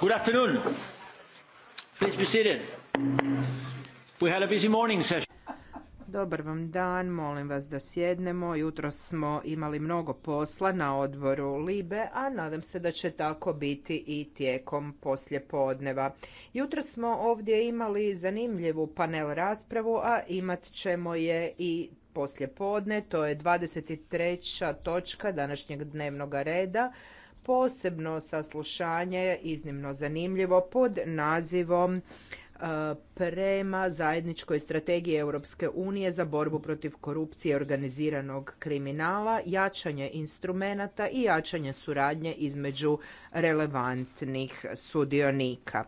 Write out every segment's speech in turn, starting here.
Good afternoon. Please be We had a busy morning session. Dobar vam dan, molim vas da sjednemo. Jutro smo imali mnogo posla na odvoru Libe, a nadam se da će tako biti i tijekom poslje poslijepodneva. Jutro smo ovdje imali zanimljivu panel raspravu, a imat ćemo je i poslje poslijepodne. To je 23. točka današnjeg dnevnog reda posebno saslušanje iznimno zanimljivo pod nazivom e, prema zajedničkoj strategiji Europske unije za borbu protiv korupcije i organiziranog kriminala, jačanje instrumenata i jačanje suradnje između relevantnih sudionika.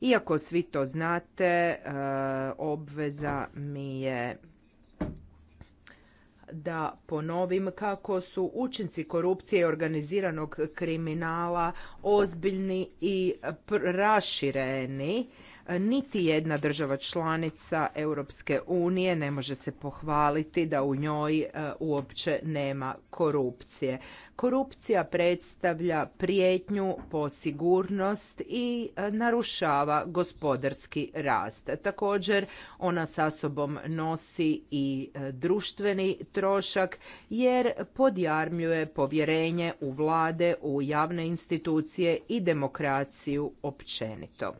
Iako svi to znate, e, obveza mi je da ponovim kako su učinci korupcije i organiziranog kriminala ozbiljni i rašireni niti jedna država članica Europske unije ne može se pohvaliti da u njoj e, uopće nema korupcije. Korupcija predstavlja prijetnju po sigurnost i e, narušava gospodarski rast. Također ona sa sobom nosi i e, društveni trošak jer podjarmljuje povjerenje u vlade, u javne institucije i demokraciju općenito.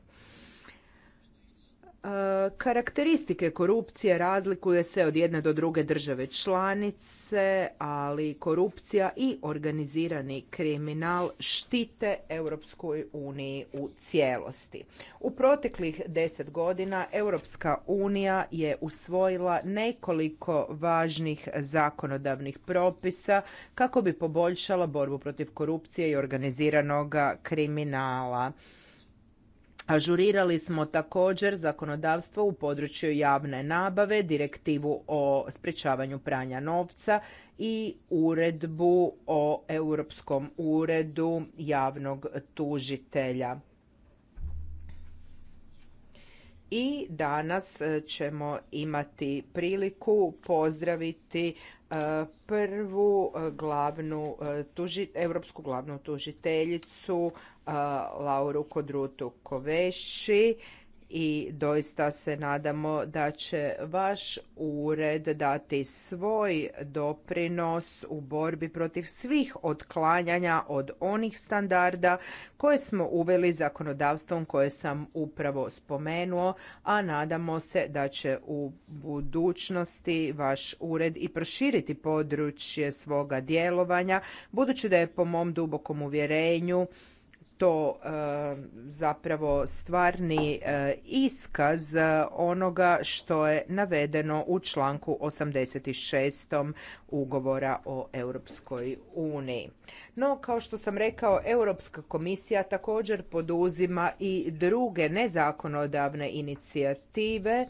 Karakteristike korupcije razlikuje se od jedne do druge države članice, ali korupcija i organizirani kriminal štite Europskoj uniji u cijelosti. U proteklih deset godina Europska unija je usvojila nekoliko važnih zakonodavnih propisa kako bi poboljšala borbu protiv korupcije i organiziranog kriminala. Ažurirali smo također zakonodavstvo u području javne nabave, direktivu o sprečavanju pranja novca i uredbu o Europskom uredu javnog tužitelja. I danas e, ćemo imati priliku pozdraviti e, prvu e, glavnu europsku glavnu tužiteljicu Lauru Kodrutu Koveši i doista se nadamo da će vaš ured dati svoj doprinos u borbi protiv svih otklanjanja od onih standarda koje smo uveli zakonodavstvom koje sam upravo spomenuo, a nadamo se da će u budućnosti vaš ured i proširiti područje svoga djelovanja, budući da je po mom dubokom uvjerenju to e, zapravo stvarni e, iskaz onoga što je navedeno u članku 86. ugovora o Europskoj uniji. No, kao što sam rekao, Europska komisija također poduzima i druge nezakonodavne inicijative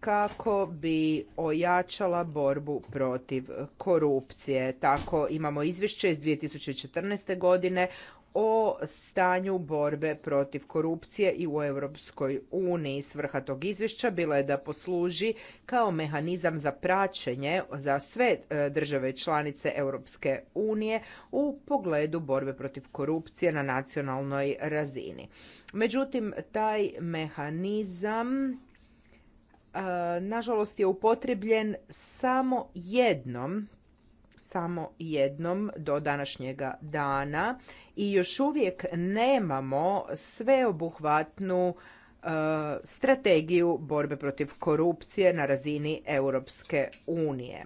kako bi ojačala borbu protiv korupcije. Tako imamo izvješće iz 2014. godine o stanju borbe protiv korupcije i u Europskoj uniji. Svrha tog izvješća bila je da posluži kao mehanizam za praćenje za sve e, države članice Europske unije u pogledu borbe protiv korupcije na nacionalnoj razini. Međutim, taj mehanizam e, nažalost je upotrebljen samo jednom samo jednom do današnjega dana i još uvijek nemamo sveobuhvatnu e, strategiju borbe protiv korupcije na razini Europske unije.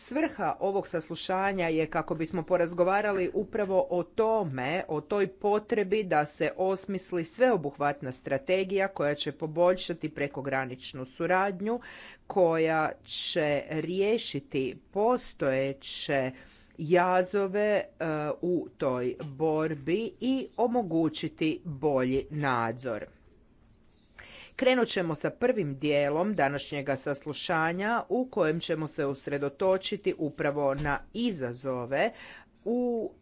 Svrha ovog saslušanja je kako bismo porazgovarali upravo o tome, o toj potrebi da se osmisli sveobuhvatna strategija koja će poboljšati prekograničnu suradnju, koja će riješiti postojeće jazove e, u toj borbi i omogućiti bolji nadzor. Krenut ćemo sa prvim dijelom današnjega saslušanja u kojem ćemo se usredotočiti upravo na izazove u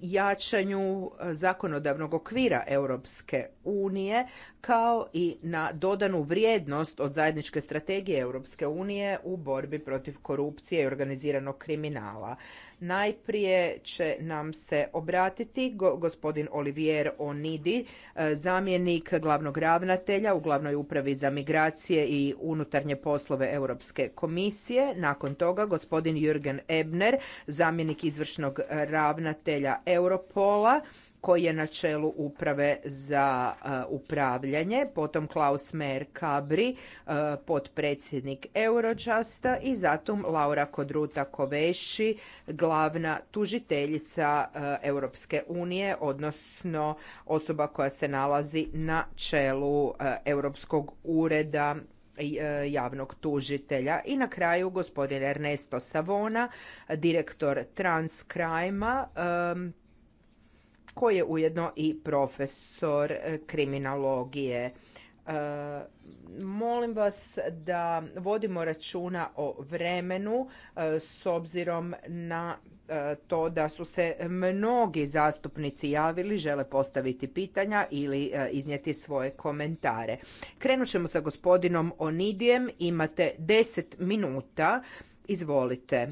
jačanju zakonodavnog okvira Europske unije kao i na dodanu vrijednost od zajedničke strategije Europske unije u borbi protiv korupcije i organiziranog kriminala. Najprije će nam se obratiti gospodin Olivier Onidi, e, zamjenik glavnog ravnatelja u glavnoj upravi za migracije i unutarnje poslove Europske komisije. Nakon toga gospodin Jürgen Ebner, zamjenik izvršnog ravnatelja Europola koji je na čelu uprave za e, upravljanje, potom Klaus Mer Kabri, e, potpredsjednik Eurojusta i zatim Laura Kodruta Koveši, glavna tužiteljica e, Europske unije, odnosno osoba koja se nalazi na čelu Europskog ureda javnog tužitelja. I na kraju gospodin Ernesto Savona, direktor Transkrama koji je ujedno i profesor e, kriminologije. E, molim vas da vodimo računa o vremenu e, s obzirom na to da su se mnogi zastupnici javili, žele postaviti pitanja ili iznijeti svoje komentare. Krenut ćemo sa gospodinom Onidijem, imate 10 minuta, izvolite.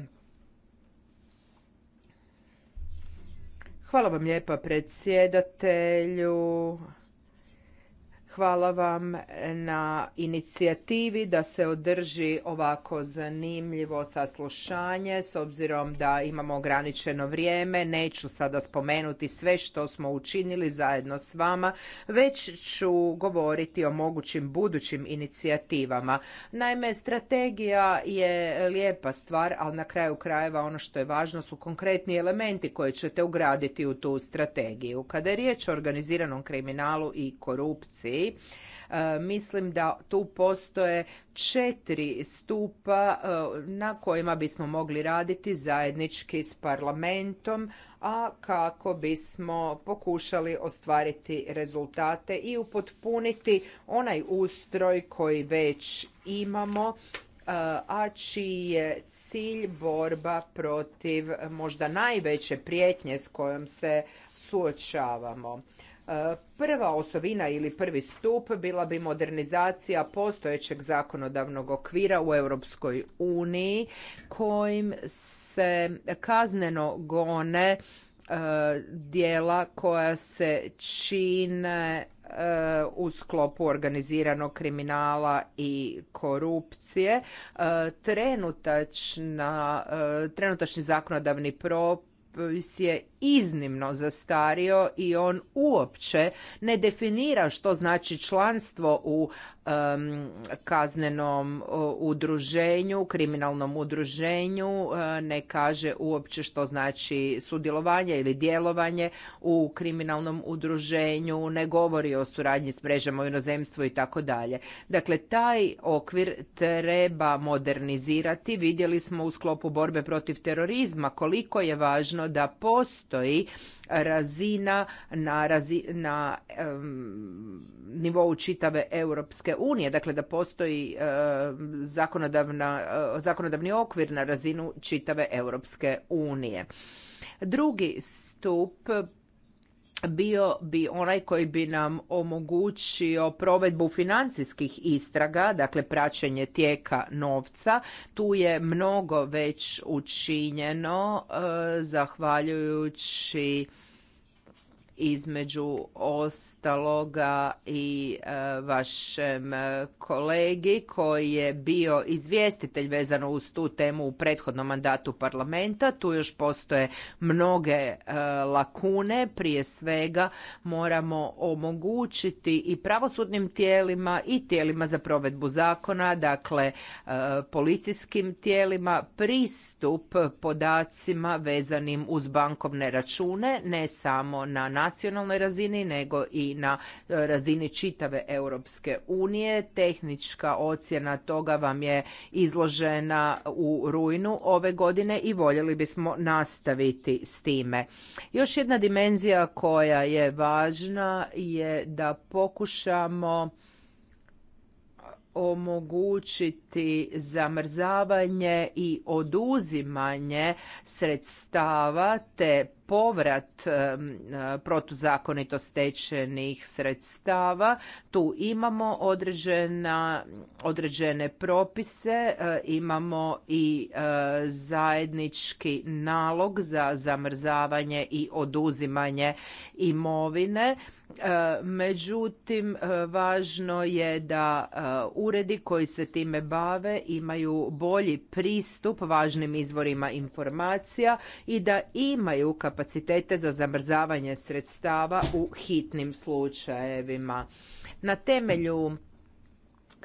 Hvala vam lijepa predsjedatelju. Hvala vam na inicijativi da se održi ovako zanimljivo saslušanje s obzirom da imamo ograničeno vrijeme. Neću sada spomenuti sve što smo učinili zajedno s vama, već ću govoriti o mogućim budućim inicijativama. Naime, strategija je lijepa stvar, ali na kraju krajeva ono što je važno su konkretni elementi koje ćete ugraditi u tu strategiju. Kada je riječ o organiziranom kriminalu i korupciji, E, mislim da tu postoje četiri stupa e, na kojima bismo mogli raditi zajednički s parlamentom, a kako bismo pokušali ostvariti rezultate i upotpuniti onaj ustroj koji već imamo e, a čiji je cilj borba protiv možda najveće prijetnje s kojom se suočavamo. E, prva osovina ili prvi stup bila bi modernizacija postojećeg zakonodavnog okvira u Europskoj uniji kojim se kazneno gone e, dijela koja se čine e, u sklopu organiziranog kriminala i korupcije. trenutačni zakonodavni propis je iznimno zastario i on uopće ne definira što znači članstvo u kaznenom udruženju, kriminalnom udruženju, e, ne kaže uopće što znači sudjelovanje ili djelovanje u kriminalnom udruženju, ne govori o suradnji s mrežama u inozemstvu i tako dalje. Dakle, taj okvir treba modernizirati. Vidjeli smo u sklopu borbe protiv terorizma koliko je važno da postoji postoji razina na, razi, na um, nivou čitave Europske unije, dakle da postoji zakonodavna, zakonodavni okvir na razinu čitave Europske unije. Drugi stup bio bi onaj koji bi nam omogućio provedbu financijskih istraga, dakle praćenje tijeka novca. Tu je mnogo već učinjeno e, zahvaljujući između ostaloga i e, vašem e, kolegi koji je bio izvjestitelj vezano uz tu temu u prethodnom mandatu parlamenta. Tu još postoje mnoge e, lakune. Prije svega moramo omogućiti i pravosudnim tijelima i tijelima za provedbu zakona, dakle policijskim tijelima pristup podacima vezanim uz bankovne račune, ne samo na nacionalnoj razini nego i na e, razini čitave Europske unije. Tehnička ocjena toga vam je izložena u rujnu ove godine i voljeli bismo nastaviti s time. Još jedna dimenzija koja je važna je da pokušamo omogućiti zamrzavanje i oduzimanje sredstava te povrat e, protuzakonito stečenih sredstava. Tu imamo određena, određene propise, e, imamo i e, zajednički nalog za zamrzavanje i oduzimanje imovine E, međutim, e, važno je da e, uredi koji se time bave imaju bolji pristup važnim izvorima informacija i da imaju kapacitete za zamrzavanje sredstava u hitnim slučajevima. Na temelju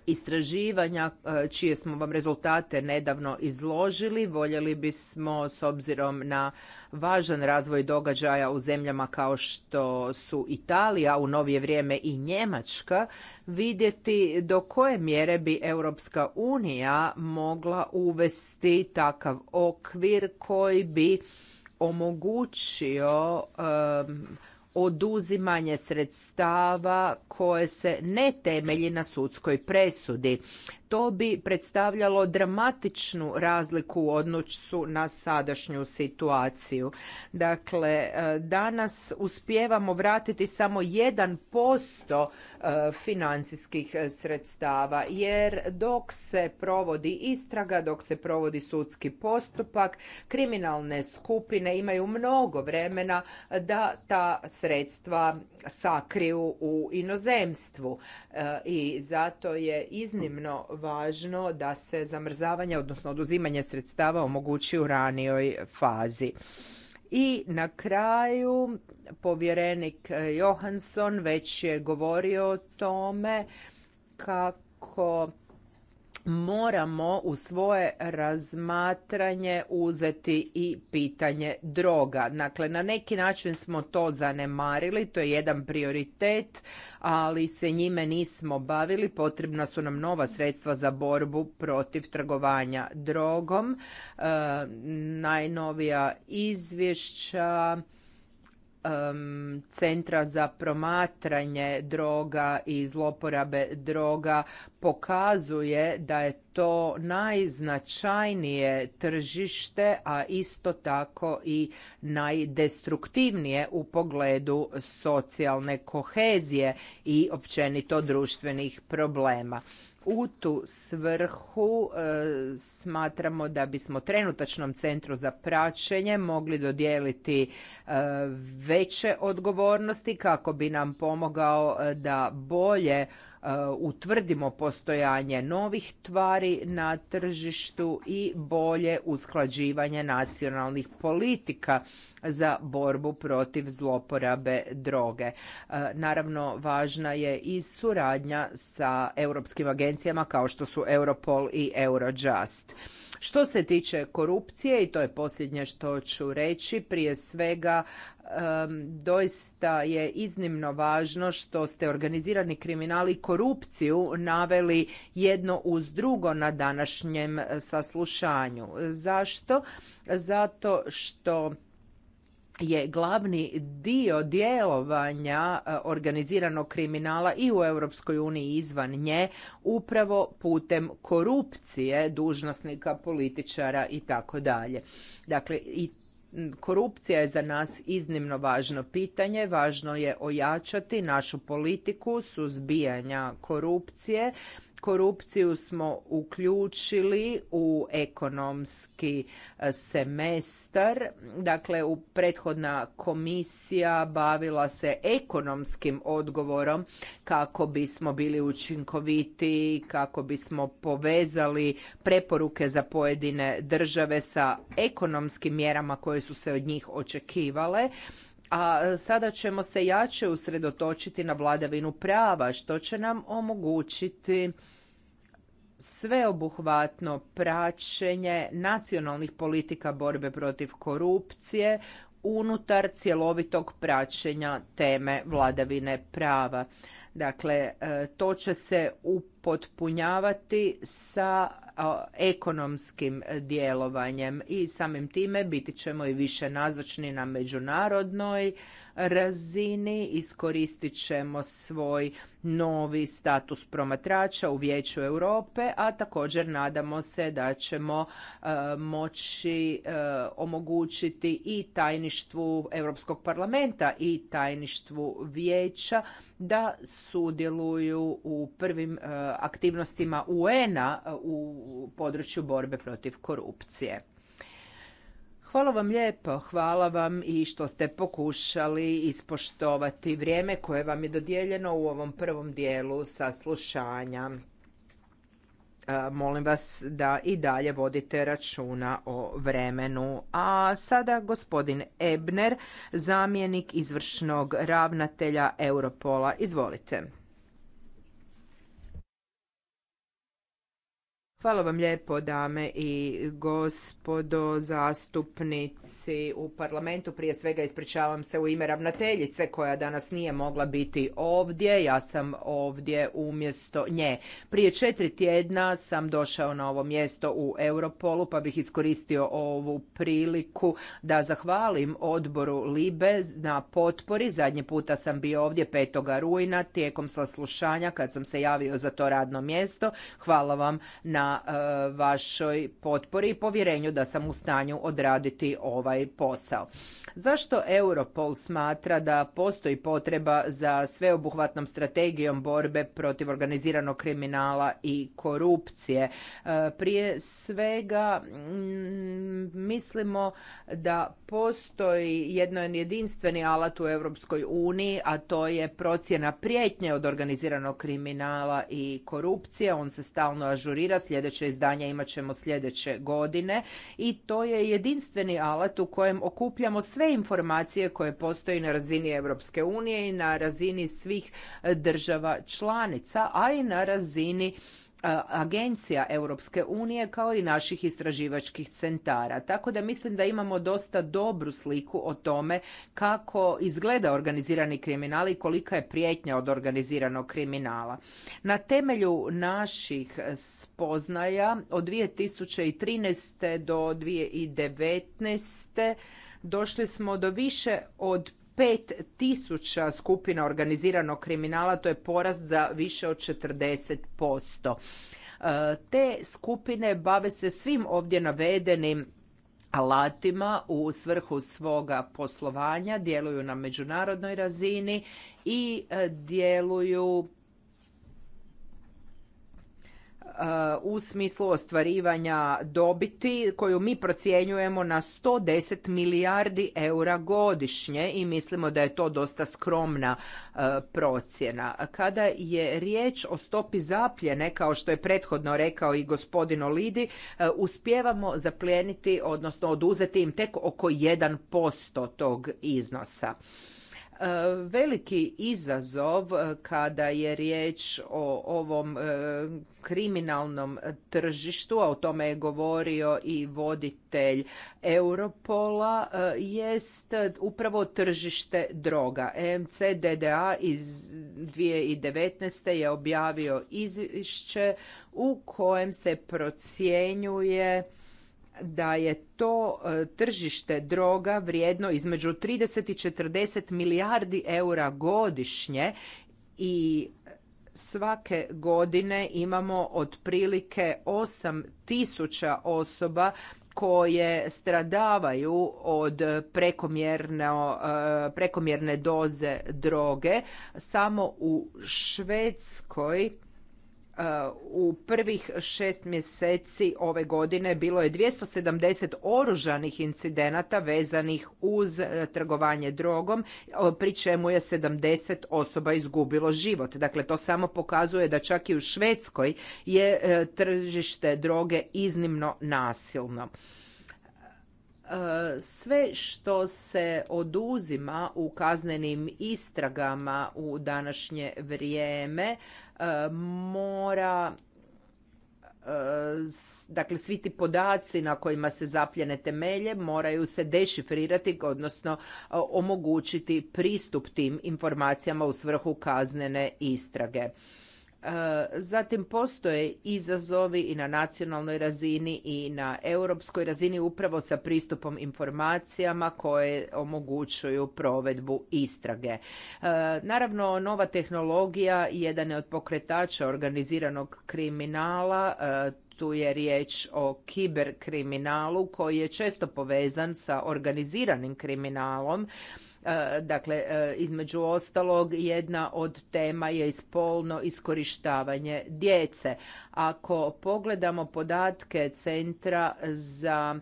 istraživanja e, čije smo vam rezultate nedavno izložili. Voljeli bismo s obzirom na važan razvoj događaja u zemljama kao što su Italija u novije vrijeme i Njemačka vidjeti do koje mjere bi Europska unija mogla uvesti takav okvir koji bi omogućio oduzimanje sredstava koje se ne temelji na sudskoj presudi. To bi predstavljalo dramatičnu razliku u odnosu na sadašnju situaciju. Dakle, e, danas uspijevamo vratiti samo 1% e, financijskih sredstava jer dok se provodi istraga, dok se provodi sudski postupak, kriminalne skupine imaju mnogo vremena da ta sredstva sakriju u inozemstvu e, i zato je iznimno važno da se zamrzavanje, odnosno oduzimanje sredstava omogući u ranijoj fazi. I na kraju povjerenik Johansson već je govorio o tome kako moramo u svoje razmatranje uzeti i pitanje droga. Dakle, na neki način smo to zanemarili, to je jedan prioritet, ali se njime nismo bavili. Potrebna su nam nova sredstva za borbu protiv trgovanja drogom. E, najnovija izvješća um, Centra za promatranje droga i zloporabe droga pokazuje da je to najznačajnije tržište, a isto tako i najdestruktivnije u pogledu socijalne kohezije i općenito društvenih problema. U tu svrhu e, smatramo da bismo trenutačnom centru za praćenje mogli dodijeliti e, veće odgovornosti kako bi nam pomogao e, da bolje E, utvrdimo postojanje novih tvari na tržištu i bolje usklađivanje nacionalnih politika za borbu protiv zloporabe droge. E, naravno, važna je i suradnja sa europskim agencijama kao što su Europol i Eurojust. Što se tiče korupcije, i to je posljednje što ću reći, prije svega doista je iznimno važno što ste organizirani kriminali i korupciju naveli jedno uz drugo na današnjem e, saslušanju. Zašto? Zato što je glavni dio djelovanja e, organiziranog kriminala i u Europskoj uniji izvan nje upravo putem korupcije dužnosnika, političara i tako dalje. Dakle i Korupcija je za nas iznimno važno pitanje, važno je ojačati našu politiku suzbijanja korupcije korupciju smo uključili u ekonomski e, semestar. Dakle, u prethodna komisija bavila se ekonomskim odgovorom kako bismo bili učinkoviti, kako bismo povezali preporuke za pojedine države sa ekonomskim mjerama koje su se od njih očekivale a e, sada ćemo se jače usredotočiti na vladavinu prava što će nam omogućiti sveobuhvatno praćenje nacionalnih politika borbe protiv korupcije unutar cjelovitog praćenja teme vladavine prava. Dakle, e, to će se u upotpunjavati sa ekonomskim djelovanjem i samim time biti ćemo i više nazočni na međunarodnoj razini. Iskoristit ćemo svoj novi status promatrača u Vijeću Europe, a također nadamo se da ćemo e, moći e, omogućiti i tajništvu Europskog parlamenta i tajništvu Vijeća da sudjeluju u prvim e, aktivnostima UN-a u području borbe protiv korupcije. Hvala vam lijepo, hvala vam i što ste pokušali ispoštovati vrijeme koje vam je dodijeljeno u ovom prvom dijelu saslušanja. E, molim vas da i dalje vodite računa o vremenu. A sada gospodin Ebner, zamjenik izvršnog ravnatelja Europola. Izvolite. Hvala vam lijepo, dame i gospodo zastupnici u parlamentu. Prije svega ispričavam se u ime ravnateljice koja danas nije mogla biti ovdje. Ja sam ovdje umjesto nje. Prije četiri tjedna sam došao na ovo mjesto u Europolu pa bih iskoristio ovu priliku da zahvalim odboru Libe na potpori. Zadnji puta sam bio ovdje 5. rujna tijekom saslušanja kad sam se javio za to radno mjesto. Hvala vam na E, vašoj potpori i povjerenju da sam u stanju odraditi ovaj posao. Zašto Europol smatra da postoji potreba za sveobuhvatnom strategijom borbe protiv organiziranog kriminala i korupcije? E, prije svega mm, mislimo da postoji jedan jedinstveni alat u Europskoj uniji, a to je procjena prijetnje od organiziranog kriminala i korupcije. On se stalno ažurira, sljedeće izdanje imat ćemo sljedeće godine i to je jedinstveni alat u kojem okupljamo sve informacije koje postoji na razini Europske unije i na razini svih e, država članica, a i na razini agencija Europske unije kao i naših istraživačkih centara. Tako da mislim da imamo dosta dobru sliku o tome kako izgleda organizirani kriminal i kolika je prijetnja od organiziranog kriminala. Na temelju naših spoznaja od 2013. do 2019. došli smo do više od 5000 skupina organiziranog kriminala, to je porast za više od 40%. E, te skupine bave se svim ovdje navedenim alatima u svrhu svoga poslovanja, djeluju na međunarodnoj razini i e, djeluju u smislu ostvarivanja dobiti koju mi procjenjujemo na 110 milijardi eura godišnje i mislimo da je to dosta skromna e, procjena. Kada je riječ o stopi zapljene, kao što je prethodno rekao i gospodin Olidi, e, uspijevamo zaplijeniti, odnosno oduzeti im tek oko 1% tog iznosa veliki izazov e, kada je riječ o ovom e, kriminalnom tržištu, a o tome je govorio i voditelj Europola, e, jest upravo tržište droga. MCDDA iz 2019. je objavio izvješće u kojem se procjenjuje da je to e, tržište droga vrijedno između 30 i 40 milijardi eura godišnje i svake godine imamo otprilike 8 tisuća osoba koje stradavaju od e, prekomjerne doze droge. Samo u Švedskoj u prvih šest mjeseci ove godine bilo je 270 oružanih incidenata vezanih uz e, trgovanje drogom, pri čemu je 70 osoba izgubilo život. Dakle, to samo pokazuje da čak i u Švedskoj je e, tržište droge iznimno nasilno sve što se oduzima u kaznenim istragama u današnje vrijeme e, mora e, dakle svi ti podaci na kojima se zapljene temelje moraju se dešifrirati, odnosno e, omogućiti pristup tim informacijama u svrhu kaznene istrage. Zatim postoje izazovi i na nacionalnoj razini i na europskoj razini upravo sa pristupom informacijama koje omogućuju provedbu istrage. E, naravno, nova tehnologija jedan je od pokretača organiziranog kriminala, e, tu je riječ o kiberkriminalu koji je često povezan sa organiziranim kriminalom E, dakle, e, između ostalog, jedna od tema je spolno iskorištavanje djece. Ako pogledamo podatke Centra za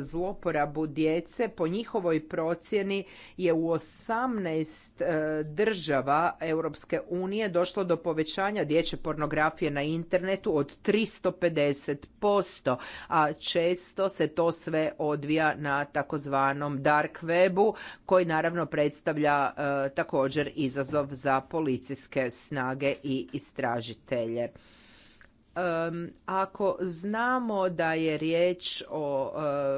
zloporabu djece po njihovoj procjeni je u 18 e, država Europske unije došlo do povećanja dječje pornografije na internetu od 350%, a često se to sve odvija na takozvanom dark webu koji naravno predstavlja e, također izazov za policijske snage i istražitelje. Ako znamo da je riječ o e,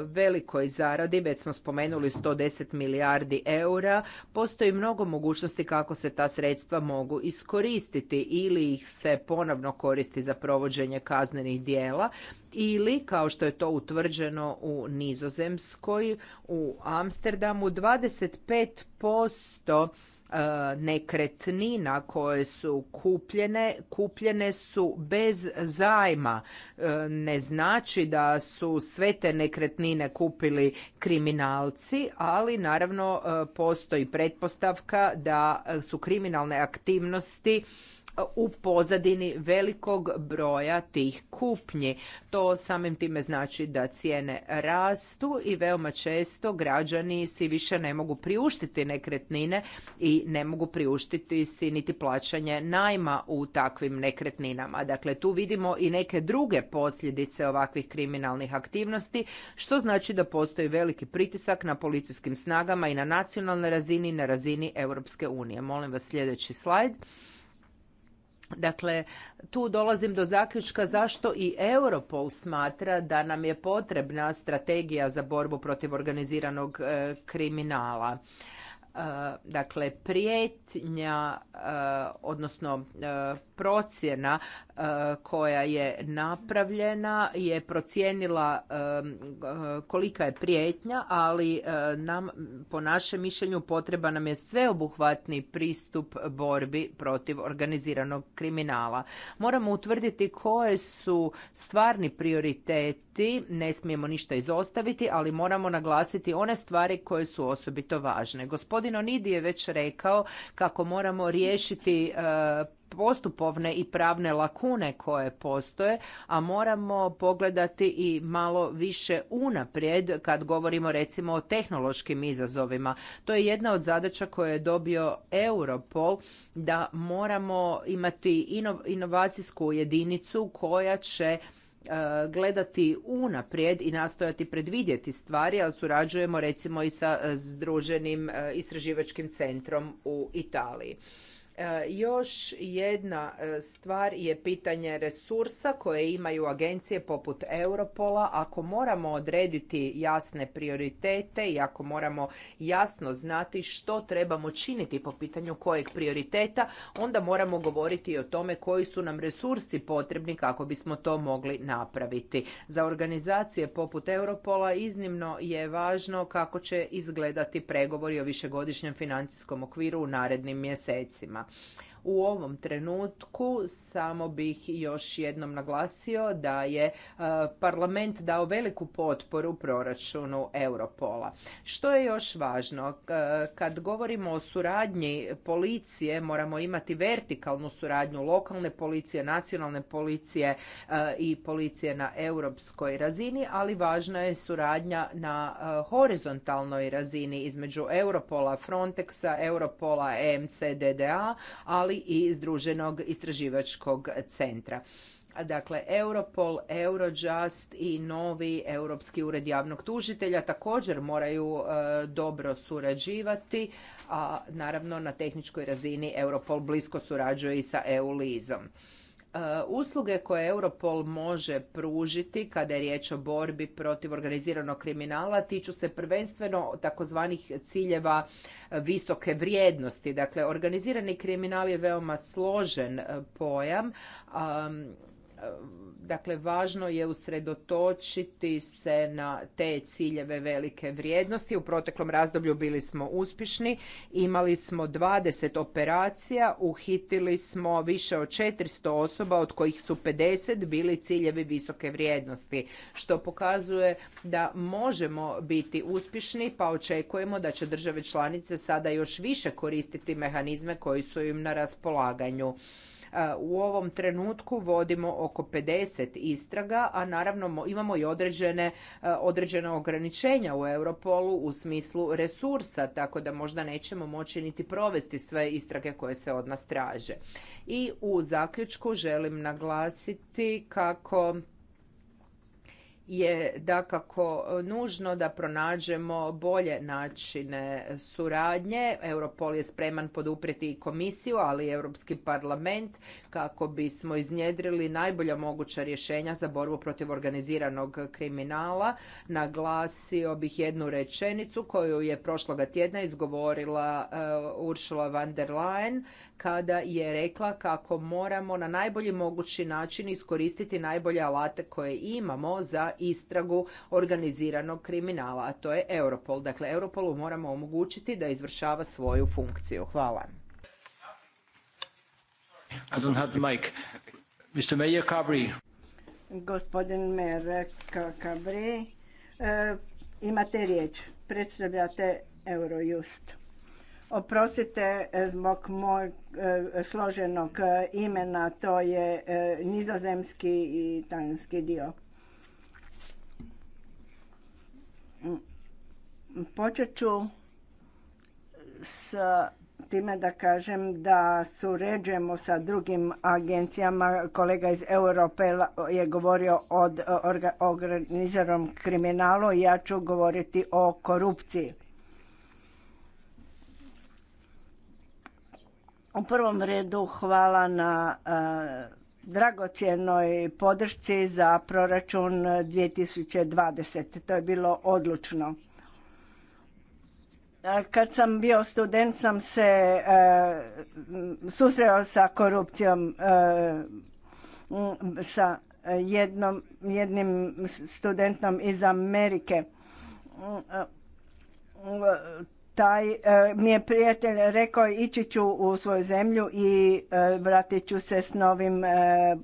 velikoj zaradi, već smo spomenuli 110 milijardi eura, postoji mnogo mogućnosti kako se ta sredstva mogu iskoristiti ili ih se ponovno koristi za provođenje kaznenih dijela ili kao što je to utvrđeno u Nizozemskoj, u Amsterdamu 25% E, nekretnina koje su kupljene, kupljene su bez zajma. E, ne znači da su sve te nekretnine kupili kriminalci, ali naravno e, postoji pretpostavka da su kriminalne aktivnosti u pozadini velikog broja tih kupnji. To samim time znači da cijene rastu i veoma često građani si više ne mogu priuštiti nekretnine i ne mogu priuštiti si niti plaćanje najma u takvim nekretninama. Dakle, tu vidimo i neke druge posljedice ovakvih kriminalnih aktivnosti, što znači da postoji veliki pritisak na policijskim snagama i na nacionalnoj razini i na razini Europske unije. Molim vas sljedeći slajd. Dakle, tu dolazim do zaključka zašto i Europol smatra da nam je potrebna strategija za borbu protiv organiziranog e, kriminala. E, dakle, prijetnja, e, odnosno procjena e, koja je napravljena je procijenila e, kolika je prijetnja, ali e, nam, po našem mišljenju potreba nam je sveobuhvatni pristup borbi protiv organiziranog kriminala. Moramo utvrditi koje su stvarni prioriteti, ne smijemo ništa izostaviti, ali moramo naglasiti one stvari koje su osobito važne. Gospodin Onidi je već rekao kako moramo riješiti postupovne i pravne lakune koje postoje, a moramo pogledati i malo više unaprijed kad govorimo recimo o tehnološkim izazovima. To je jedna od zadaća koje je dobio Europol da moramo imati inovacijsku jedinicu koja će e, gledati unaprijed i nastojati predvidjeti stvari, ali surađujemo recimo i sa e, Združenim e, istraživačkim centrom u Italiji. E, još jedna e, stvar je pitanje resursa koje imaju agencije poput Europola. Ako moramo odrediti jasne prioritete i ako moramo jasno znati što trebamo činiti po pitanju kojeg prioriteta, onda moramo govoriti o tome koji su nam resursi potrebni kako bismo to mogli napraviti. Za organizacije poput Europola iznimno je važno kako će izgledati pregovori o višegodišnjem financijskom okviru u narednim mjesecima. Hvala u ovom trenutku samo bih još jednom naglasio da je e, parlament dao veliku potporu proračunu Europola. Što je još važno? E, kad govorimo o suradnji policije, moramo imati vertikalnu suradnju lokalne policije, nacionalne policije e, i policije na europskoj razini, ali važna je suradnja na horizontalnoj razini između Europola, Frontexa, Europola, DDA, ali ali i Združenog istraživačkog centra. Dakle, Europol, Eurojust i novi Europski ured javnog tužitelja također moraju e, dobro surađivati, a naravno na tehničkoj razini Europol blisko surađuje i sa EU-lizom. E, usluge koje Europol može pružiti kada je riječ o borbi protiv organiziranog kriminala tiču se prvenstveno takozvanih ciljeva visoke vrijednosti. Dakle, organizirani kriminal je veoma složen e, pojam. Dakle, važno je usredotočiti se na te ciljeve velike vrijednosti. U proteklom razdoblju bili smo uspješni. Imali smo 20 operacija, uhitili smo više od 400 osoba, od kojih su 50 bili ciljevi visoke vrijednosti, što pokazuje da možemo biti uspješni, pa očekujemo da će države članice sada još više koristiti mehanizme koji su im na raspolaganju. E, u ovom trenutku vodimo oko 50 istraga, a naravno imamo i određene, e, određena ograničenja u Europolu u smislu resursa, tako da možda nećemo moći niti provesti sve istrage koje se od nas traže. I u zaključku želim naglasiti kako je dakako nužno da pronađemo bolje načine suradnje. Europol je spreman poduprijeti i komisiju, ali i Europski parlament kako bismo iznjedrili najbolja moguća rješenja za borbu protiv organiziranog kriminala. Naglasio bih jednu rečenicu koju je prošloga tjedna izgovorila e, Ursula van der Leyen kada je rekla kako moramo na najbolji mogući način iskoristiti najbolje alate koje imamo za istragu organiziranog kriminala, a to je Europol. Dakle, Europolu moramo omogućiti da izvršava svoju funkciju. Hvala. Gospodin Mayor Cabri, eh, imate riječ. Predstavljate Eurojust. Oprostite e, zbog mojeg složenog e, imena, to je e, nizozemski i tajnski dio. Mm, počet ću s time da kažem da suređujemo sa drugim agencijama. Kolega iz Europe je govorio o organiziranom kriminalu i ja ću govoriti o korupciji. U prvom redu hvala na e, dragocjenoj podršci za proračun 2020. To je bilo odlučno. E, kad sam bio student sam se susrela susreo sa korupcijom e, sa jednim studentom iz Amerike taj e, mi je prijatelj rekao ići ću u svoju zemlju i e, vratit ću se s novim, e,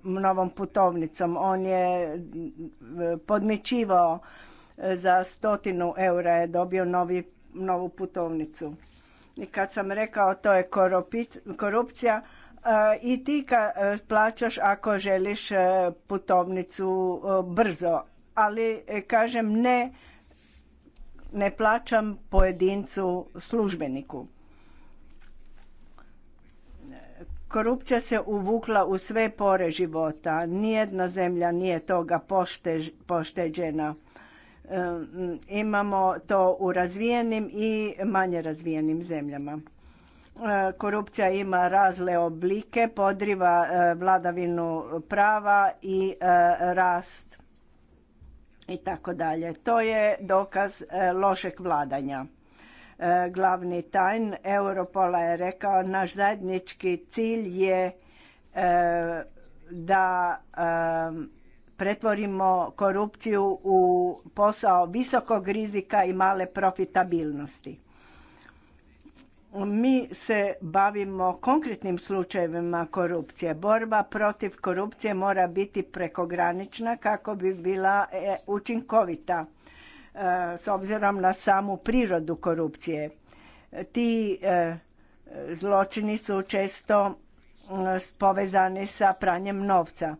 novom putovnicom. On je podmičivao za stotinu eura je dobio novi, novu putovnicu. I kad sam rekao to je korupcija, i ti plaćaš ako želiš putovnicu brzo. Ali kažem ne ne plaćam pojedincu službeniku. Korupcija se uvukla u sve pore života. Nijedna zemlja nije toga poštež, pošteđena. E, imamo to u razvijenim i manje razvijenim zemljama. E, korupcija ima razle oblike, podriva e, vladavinu prava i rast i tako dalje. To je dokaz e, lošeg vladanja. E, glavni tajn Europola je rekao naš zajednički cilj je e, da pretvorimo korupciju u posao visokog rizika i male profitabilnosti mi se bavimo konkretnim slučajevima korupcije. Borba protiv korupcije mora biti prekogranična kako bi bila e, učinkovita e, s obzirom na samu prirodu korupcije. Ti e, zločini su često povezani sa pranjem novca.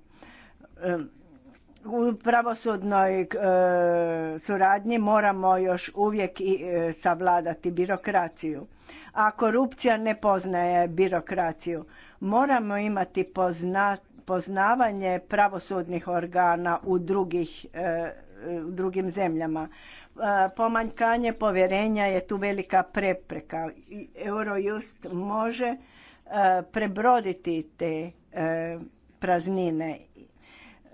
U pravosudnoj suradnji moramo još uvijek i savladati birokraciju a korupcija ne poznaje birokraciju. Moramo imati poznavanje pravosudnih organa u drugih, e, u drugim zemljama. E, pomanjkanje povjerenja je tu velika prepreka. Eurojust može e, prebroditi te praznine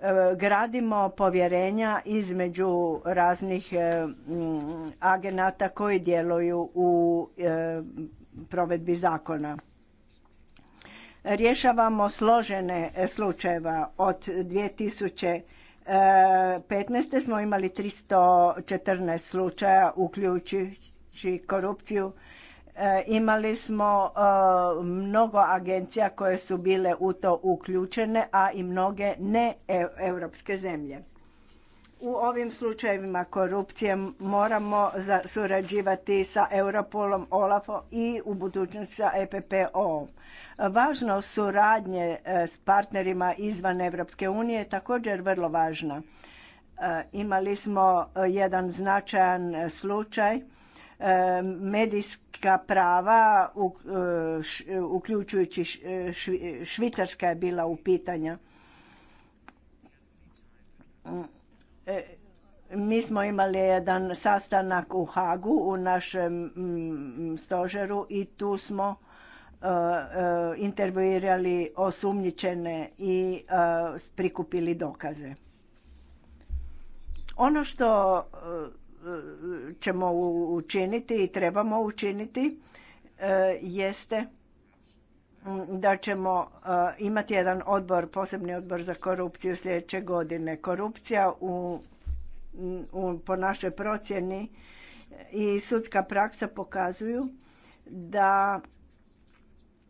E, gradimo povjerenja između raznih e, mm, agenata koji djeluju u e, provedbi zakona. Rješavamo složene slučajeva od 2000 15. smo imali 314 slučaja uključujući korupciju E, imali smo e, mnogo agencija koje su bile u to uključene, a i mnoge ne e, europske zemlje. U ovim slučajevima korupcije moramo surađivati sa Europolom, Olafom i u budućnosti sa EPPO-om. Važnost suradnje s partnerima izvan Europske unije je također vrlo važna. Imali smo jedan značajan slučaj medijska prava, e, e, uključujući e, Švicarska je bila u pitanja. Mi smo imali jedan sastanak u Hagu u našem stožeru i tu smo intervjuirali osumnjičene i prikupili dokaze. Ono što ćemo učiniti i trebamo učiniti e, jeste mm, da ćemo e, imati jedan odbor, posebni odbor za korupciju sljedeće godine. Korupcija u, mm, u, po našoj procjeni e, i sudska praksa pokazuju da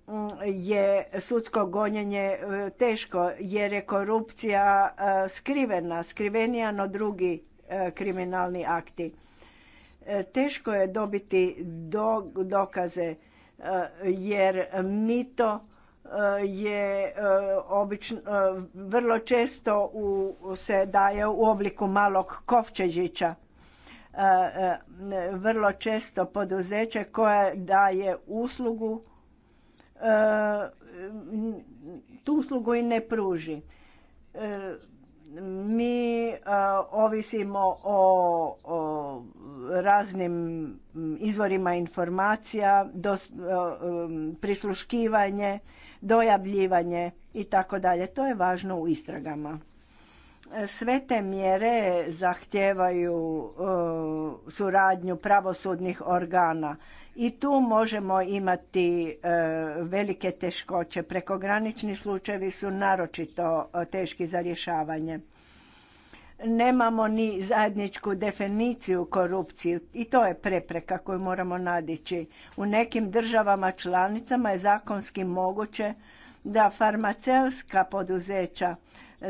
mm, je sudsko gonjenje teško jer je korupcija skrivena, skrivenija no drugi E, kriminalni akti. E, teško je dobiti dokaze e, jer mito je obično vrlo često se daje u obliku malog kovčežića. Vrlo često poduzeće koje daje uslugu tu uslugu i ne pruži mi ovisimo o, raznim izvorima informacija, prisluškivanje, dojavljivanje i tako dalje. To je važno u istragama. Sve te mjere zahtijevaju suradnju pravosudnih organa i tu možemo imati e, velike teškoće. Prekogranični slučajevi su naročito e, teški za rješavanje. Nemamo ni zajedničku definiciju korupcije i to je prepreka koju moramo nadići. U nekim državama članicama je zakonski moguće da farmaceutska poduzeća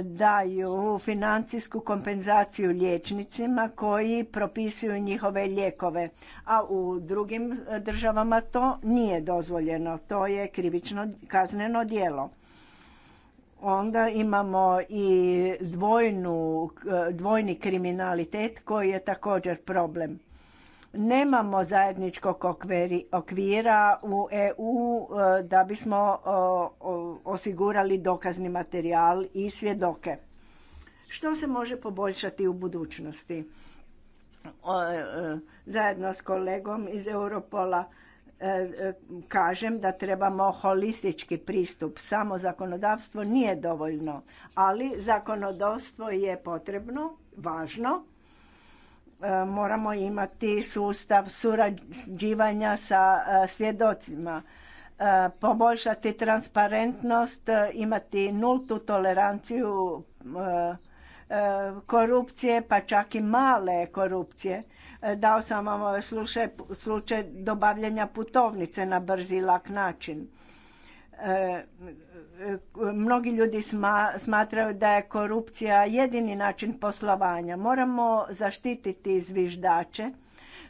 daju financijsku kompenzaciju liječnicima koji propisuju njihove lijekove, a u drugim državama to nije dozvoljeno. To je krivično kazneno djelo. Onda imamo i dvojni kriminalitet koji je također problem. Nemamo zajedničkog okvira u EU e, da bismo osigurali dokazni materijal i svjedoke. Što se može poboljšati u budućnosti? E, zajedno s kolegom iz Europola e, kažem da trebamo holistički pristup. Samo zakonodavstvo nije dovoljno, ali zakonodavstvo je potrebno, važno, E, moramo imati sustav surađivanja sa e, svjedocima, e, poboljšati transparentnost, imati nultu toleranciju korupcije, pa čak i male korupcije. Dao sam vam slučaj, dobavljanja putovnice na brzi i lak način. E, mnogi ljudi smatraju da je korupcija jedini način poslovanja. Moramo zaštititi zviždače.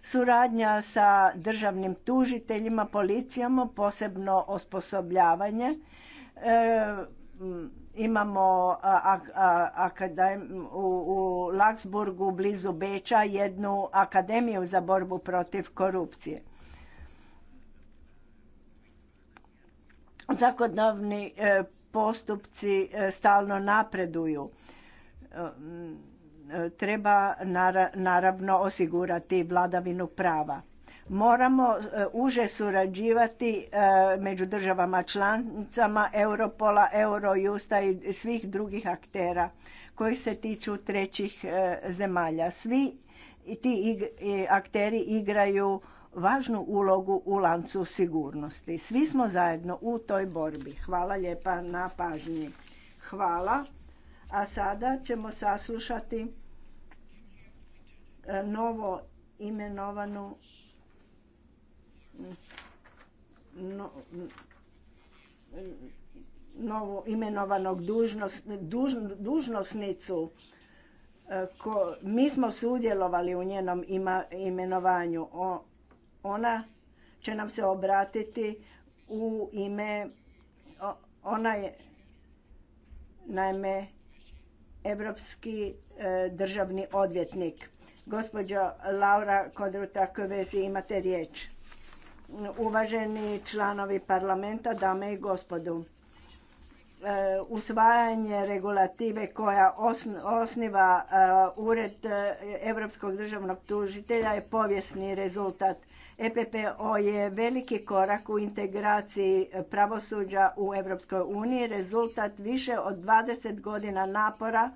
Suradnja sa državnim tužiteljima, policijama, posebno osposobljavanje. E, imamo u Laksburgu blizu Beča jednu akademiju za borbu protiv korupcije zakonodavni e, postupci e, stalno napreduju. E, treba naravno osigurati vladavinu prava. Moramo uže surađivati među državama članicama Europola, Eurojusta i svih drugih aktera koji se tiču trećih zemalja. Svi ti akteri igraju važnu ulogu u lancu sigurnosti. Svi smo zajedno u toj borbi. Hvala lijepa na pažnji. Hvala. A sada ćemo saslušati e, novo imenovanu novo imenovanog dužnosnicu e, ko, mi smo sudjelovali u njenom imenovanju o, ona će nam se obratiti u ime, ona je naime evropski e, državni odvjetnik. Gospođo Laura Kodruta Kvezi, imate riječ. Uvaženi članovi parlamenta, dame i gospodu. E, usvajanje regulative koja osniva e, Ured Europskog državnog tužitelja je povijesni rezultat EPPO je veliki korak u integraciji pravosuđa u Europskoj uniji, rezultat više od 20 godina napora,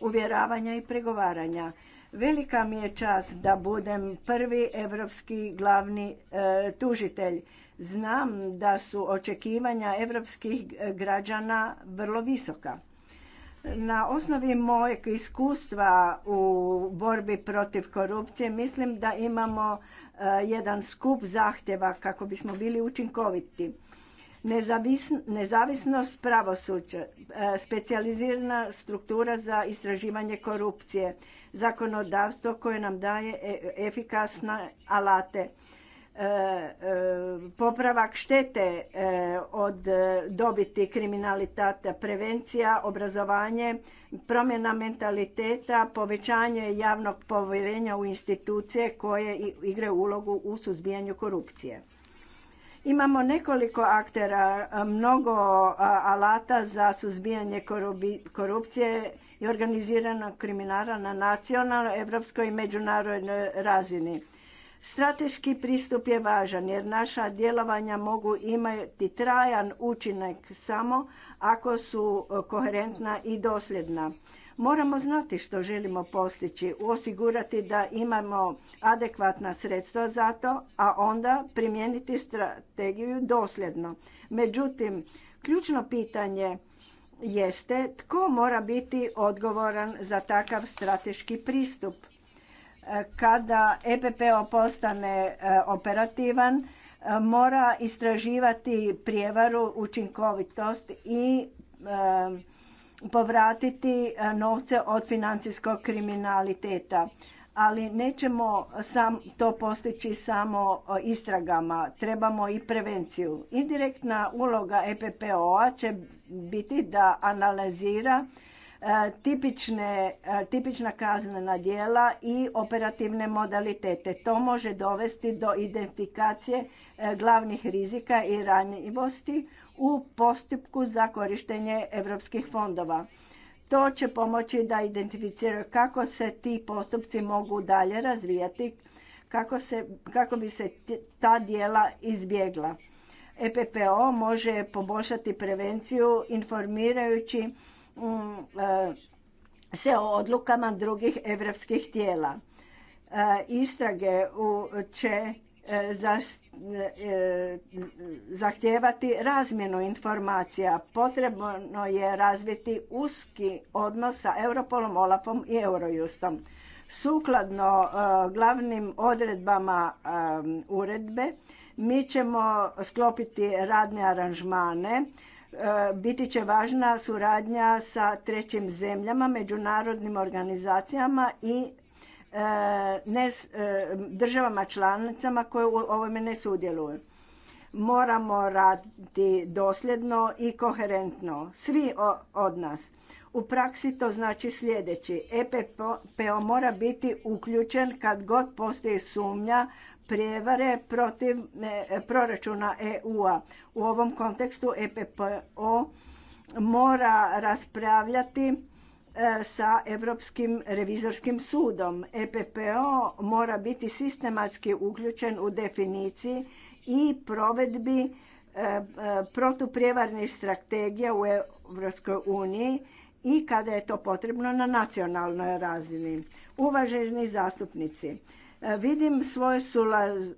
uvjeravanja i pregovaranja. Velika mi je čast da budem prvi europski glavni e, tužitelj. Znam da su očekivanja europskih građana vrlo visoka. Na osnovi mojeg iskustva u borbi protiv korupcije mislim da imamo Eh, jedan skup zahtjeva kako bismo bili učinkoviti. nezavisnost pravosuđa, eh, specijalizirana struktura za istraživanje korupcije, zakonodavstvo koje nam daje e-, efikasne alate E, e, popravak štete e, od dobiti kriminalitata, prevencija, obrazovanje, promjena mentaliteta, povećanje javnog povjerenja u institucije koje igraju ulogu u suzbijanju korupcije. Imamo nekoliko aktera, mnogo alata za suzbijanje korupcije i organiziranog kriminala na nacionalnoj, europskoj i međunarodnoj razini Strateški pristup je važan jer naša djelovanja mogu imati trajan učinak samo ako su e, koherentna i dosljedna. Moramo znati što želimo postići, osigurati da imamo adekvatna sredstva za to, a onda primijeniti strategiju dosljedno. Međutim, ključno pitanje jeste tko mora biti odgovoran za takav strateški pristup kada EPPO postane e, operativan, e, mora istraživati prijevaru, učinkovitost i e, povratiti novce od financijskog kriminaliteta. Ali nećemo sam to postići samo istragama, trebamo i prevenciju. Indirektna uloga EPPO-a će biti da analizira E, tipične, e, tipična kaznena djela i operativne modalitete. To može dovesti do identifikacije e, glavnih rizika i ranjivosti u postupku za korištenje europskih fondova. To će pomoći da identificiraju kako se ti postupci mogu dalje razvijati, kako, kako bi se ta dijela izbjegla. EPPO može poboljšati prevenciju informirajući Mm, e, se o odlukama drugih evropskih tijela. E, istrage će e, zahtijevati razmjenu informacija. Potrebno je razviti uski odnos sa Europolom, Olafom i Eurojustom. Sukladno glavnim odredbama uredbe mi ćemo sklopiti radne aranžmane E, biti će važna suradnja sa trećim zemljama, međunarodnim organizacijama i e, e, državama članicama koje u ovome ne sudjeluju. Moramo raditi dosljedno i koherentno, svi od nas. U praksi to znači sljedeći. EPPO mora biti uključen kad god postoji sumnja prijevare protiv proračuna EU-a. U ovom kontekstu EPPO mora raspravljati e, sa Europskim revizorskim sudom. EPPO mora biti sistematski uključen u definiciji i provedbi e, e, protuprijevarnih strategija u EU uniji i kada je to potrebno na nacionalnoj razini. Uvaženi zastupnici, Vidim svoje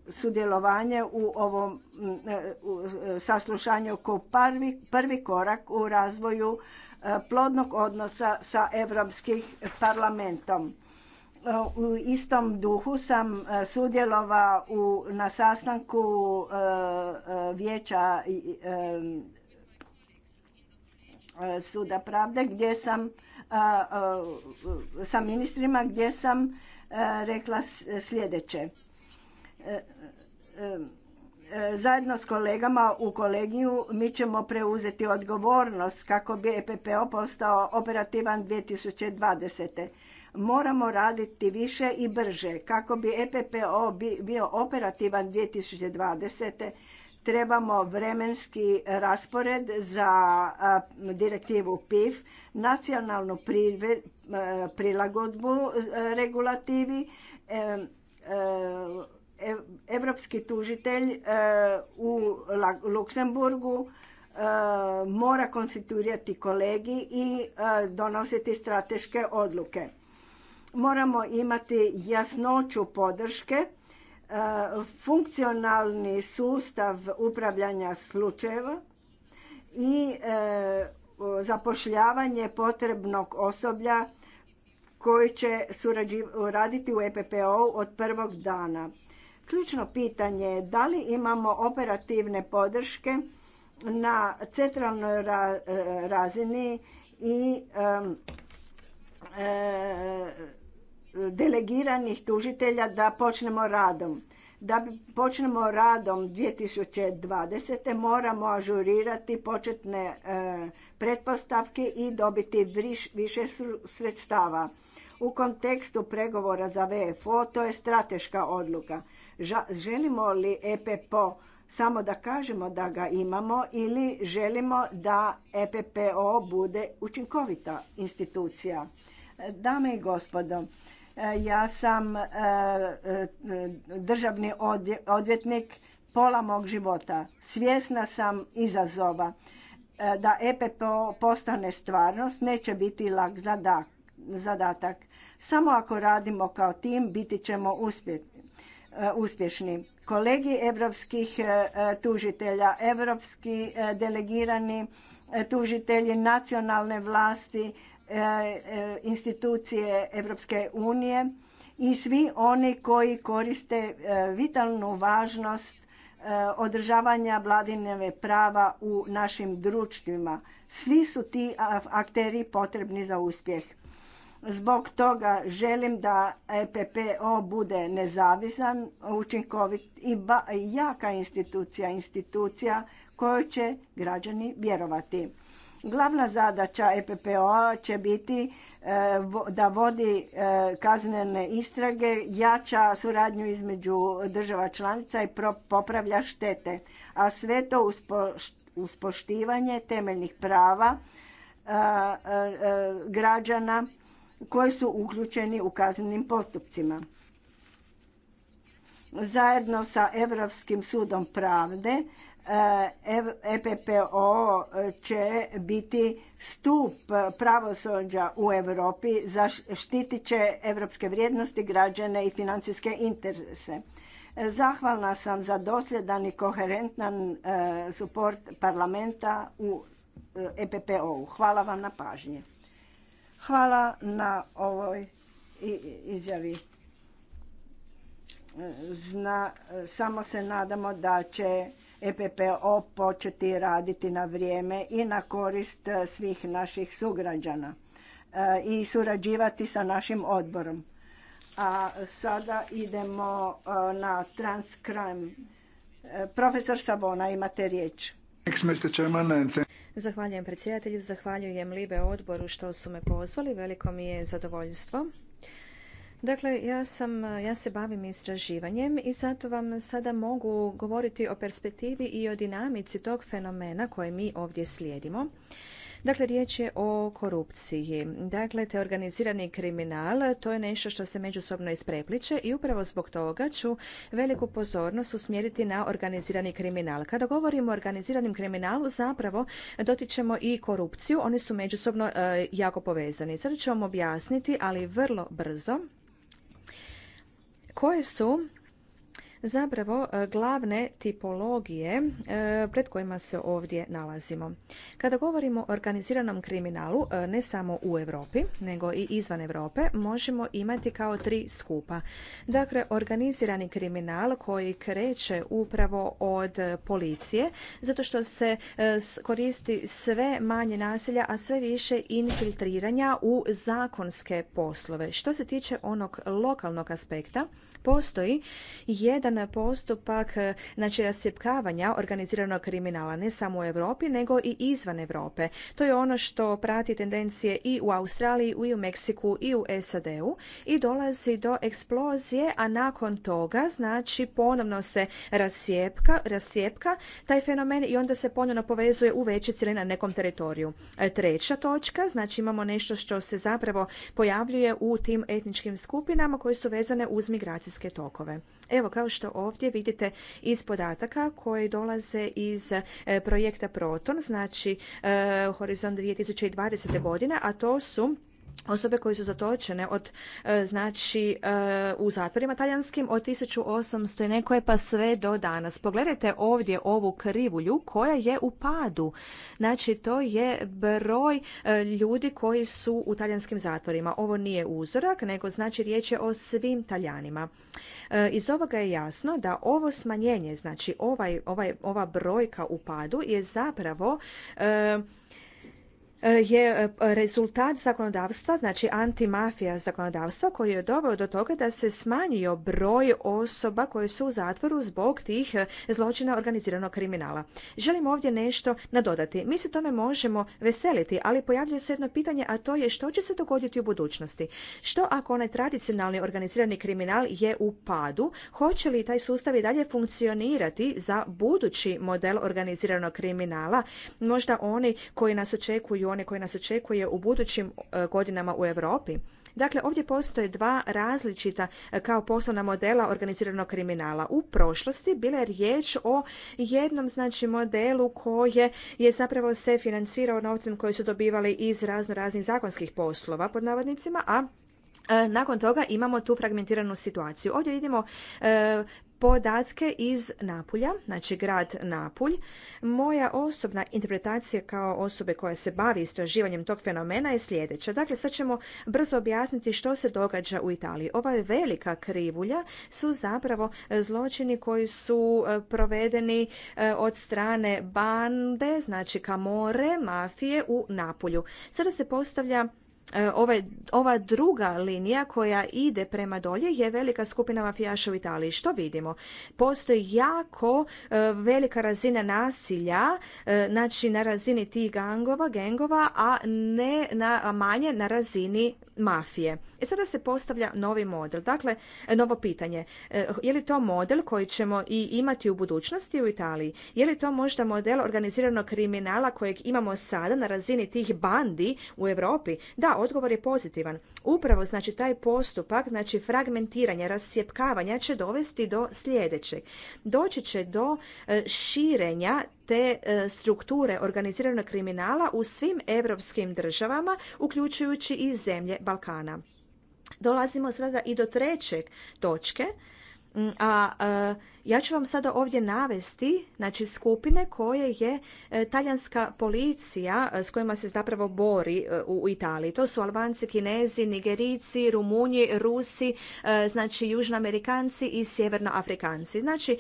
sudjelovanje u ovom saslušanju kao prvi korak u razvoju e, plodnog odnosa sa Europskim parlamentom. E, u istom duhu sam e, sudjelova u, na sastanku vijeća suda pravde gdje sam sa ministrima gdje sam E, rekla sljedeće. E, e, zajedno s kolegama u kolegiju mi ćemo preuzeti odgovornost kako bi EPPO postao operativan 2020. Moramo raditi više i brže. Kako bi EPPO bio operativan 2020. trebamo vremenski raspored za direktivu PIF, nacionalnu e, prilagodbu e, regulativi e, Evropski tužitelj u Luksemburgu mora konstituirati kolegi i donositi strateške odluke. Moramo imati jasnoću podrške, funkcionalni sustav upravljanja slučajeva i zapošljavanje potrebnog osoblja koji će raditi u EPPO od prvog dana. Ključno pitanje je da li imamo operativne podrške na centralnoj razini i e, delegiranih tužitelja da počnemo radom. Da počnemo radom 2020. moramo ažurirati početne e, pretpostavke i dobiti više sredstava. U kontekstu pregovora za VFO to je strateška odluka. želimo li EPPO samo da kažemo da ga imamo ili želimo da EPPO bude učinkovita institucija? Dame i gospodo, ja sam e, e, državni odvjetnik pola mog života. Svjesna sam izazova e, da EPP postane stvarnost, neće biti lak zadatak. Samo ako radimo kao tim, biti ćemo uspješni. Kolegi evropskih tužitelja, evropski delegirani tužitelji nacionalne vlasti, E, e, institucije Europske unije i svi oni koji koriste e, vitalnu važnost održavanja vladineve prava u našim društvima. Svi su ti akteri potrebni za uspjeh. Zbog toga želim da EPPO bude nezavisan, učinkovit i jaka institucija, institucija kojoj će građani vjerovati. Glavna zadaća EPPO-a će biti e, da vodi e, kaznene istrage, jača suradnju između država članica i popravlja štete, a sve to uz poštivanje temeljnih prava e, građana koji su uključeni u kaznenim postupcima. Zajedno sa Europskim sudom pravde EPPO e će biti stup pravosuđa u Europi, zaštitit će evropske vrijednosti, građane i financijske interese. Zahvalna sam za dosljedan i koherentan e, suport parlamenta u EPPO-u. E Hvala vam na pažnje. Hvala na ovoj izjavi. samo se nadamo da će EPPO početi raditi na vrijeme i na korist e, svih naših sugrađana e, i surađivati sa našim odborom. A sada idemo e, na transcrime. Profesor Sabona, imate riječ. Zahvaljujem predsjedatelju, zahvaljujem Libe odboru što su me pozvali, veliko mi je zadovoljstvo Dakle, ja, sam, ja se bavim istraživanjem i zato vam sada mogu govoriti o perspektivi i o dinamici tog fenomena koje mi ovdje slijedimo. Dakle, riječ je o korupciji. Dakle, te organizirani kriminal, to je nešto što se međusobno isprepliče i upravo zbog toga ću veliku pozornost usmjeriti na organizirani kriminal. Kada govorimo o organiziranim kriminalu, zapravo dotičemo i korupciju. Oni su međusobno e, jako povezani. Sada ću vam objasniti, ali vrlo brzo, koje su zapravo e, glavne tipologije e, pred kojima se ovdje nalazimo. Kada govorimo o organiziranom kriminalu, e, ne samo u Europi, nego i izvan Europe, možemo imati kao tri skupa. Dakle, organizirani kriminal koji kreće upravo od policije, zato što se koristi sve manje nasilja, a sve više infiltriranja u zakonske poslove. Što se tiče onog lokalnog aspekta, postoji jedan na postupak e, znači rasjepkavanja organiziranog kriminala ne samo u Europi nego i izvan Europe. To je ono što prati tendencije i u Australiji, i u Meksiku, i u SAD-u i dolazi do eksplozije, a nakon toga znači ponovno se rasjepka, rasjepka taj fenomen i onda se ponovno povezuje u veće cilj na nekom teritoriju. E, treća točka, znači imamo nešto što se zapravo pojavljuje u tim etničkim skupinama koje su vezane uz migracijske tokove. Evo, kao što ovdje vidite iz podataka koji dolaze iz e, projekta Proton, znači e, Horizon 2020. godine, a to su osobe koje su zatočene od, e, znači, e, u zatvorima talijanskim od 1800 i nekoje pa sve do danas. Pogledajte ovdje ovu krivulju koja je u padu. Znači, to je broj e, ljudi koji su u talijanskim zatvorima. Ovo nije uzorak, nego znači riječ je o svim talijanima. Iz ovoga je jasno da ovo smanjenje, znači ovaj, ovaj ova brojka u padu je zapravo Eh, je eh, rezultat zakonodavstva, znači antimafija zakonodavstva koji je doveo do toga da se smanjio broj osoba koje su u zatvoru zbog tih eh, zločina organiziranog kriminala. Želim ovdje nešto nadodati. Mi se tome možemo veseliti, ali pojavljuje se jedno pitanje, a to je što će se dogoditi u budućnosti. Što ako onaj tradicionalni organizirani kriminal je u padu? Hoće li taj sustav i dalje funkcionirati za budući model organiziranog kriminala? Možda oni koji nas očekuju one koje nas očekuje u budućim e, godinama u Europi. Dakle, ovdje postoje dva različita e, kao poslovna modela organiziranog kriminala. U prošlosti bila je riječ o jednom znači modelu koje je zapravo se financirao novcem koji su dobivali iz razno raznih zakonskih poslova pod navodnicima, a e, nakon toga imamo tu fragmentiranu situaciju. Ovdje vidimo podatke iz Napulja, znači grad Napulj. Moja osobna interpretacija kao osobe koja se bavi istraživanjem tog fenomena je sljedeća. Dakle, sad ćemo brzo objasniti što se događa u Italiji. Ova velika krivulja su zapravo e, zločini koji su e, provedeni e, od strane bande, znači kamore, mafije u Napulju. Sada se postavlja E, ova druga linija koja ide prema dolje je velika skupina mafijaša u Italiji. Što vidimo? Postoji jako e, velika razina nasilja, e, znači na razini tih gangova, gengova, a ne na manje na razini mafije. I sada se postavlja novi model, dakle novo pitanje. je li to model koji ćemo i imati u budućnosti u Italiji? Je li to možda model organiziranog kriminala kojeg imamo sada na razini tih bandi u Europi? Da, odgovor je pozitivan. Upravo znači taj postupak, znači fragmentiranja, rasjepkavanja će dovesti do sljedećeg. Doći će do e, širenja te e, strukture organiziranog kriminala u svim europskim državama, uključujući i zemlje Balkana. Dolazimo sada i do trećeg točke, a e, ja ću vam sada ovdje navesti znači, skupine koje je e, talijanska policija e, s kojima se zapravo bori e, u Italiji. To su Albanci, Kinezi, Nigerici, Rumunji, Rusi, znači Južnoamerikanci i Sjevernoafrikanci. Znači,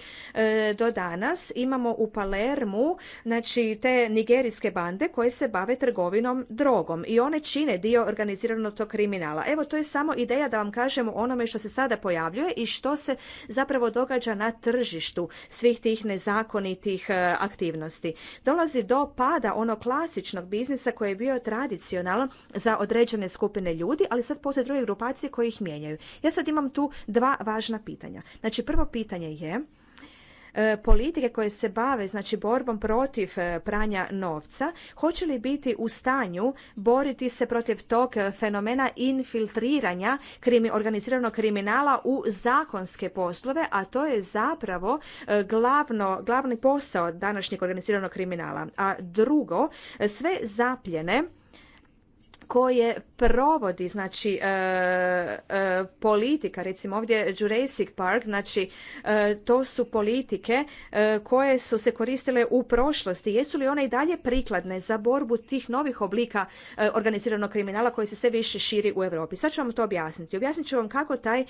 do danas imamo u Palermu znači, te nigerijske bande koje se bave trgovinom drogom i one čine dio organiziranog tog kriminala. Evo, to je samo ideja da vam kažemo onome što se sada pojavljuje i što se zapravo događa na tržištu tržištu svih tih nezakonitih e, aktivnosti. Dolazi do pada onog klasičnog biznisa koji je bio tradicionalan za određene skupine ljudi, ali sad postoje druge grupacije koje ih mijenjaju. Ja sad imam tu dva važna pitanja. Znači prvo pitanje je E, politike koje se bave znači borbom protiv e, pranja novca hoće li biti u stanju boriti se protiv tog e, fenomena infiltriranja organiziranog kriminala u zakonske poslove, a to je zapravo glavno, glavni posao današnjeg organiziranog kriminala. A drugo, sve zapljene koje provodi znači e, e, politika recimo ovdje Jurassic Park znači e, to su politike koje su se koristile u prošlosti jesu li one i dalje prikladne za borbu tih novih oblika organiziranog kriminala koji se sve više širi u Europi sad ću vam to objasniti objasnit ću vam kako taj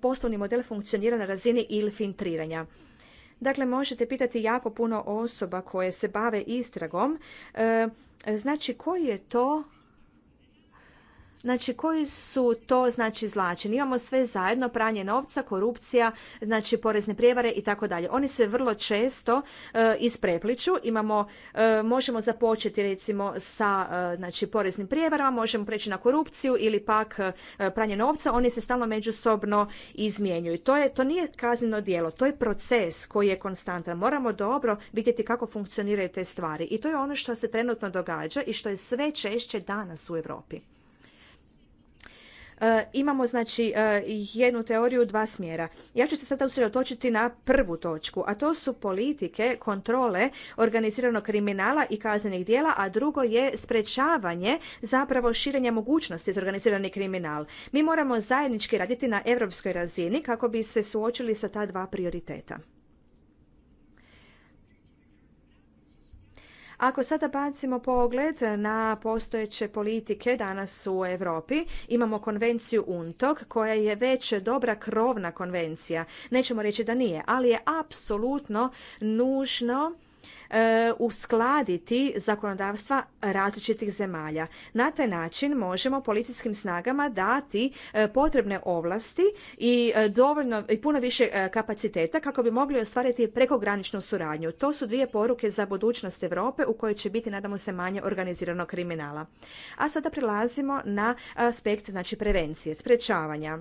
poslovni model funkcionira na razini fintriranja. dakle možete pitati jako puno osoba koje se bave istragom znači koji je to Znači, koji su to znači zlačeni? Imamo sve zajedno, pranje novca, korupcija, znači porezne prijevare i tako dalje. Oni se vrlo često e, eh, isprepliču. Imamo, eh, možemo započeti recimo sa eh, znači poreznim prijevarama, možemo preći na korupciju ili pak pranje novca. Oni se stalno međusobno izmjenjuju. To je, to nije kazneno djelo, to je proces koji je konstantan. Moramo dobro vidjeti kako funkcioniraju te stvari. I to je ono što se trenutno događa i što je sve češće danas u Europi. E, imamo znači e, jednu teoriju dva smjera. Ja ću se sada usredotočiti na prvu točku, a to su politike kontrole organiziranog kriminala i kaznenih djela, a drugo je sprečavanje zapravo širenja mogućnosti za organizirani kriminal. Mi moramo zajednički raditi na europskoj razini kako bi se suočili sa ta dva prioriteta. Ako sada bacimo pogled na postojeće politike danas u Europi, imamo konvenciju UNTOG koja je već dobra krovna konvencija. Nećemo reći da nije, ali je apsolutno nužno E, uskladiti zakonodavstva različitih zemalja. Na taj način možemo policijskim snagama dati e, potrebne ovlasti i e, dovoljno i puno više kapaciteta kako bi mogli ostvariti prekograničnu suradnju. To su dvije poruke za budućnost Europe u kojoj će biti nadamo se manje organiziranog kriminala. A sada prilazimo na aspekt znači prevencije, sprečavanja.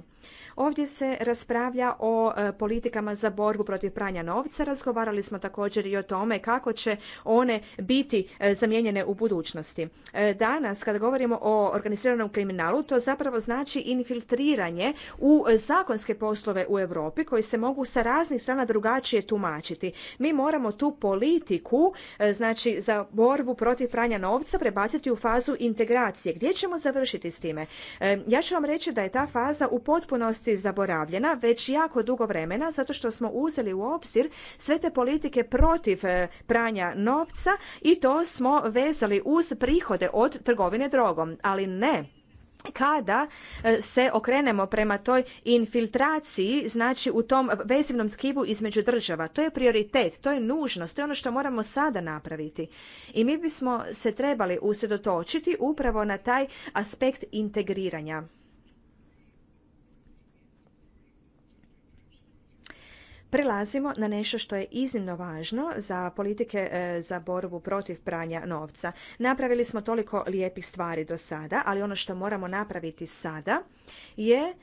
Ovdje se raspravlja o e, politikama za borbu protiv pranja novca. Razgovarali smo također i o tome kako će one biti e, zamijenjene u budućnosti. E, danas, kada govorimo o organiziranom kriminalu, to zapravo znači infiltriranje u zakonske poslove u Europi koji se mogu sa raznih strana drugačije tumačiti. Mi moramo tu politiku, znači za borbu protiv pranja novca, prebaciti u fazu integracije. Gdje ćemo završiti s time? Ja ću vam reći da je ta faza u potpunosti zaboravljena već jako dugo vremena zato što smo uzeli u obzir sve te politike protiv e, pranja novca i to smo vezali uz prihode od trgovine drogom. Ali ne, kada e, se okrenemo prema toj infiltraciji, znači u tom vezivnom tkivu između država, to je prioritet, to je nužnost, to je ono što moramo sada napraviti. I mi bismo se trebali usredotočiti upravo na taj aspekt integriranja. prelazimo na nešto što je iznimno važno za politike e, za borbu protiv pranja novca. Napravili smo toliko lijepih stvari do sada, ali ono što moramo napraviti sada je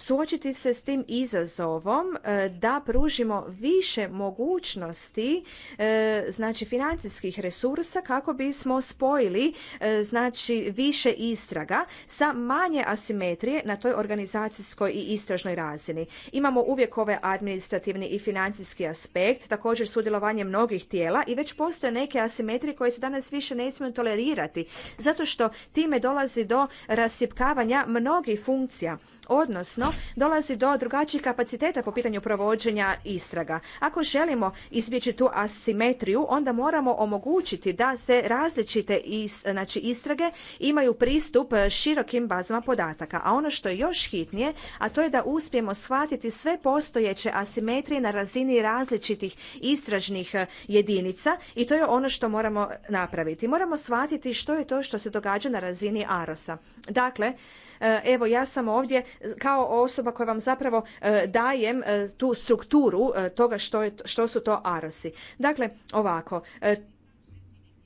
suočiti se s tim izazovom e, da pružimo više mogućnosti e, znači financijskih resursa kako bismo spojili e, znači više istraga sa manje asimetrije na toj organizacijskoj i istražnoj razini. Imamo uvijek ovaj administrativni i financijski aspekt, također sudjelovanje mnogih tijela i već postoje neke asimetrije koje se danas više ne smiju tolerirati zato što time dolazi do rasipkavanja mnogih funkcija, odnosno dolazi do drugačijih kapaciteta po pitanju provođenja istraga. Ako želimo izbjeći tu asimetriju, onda moramo omogućiti da se različite is, znači istrage imaju pristup širokim bazama podataka. A ono što je još hitnije, a to je da uspijemo shvatiti sve postojeće asimetrije na razini različitih istražnih e, jedinica i to je ono što moramo napraviti. Moramo shvatiti što je to što se događa na razini Arosa. Dakle, E, evo ja sam ovdje kao osoba koja vam zapravo e, dajem e, tu strukturu toga što, što su to arosi. Dakle, ovako,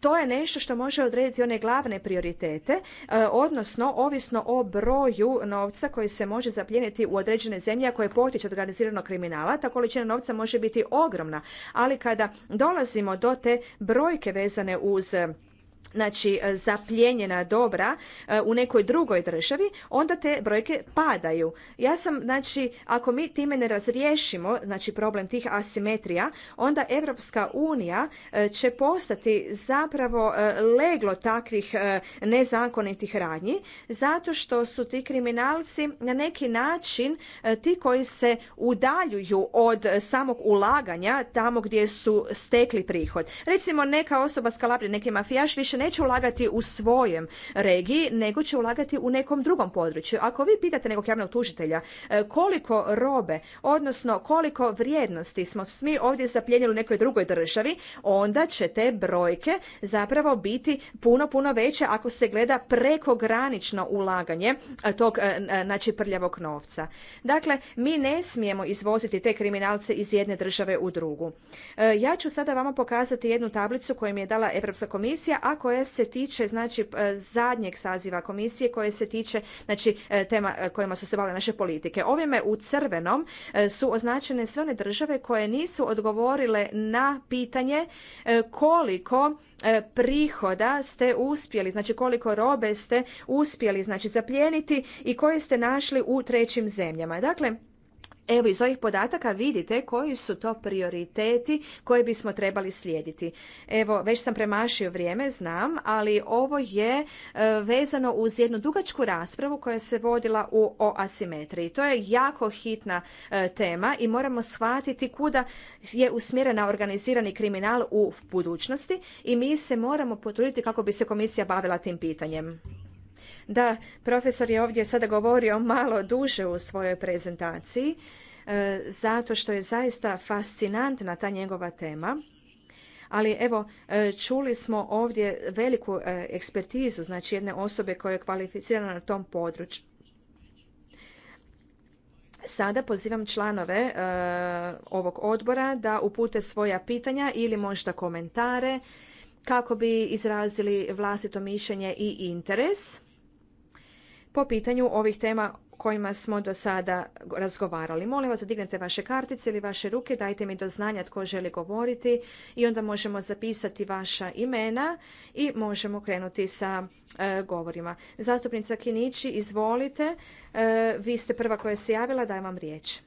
to je nešto što može odrediti one glavne prioritete, odnosno ovisno o broju novca koji se može zapljeniti u određene zemlje koje potiče organiziranog kriminala. Ta količina novca može biti ogromna, ali kada dolazimo do te brojke vezane uz znači e, zapljenjena dobra e, u nekoj drugoj državi, onda te brojke padaju. Ja sam, znači, ako mi time ne razriješimo, znači problem tih asimetrija, onda Evropska unija e, će postati zapravo leglo takvih nezakonitih radnji, zato što su ti kriminalci na neki način ti koji se udaljuju od samog ulaganja tamo gdje su stekli prihod. Recimo, neka osoba s neki mafijaš više neće ulagati u svojem regiji, nego će ulagati u nekom drugom području. Ako vi pitate nekog javnog tužitelja e, koliko robe, odnosno koliko vrijednosti smo svi ovdje zapljenili u nekoj drugoj državi, onda će te brojke zapravo biti puno, puno veće ako se gleda prekogranično ulaganje e, tog e, znači, prljavog novca. Dakle, mi ne smijemo izvoziti te kriminalce iz jedne države u drugu. Ja ću sada vama pokazati jednu tablicu koju mi je dala Europska komisija, a koja se tiče znači zadnjeg saziva komisije koje se tiče znači e, tema e, kojima su se bavile naše politike. Ovime u crvenom e, su označene sve one države koje nisu odgovorile na pitanje koliko prihoda ste uspjeli, znači koliko robe ste uspjeli znači zaplijeniti i koje ste našli u trećim zemljama. Dakle, Evo iz ovih podataka vidite koji su to prioriteti koje bismo trebali slijediti. Evo, već sam premašio vrijeme, znam, ali ovo je e, vezano uz jednu dugačku raspravu koja se vodila u o asimetriji. To je jako hitna e, tema i moramo shvatiti kuda je usmjerena organizirani kriminal u budućnosti i mi se moramo potruditi kako bi se komisija bavila tim pitanjem. Da, profesor je ovdje sada govorio malo duže u svojoj prezentaciji, e, zato što je zaista fascinantna ta njegova tema. Ali evo, e, čuli smo ovdje veliku e, ekspertizu, znači jedne osobe koja je kvalificirana na tom području. Sada pozivam članove ovog odbora da upute svoja pitanja ili možda komentare kako bi izrazili vlastito mišljenje i interes po pitanju ovih tema kojima smo do sada razgovarali. Molim vas da dignete vaše kartice ili vaše ruke, dajte mi do znanja tko želi govoriti i onda možemo zapisati vaša imena i možemo krenuti sa e, govorima. Zastupnica Kinići, izvolite. E, vi ste prva koja se javila, dajem vam riječ.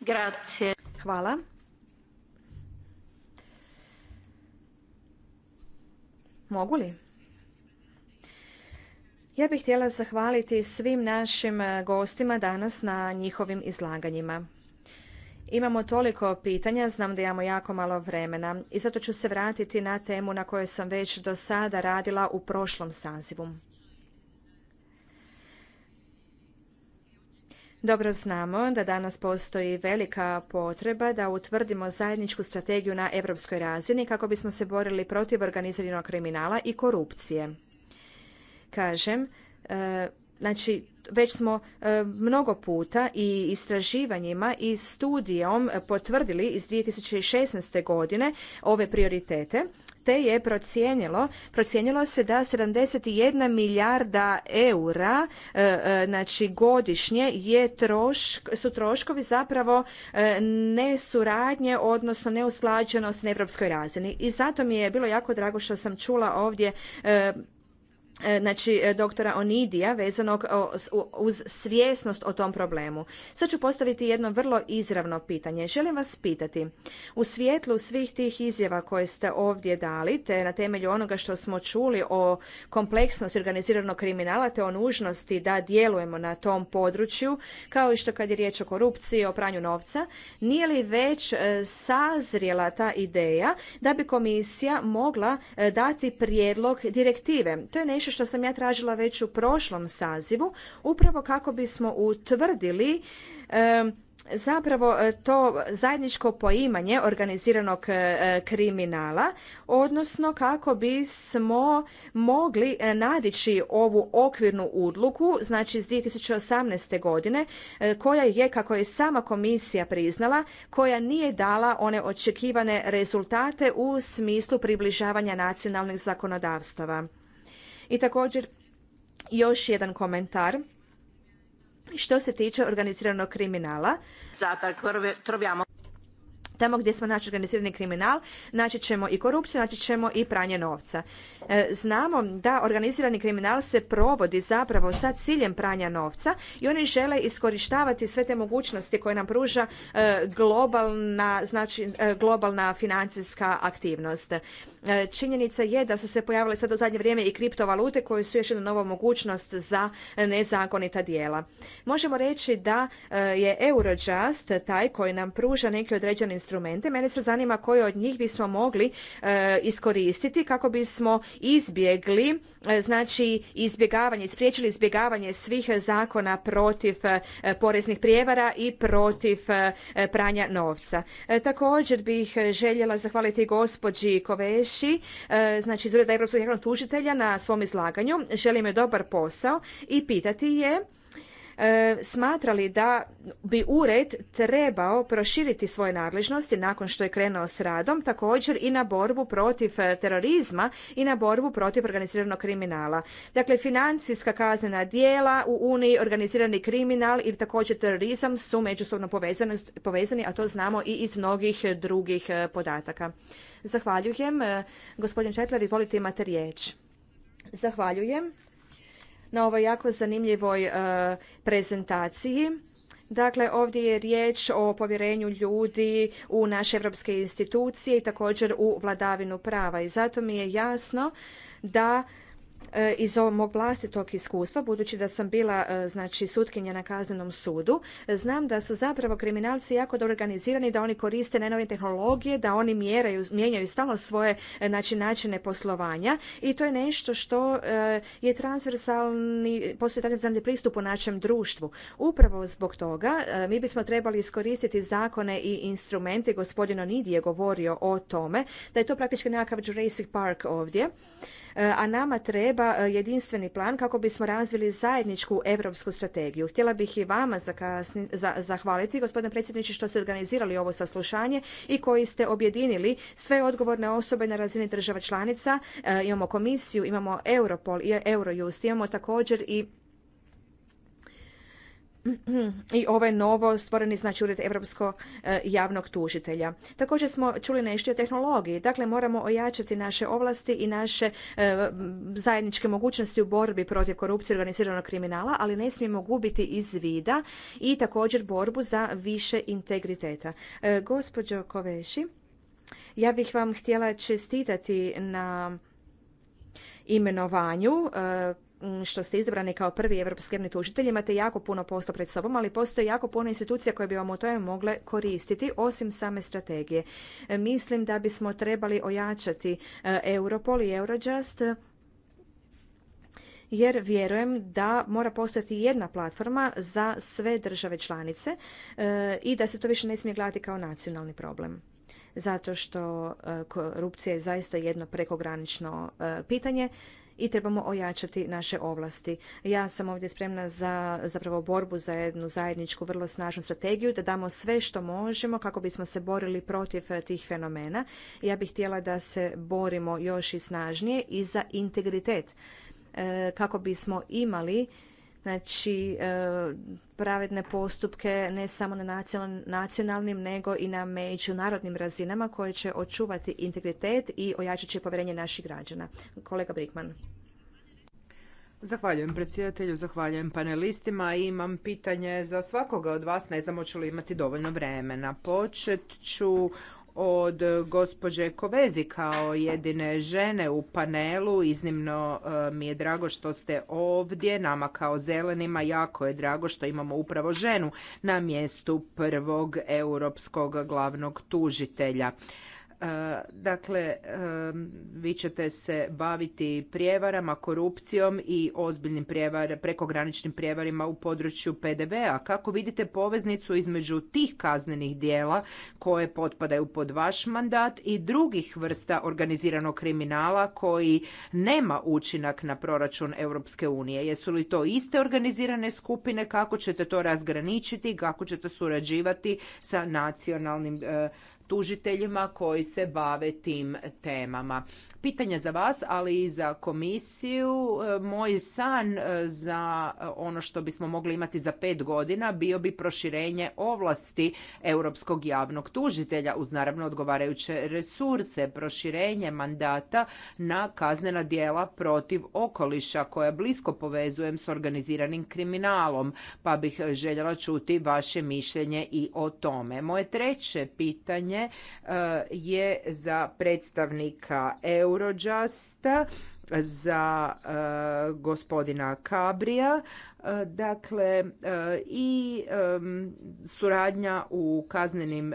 Grazie. Hvala. Mogu li? Ja bih htjela zahvaliti svim našim eh, gostima danas na njihovim izlaganjima. Imamo toliko pitanja, znam da imamo jako malo vremena i zato ću se vratiti na temu na kojoj sam već do sada radila u prošlom sazivu. Dobro znamo da danas postoji velika potreba da utvrdimo zajedničku strategiju na europskoj razini kako bismo se borili protiv organiziranog kriminala i korupcije kažem, e, znači već smo e, mnogo puta i istraživanjima i studijom potvrdili iz 2016. godine ove prioritete te je procijenilo, procijenilo se da 71 milijarda eura e, znači godišnje je su troškovi zapravo nesuradnje odnosno neusklađenost na europskoj razini i zato mi je bilo jako drago što sam čula ovdje E, znači e, doktora Onidija vezanog uz svjesnost o tom problemu. Sad ću postaviti jedno vrlo izravno pitanje. Želim vas pitati, u svijetlu svih tih izjava koje ste ovdje dali, te na temelju onoga što smo čuli o kompleksnosti organiziranog kriminala, te o nužnosti da djelujemo na tom području, kao i što kad je riječ o korupciji, o pranju novca, nije li već e, sazrijela ta ideja da bi komisija mogla dati prijedlog direktive? To je nešto što sam ja tražila već u prošlom sazivu, upravo kako bismo utvrdili zapravo e, to zajedničko poimanje organiziranog e, kriminala, odnosno kako bismo mogli e, nadići ovu okvirnu udluku, znači iz 2018. godine, koja je, kako je sama komisija priznala, koja nije dala one očekivane rezultate u smislu približavanja nacionalnih zakonodavstava. I također još jedan komentar što se tiče organiziranog kriminala. Zato troviamo tamo gdje smo naći organizirani kriminal, naći ćemo i korupciju, naći ćemo i pranje novca. E, znamo da organizirani kriminal se provodi zapravo sa ciljem pranja novca i oni žele iskorištavati sve te mogućnosti koje nam pruža e, globalna, znači e, globalna financijska aktivnost. E, činjenica je da su se pojavile sad u zadnje vrijeme i kriptovalute koje su još jedna nova mogućnost za nezakonita dijela. Možemo reći da e, je Eurojust taj koji nam pruža neke određene instrumente. Mene se zanima koje od njih bismo mogli e, iskoristiti kako bismo izbjegli, znači izbjegavanje, spriječili izbjegavanje svih zakona protiv poreznih prijevara i protiv pranja novca. Također bih željela zahvaliti gospođi Koveš Znači, znači iz Ureda Evropskog javnog tužitelja na svom izlaganju. Želim je dobar posao i pitati je E, smatrali da bi ured trebao proširiti svoje nadležnosti nakon što je krenuo s radom također i na borbu protiv e, terorizma i na borbu protiv organiziranog kriminala. Dakle, financijska kaznena djela u Uniji, organizirani kriminal i također terorizam su međusobno povezani, a to znamo i iz mnogih drugih e, podataka. Zahvaljujem. Gospodin Četler, izvolite imate riječ. Zahvaljujem na ovoj jako zanimljivoj e, prezentaciji. Dakle, ovdje je riječ o povjerenju ljudi u naše evropske institucije i također u vladavinu prava. I zato mi je jasno da E, iz ovog mog vlastitog iskustva, budući da sam bila e, znači, sutkinja na kaznenom sudu, znam da su zapravo kriminalci jako dobro organizirani, da oni koriste nove tehnologije, da oni mjeraju, mijenjaju stalno svoje e, znači, načine poslovanja i to je nešto što je transversalni, postoji transversalni pristup u našem društvu. Upravo zbog toga mi bismo trebali iskoristiti zakone i instrumente, gospodin Onidi je govorio o tome, da je to praktički nekakav Jurassic Park ovdje, a nama treba e, jedinstveni plan kako bismo razvili zajedničku europsku strategiju. Htjela bih i vama za, zahvaliti, gospodine predsjedniče, što ste organizirali ovo saslušanje i koji ste objedinili sve odgovorne osobe na razini država članica. E, imamo komisiju, imamo Europol i Eurojust, imamo također i i ovaj novo stvoreni znači ured europskog e, javnog tužitelja. Također smo čuli nešto o tehnologiji. Dakle, moramo ojačati naše ovlasti i naše e, zajedničke mogućnosti u borbi protiv korupcije i organiziranog kriminala, ali ne smijemo gubiti iz vida i također borbu za više integriteta. E, gospođo Koveši, ja bih vam htjela čestitati na imenovanju što ste izabrani kao prvi europski tužitelj imate jako puno posla pred sobom, ali postoji jako puno institucija koje bi vam u tome mogle koristiti, osim same strategije. E, mislim da bismo trebali ojačati e, Europol i Eurojust jer vjerujem da mora postojati jedna platforma za sve države članice e, i da se to više ne smije gledati kao nacionalni problem zato što korupcija je zaista jedno prekogranično pitanje i trebamo ojačati naše ovlasti. Ja sam ovdje spremna za zapravo borbu za jednu zajedničku vrlo snažnu strategiju da damo sve što možemo kako bismo se borili protiv eh, tih fenomena. Ja bih htjela da se borimo još i snažnije i za integritet eh, kako bismo imali znači e, pravedne postupke ne samo na nacionalnim nego i na međunarodnim razinama koje će očuvati integritet i ojačati će povjerenje naših građana. Kolega Brikman. Zahvaljujem predsjedatelju, zahvaljujem panelistima. Imam pitanje za svakoga od vas, ne znam hoću li imati dovoljno vremena. Počet ću od gospođe Kovezi kao jedine žene u panelu. Iznimno e, mi je drago što ste ovdje. Nama kao zelenima jako je drago što imamo upravo ženu na mjestu prvog europskog glavnog tužitelja. E, dakle, e, vi ćete se baviti prijevarama, korupcijom i ozbiljnim prijevar, prekograničnim prijevarima u području PDV-a. Kako vidite poveznicu između tih kaznenih dijela koje potpadaju pod vaš mandat i drugih vrsta organiziranog kriminala koji nema učinak na proračun Europske unije? Jesu li to iste organizirane skupine? Kako ćete to razgraničiti? Kako ćete surađivati sa nacionalnim e, tužiteljima koji se bave tim temama. Pitanje za vas, ali i za komisiju. E, moj san e, za e, ono što bismo mogli imati za pet godina bio bi proširenje ovlasti Europskog javnog tužitelja uz naravno odgovarajuće resurse, proširenje mandata na kaznena djela protiv okoliša koja blisko povezujem s organiziranim kriminalom, pa bih željela čuti vaše mišljenje i o tome. Moje treće pitanje E, je za predstavnika Eurojusta za e, gospodina Kabrija. E, dakle, i suradnja u kaznenim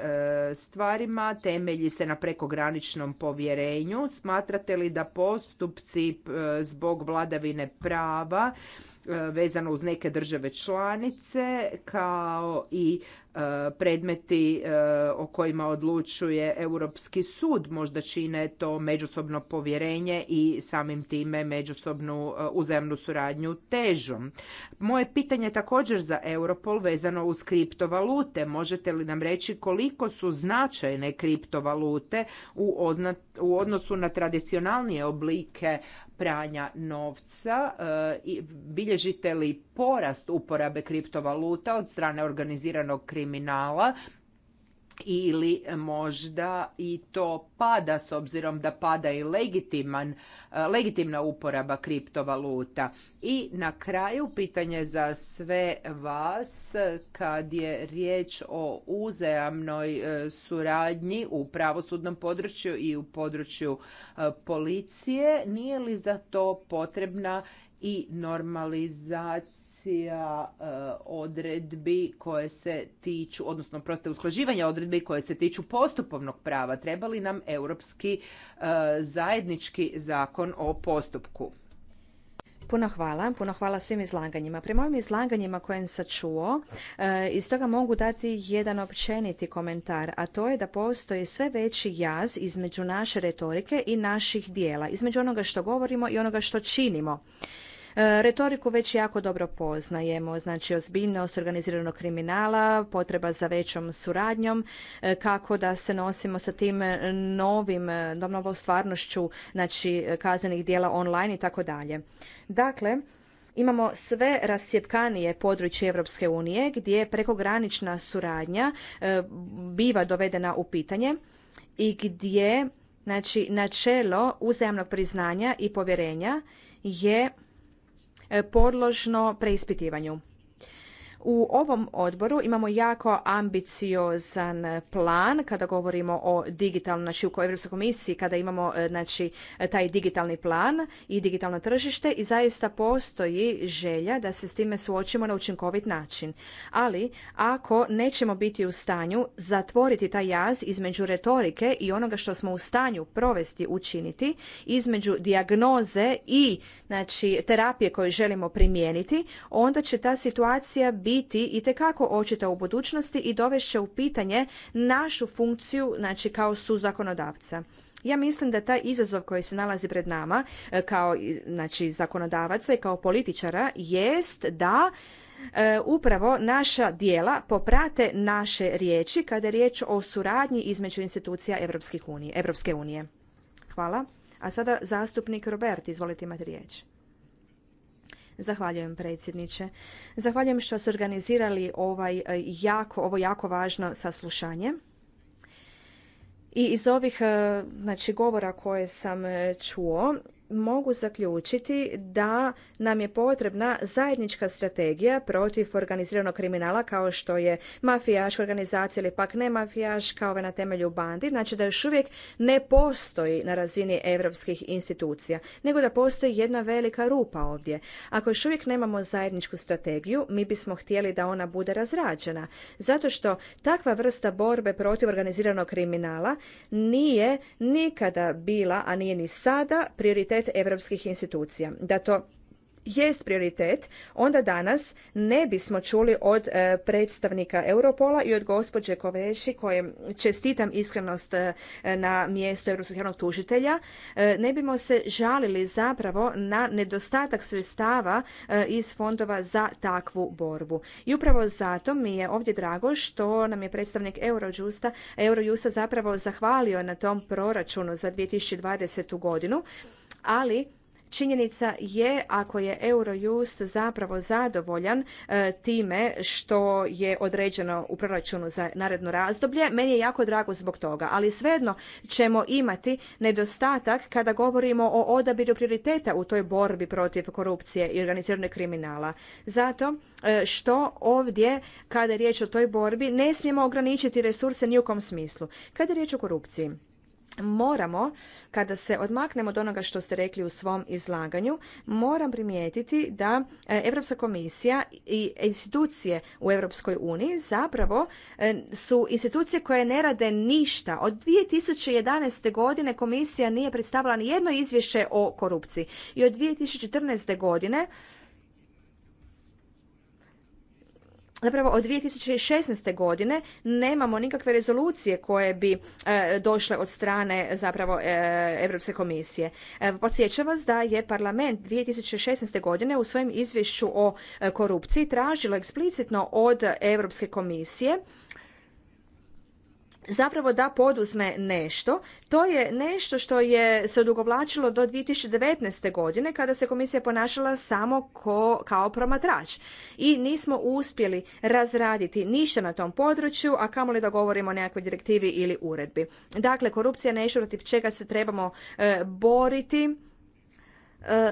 stvarima temelji se na prekograničnom povjerenju. Smatrate li da postupci zbog vladavine prava vezano uz neke države članice kao i E, predmeti e, o kojima odlučuje Europski sud možda čine to međusobno povjerenje i samim time međusobnu e, uzajamnu suradnju težom. Moje pitanje je također za Europol vezano uz kriptovalute. Možete li nam reći koliko su značajne kriptovalute u odnosu na tradicionalnije oblike pranja novca eh, i bilježite li porast uporabe kriptovaluta od strane organiziranog kriminala ili možda i to pada s obzirom da pada i e, legitimna uporaba kriptovaluta. I na kraju pitanje za sve vas kad je riječ o uzajamnoj e, suradnji u pravosudnom području i u području e, policije, nije li za to potrebna i normalizacija kombinacija e, odredbi koje se tiču, odnosno proste usklaživanja odredbi koje se tiču postupovnog prava. Treba li nam europski e, zajednički zakon o postupku? Puno hvala, puno hvala svim izlaganjima. Prema ovim izlaganjima kojem sam čuo, e, iz toga mogu dati jedan općeniti komentar, a to je da postoji sve veći jaz između naše retorike i naših dijela, između onoga što govorimo i onoga što činimo. E, retoriku već jako dobro poznajemo, znači ozbiljnost organiziranog kriminala, potreba za većom suradnjom, e, kako da se nosimo sa tim novim, e, novom stvarnošću, znači kaznenih dijela online i tako dalje. Dakle, imamo sve rasjepkanije područje Europske unije gdje prekogranična suradnja biva dovedena u pitanje i gdje znači načelo uzajamnog priznanja i povjerenja je podložno preispitivanju. U ovom odboru imamo jako ambiciozan plan kada govorimo o digitalnom, znači u Europskoj komisiji kada imamo e, znači e, taj digitalni plan i digitalno tržište i zaista postoji želja da se s time suočimo na učinkovit način. Ali ako nećemo biti u stanju zatvoriti taj jaz između retorike i onoga što smo u stanju provesti, učiniti, između dijagnoze i znači terapije koju želimo primijeniti, onda će ta situacija biti biti itekako očita u budućnosti i dovešće u pitanje našu funkciju znači kao zakonodavca. Ja mislim da taj izazov koji se nalazi pred nama e, kao znači, zakonodavaca i kao političara jest da e, upravo naša dijela poprate naše riječi kada je riječ o suradnji između institucija Europske unije. Hvala. A sada zastupnik Robert, izvolite imati riječ. Zahvaljujem predsjedniče. Zahvaljujem što ste organizirali ovaj e, jako, ovo jako važno saslušanje. I iz ovih e, znači, govora koje sam e, čuo, mogu zaključiti da nam je potrebna zajednička strategija protiv organiziranog kriminala kao što je mafijaška organizacija ili pak ne mafijaška, ove na temelju bandi, znači da još uvijek ne postoji na razini europskih institucija, nego da postoji jedna velika rupa ovdje. Ako još uvijek nemamo zajedničku strategiju, mi bismo htjeli da ona bude razrađena, zato što takva vrsta borbe protiv organiziranog kriminala nije nikada bila, a nije ni sada prioritet evropskih europskih institucija da to jest prioritet, onda danas ne bismo čuli od e, predstavnika Europola i od gospođe Koveši, kojem čestitam iskrenost e, na mjesto Europskog javnog tužitelja, e, ne bismo se žalili zapravo na nedostatak sredstava iz fondova za takvu borbu. I upravo zato mi je ovdje drago što nam je predstavnik Eurojusta, Eurojusta zapravo zahvalio na tom proračunu za 2020. godinu, ali Činjenica je ako je Eurojust zapravo zadovoljan e, time što je određeno u proračunu za naredno razdoblje, meni je jako drago zbog toga, ali svejedno ćemo imati nedostatak kada govorimo o odabiru prioriteta u toj borbi protiv korupcije i organiziranog kriminala. Zato e, što ovdje kada je riječ o toj borbi ne smijemo ograničiti resurse ni u kom smislu. Kada je riječ o korupciji, moramo, kada se odmaknemo od onoga što ste rekli u svom izlaganju, moram primijetiti da e, Europska komisija i institucije u Europskoj uniji zapravo e, su institucije koje ne rade ništa. Od 2011. godine komisija nije predstavila ni jedno izvješće o korupciji i od 2014. godine Zapravo od 2016. godine nemamo nikakve rezolucije koje bi e, došle od strane zapravo e, Europske komisije. E, Podsjećam vas da je parlament 2016. godine u svojem izvješću o e, korupciji tražilo eksplicitno od Europske komisije zapravo da poduzme nešto. To je nešto što je se odugovlačilo do 2019. godine kada se komisija ponašala samo kao promatrač. I nismo uspjeli razraditi ništa na tom području, a kamoli da govorimo o nekakvoj direktivi ili uredbi. Dakle, korupcija je nešto protiv čega se trebamo e, boriti. E,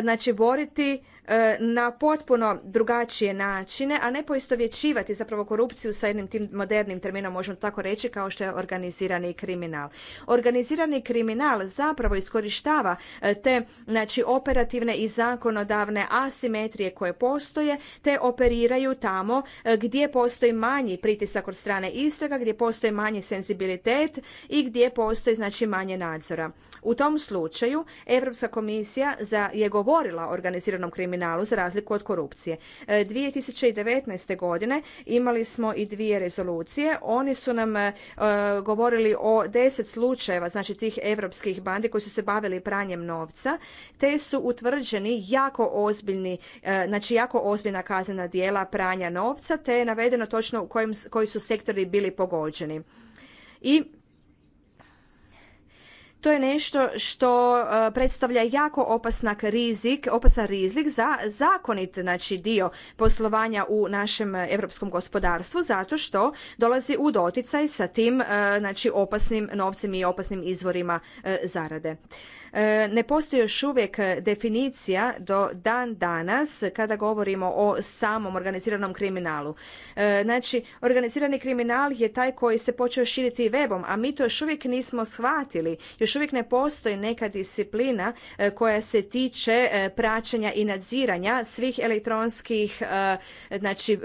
znači boriti E, na potpuno drugačije načine, a ne poistovjećivati zapravo korupciju sa jednim tim modernim terminom, možemo tako reći, kao što je organizirani kriminal. Organizirani kriminal zapravo iskorištava e, te znači, operativne i zakonodavne asimetrije koje postoje, te operiraju tamo e, gdje postoji manji pritisak od strane istraga, gdje postoji manji senzibilitet i gdje postoji znači manje nadzora. U tom slučaju Europska komisija za, je govorila o organiziranom kriminalu kriminalu za razliku od korupcije. 2019. E, godine imali smo i dvije rezolucije. Oni su nam e, govorili o deset slučajeva znači tih europskih bandi koji su se bavili pranjem novca te su utvrđeni jako ozbiljni e, znači jako ozbiljna kaznena djela pranja novca te je navedeno točno u kojim, koji su sektori bili pogođeni. I to je nešto što e, predstavlja jako opasnak rizik, opasan rizik za zakonit znači, dio poslovanja u našem europskom gospodarstvu zato što dolazi u doticaj sa tim e, znači, opasnim novcem i opasnim izvorima e, zarade. E, ne postoji još uvijek definicija do dan danas kada govorimo o samom organiziranom kriminalu. E, znači, organizirani kriminal je taj koji se počeo širiti webom, a mi to još uvijek nismo shvatili. Još uvijek ne postoji neka disciplina e, koja se tiče praćenja i nadziranja svih elektronskih znači,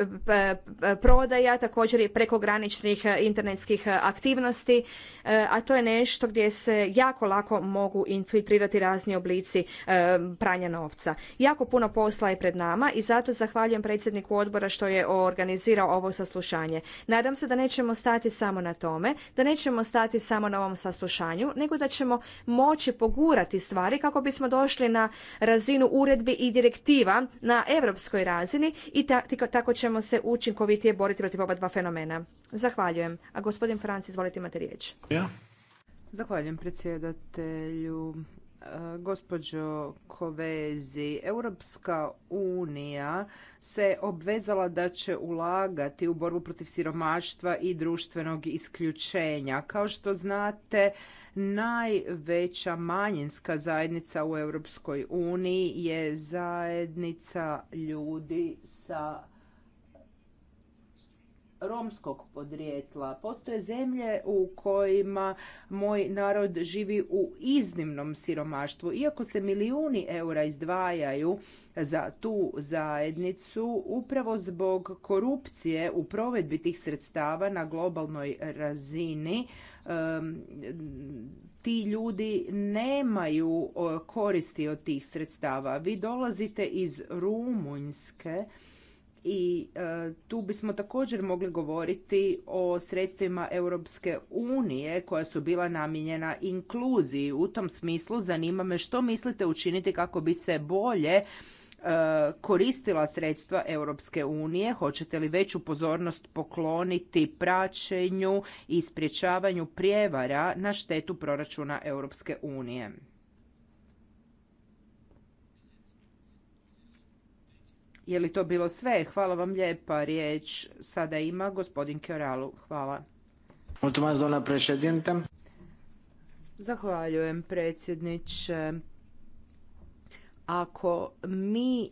prodaja, također i prekograničnih internetskih aktivnosti, a to je nešto gdje se jako lako mogu infiltrirati infiltrirati razni oblici e, pranja novca. Jako puno posla je pred nama i zato zahvaljujem predsjedniku odbora što je organizirao ovo saslušanje. Nadam se da nećemo stati samo na tome, da nećemo stati samo na ovom saslušanju, nego da ćemo moći pogurati stvari kako bismo došli na razinu uredbi i direktiva na europskoj razini i tako ćemo se učinkovitije boriti protiv oba dva fenomena. Zahvaljujem. A gospodin Franc, izvolite imate riječ. Zahvaljujem predsjedatelju. E, gospođo Kovezi, Europska unija se obvezala da će ulagati u borbu protiv siromaštva i društvenog isključenja. Kao što znate, najveća manjinska zajednica u Europskoj uniji je zajednica ljudi sa romskog podrijetla. Postoje zemlje u kojima moj narod živi u iznimnom siromaštvu. Iako se milijuni eura izdvajaju za tu zajednicu, upravo zbog korupcije u provedbi tih sredstava na globalnoj razini, ti ljudi nemaju e, koristi od tih sredstava. Vi dolazite iz Rumunjske, i e, tu bismo također mogli govoriti o sredstvima Europske unije koja su bila namijenjena inkluziji. U tom smislu zanima me što mislite učiniti kako bi se bolje e, koristila sredstva Europske unije, hoćete li veću pozornost pokloniti praćenju i sprječavanju prijevara na štetu proračuna Europske unije? Je li to bilo sve? Hvala vam lijepa. Riječ sada ima gospodin Kjoralu. Hvala. Zahvaljujem predsjedniče ako mi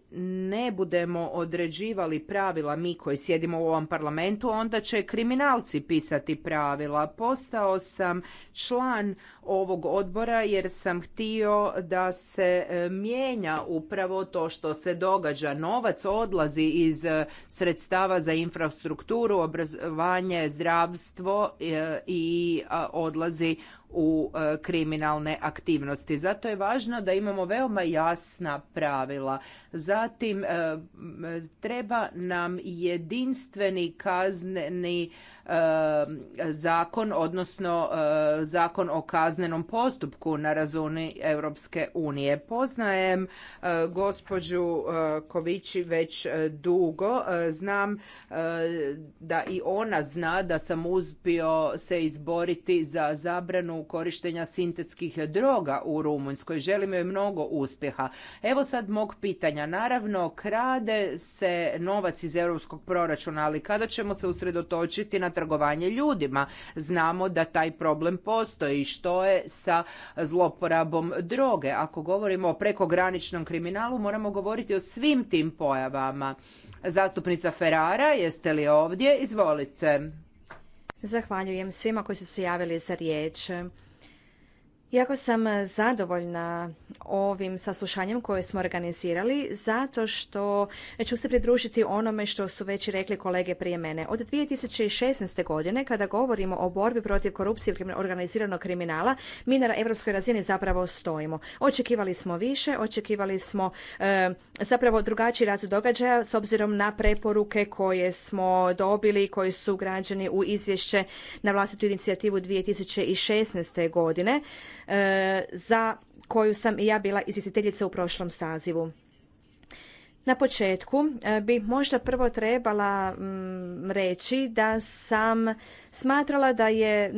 ne budemo određivali pravila, mi koji sjedimo u ovom parlamentu, onda će kriminalci pisati pravila. Postao sam član ovog odbora jer sam htio da se e, mijenja upravo to što se događa. Novac odlazi iz e, sredstava za infrastrukturu, obrazovanje, zdravstvo e, i odlazi u e, kriminalne aktivnosti. Zato je važno da imamo veoma jasna pravila. Zatim e, e, treba nam jedinstveni kazneni Eh, zakon, odnosno eh, zakon o kaznenom postupku na razuni Europske unije. Poznajem eh, gospođu Kovići već dugo. Znam da i ona zna da sam uspio se izboriti za zabranu korištenja sintetskih droga u Rumunjskoj. Želim joj mnogo uspjeha. Evo sad mog pitanja. Naravno, krade se novac iz europskog proračuna, ali kada ćemo se usredotočiti na trgovanje ljudima. Znamo da taj problem postoji. Što je sa zloporabom droge? Ako govorimo o prekograničnom kriminalu, moramo govoriti o svim tim pojavama. Zastupnica Ferrara, jeste li ovdje? Izvolite. Zahvaljujem svima koji su se javili za riječ. Jako sam e, zadovoljna ovim saslušanjem koje smo organizirali zato što ću se pridružiti onome što su već rekli kolege prije mene. Od 2016. godine kada govorimo o borbi protiv korupcije i organiziranog kriminala, mi na europskoj razini zapravo stojimo. Očekivali smo više, očekivali smo e, zapravo drugačiji razvoj događaja s obzirom na preporuke koje smo dobili i koji su građani u izvješće na vlastitu inicijativu 2016. godine E, za koju sam i ja bila izvjestiteljica u prošlom sazivu. Na početku e, bi možda prvo trebala mm, reći da sam smatrala da je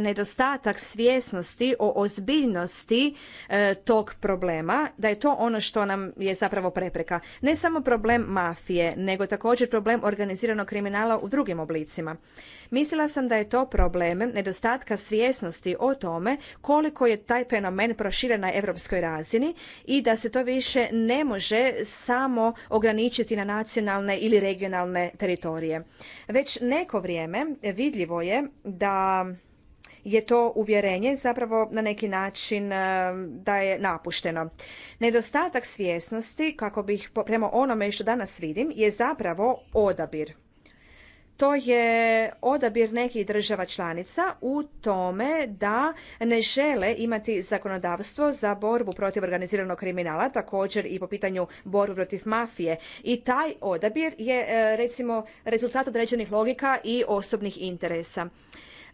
nedostatak svjesnosti o ozbiljnosti e, tog problema, da je to ono što nam je zapravo prepreka. Ne samo problem mafije, nego također problem organiziranog kriminala u drugim oblicima. Mislila sam da je to problem nedostatka svjesnosti o tome koliko je taj fenomen proširen na europskoj razini i da se to više ne može samo ograničiti na nacionalne ili regionalne teritorije. Već neko vrijeme vidljivo je da je to uvjerenje zapravo na neki način e, da je napušteno. Nedostatak svjesnosti, kako bih prema onome što danas vidim, je zapravo odabir to je odabir nekih država članica u tome da ne žele imati zakonodavstvo za borbu protiv organiziranog kriminala, također i po pitanju borbe protiv mafije. I taj odabir je e, recimo rezultat određenih logika i osobnih interesa.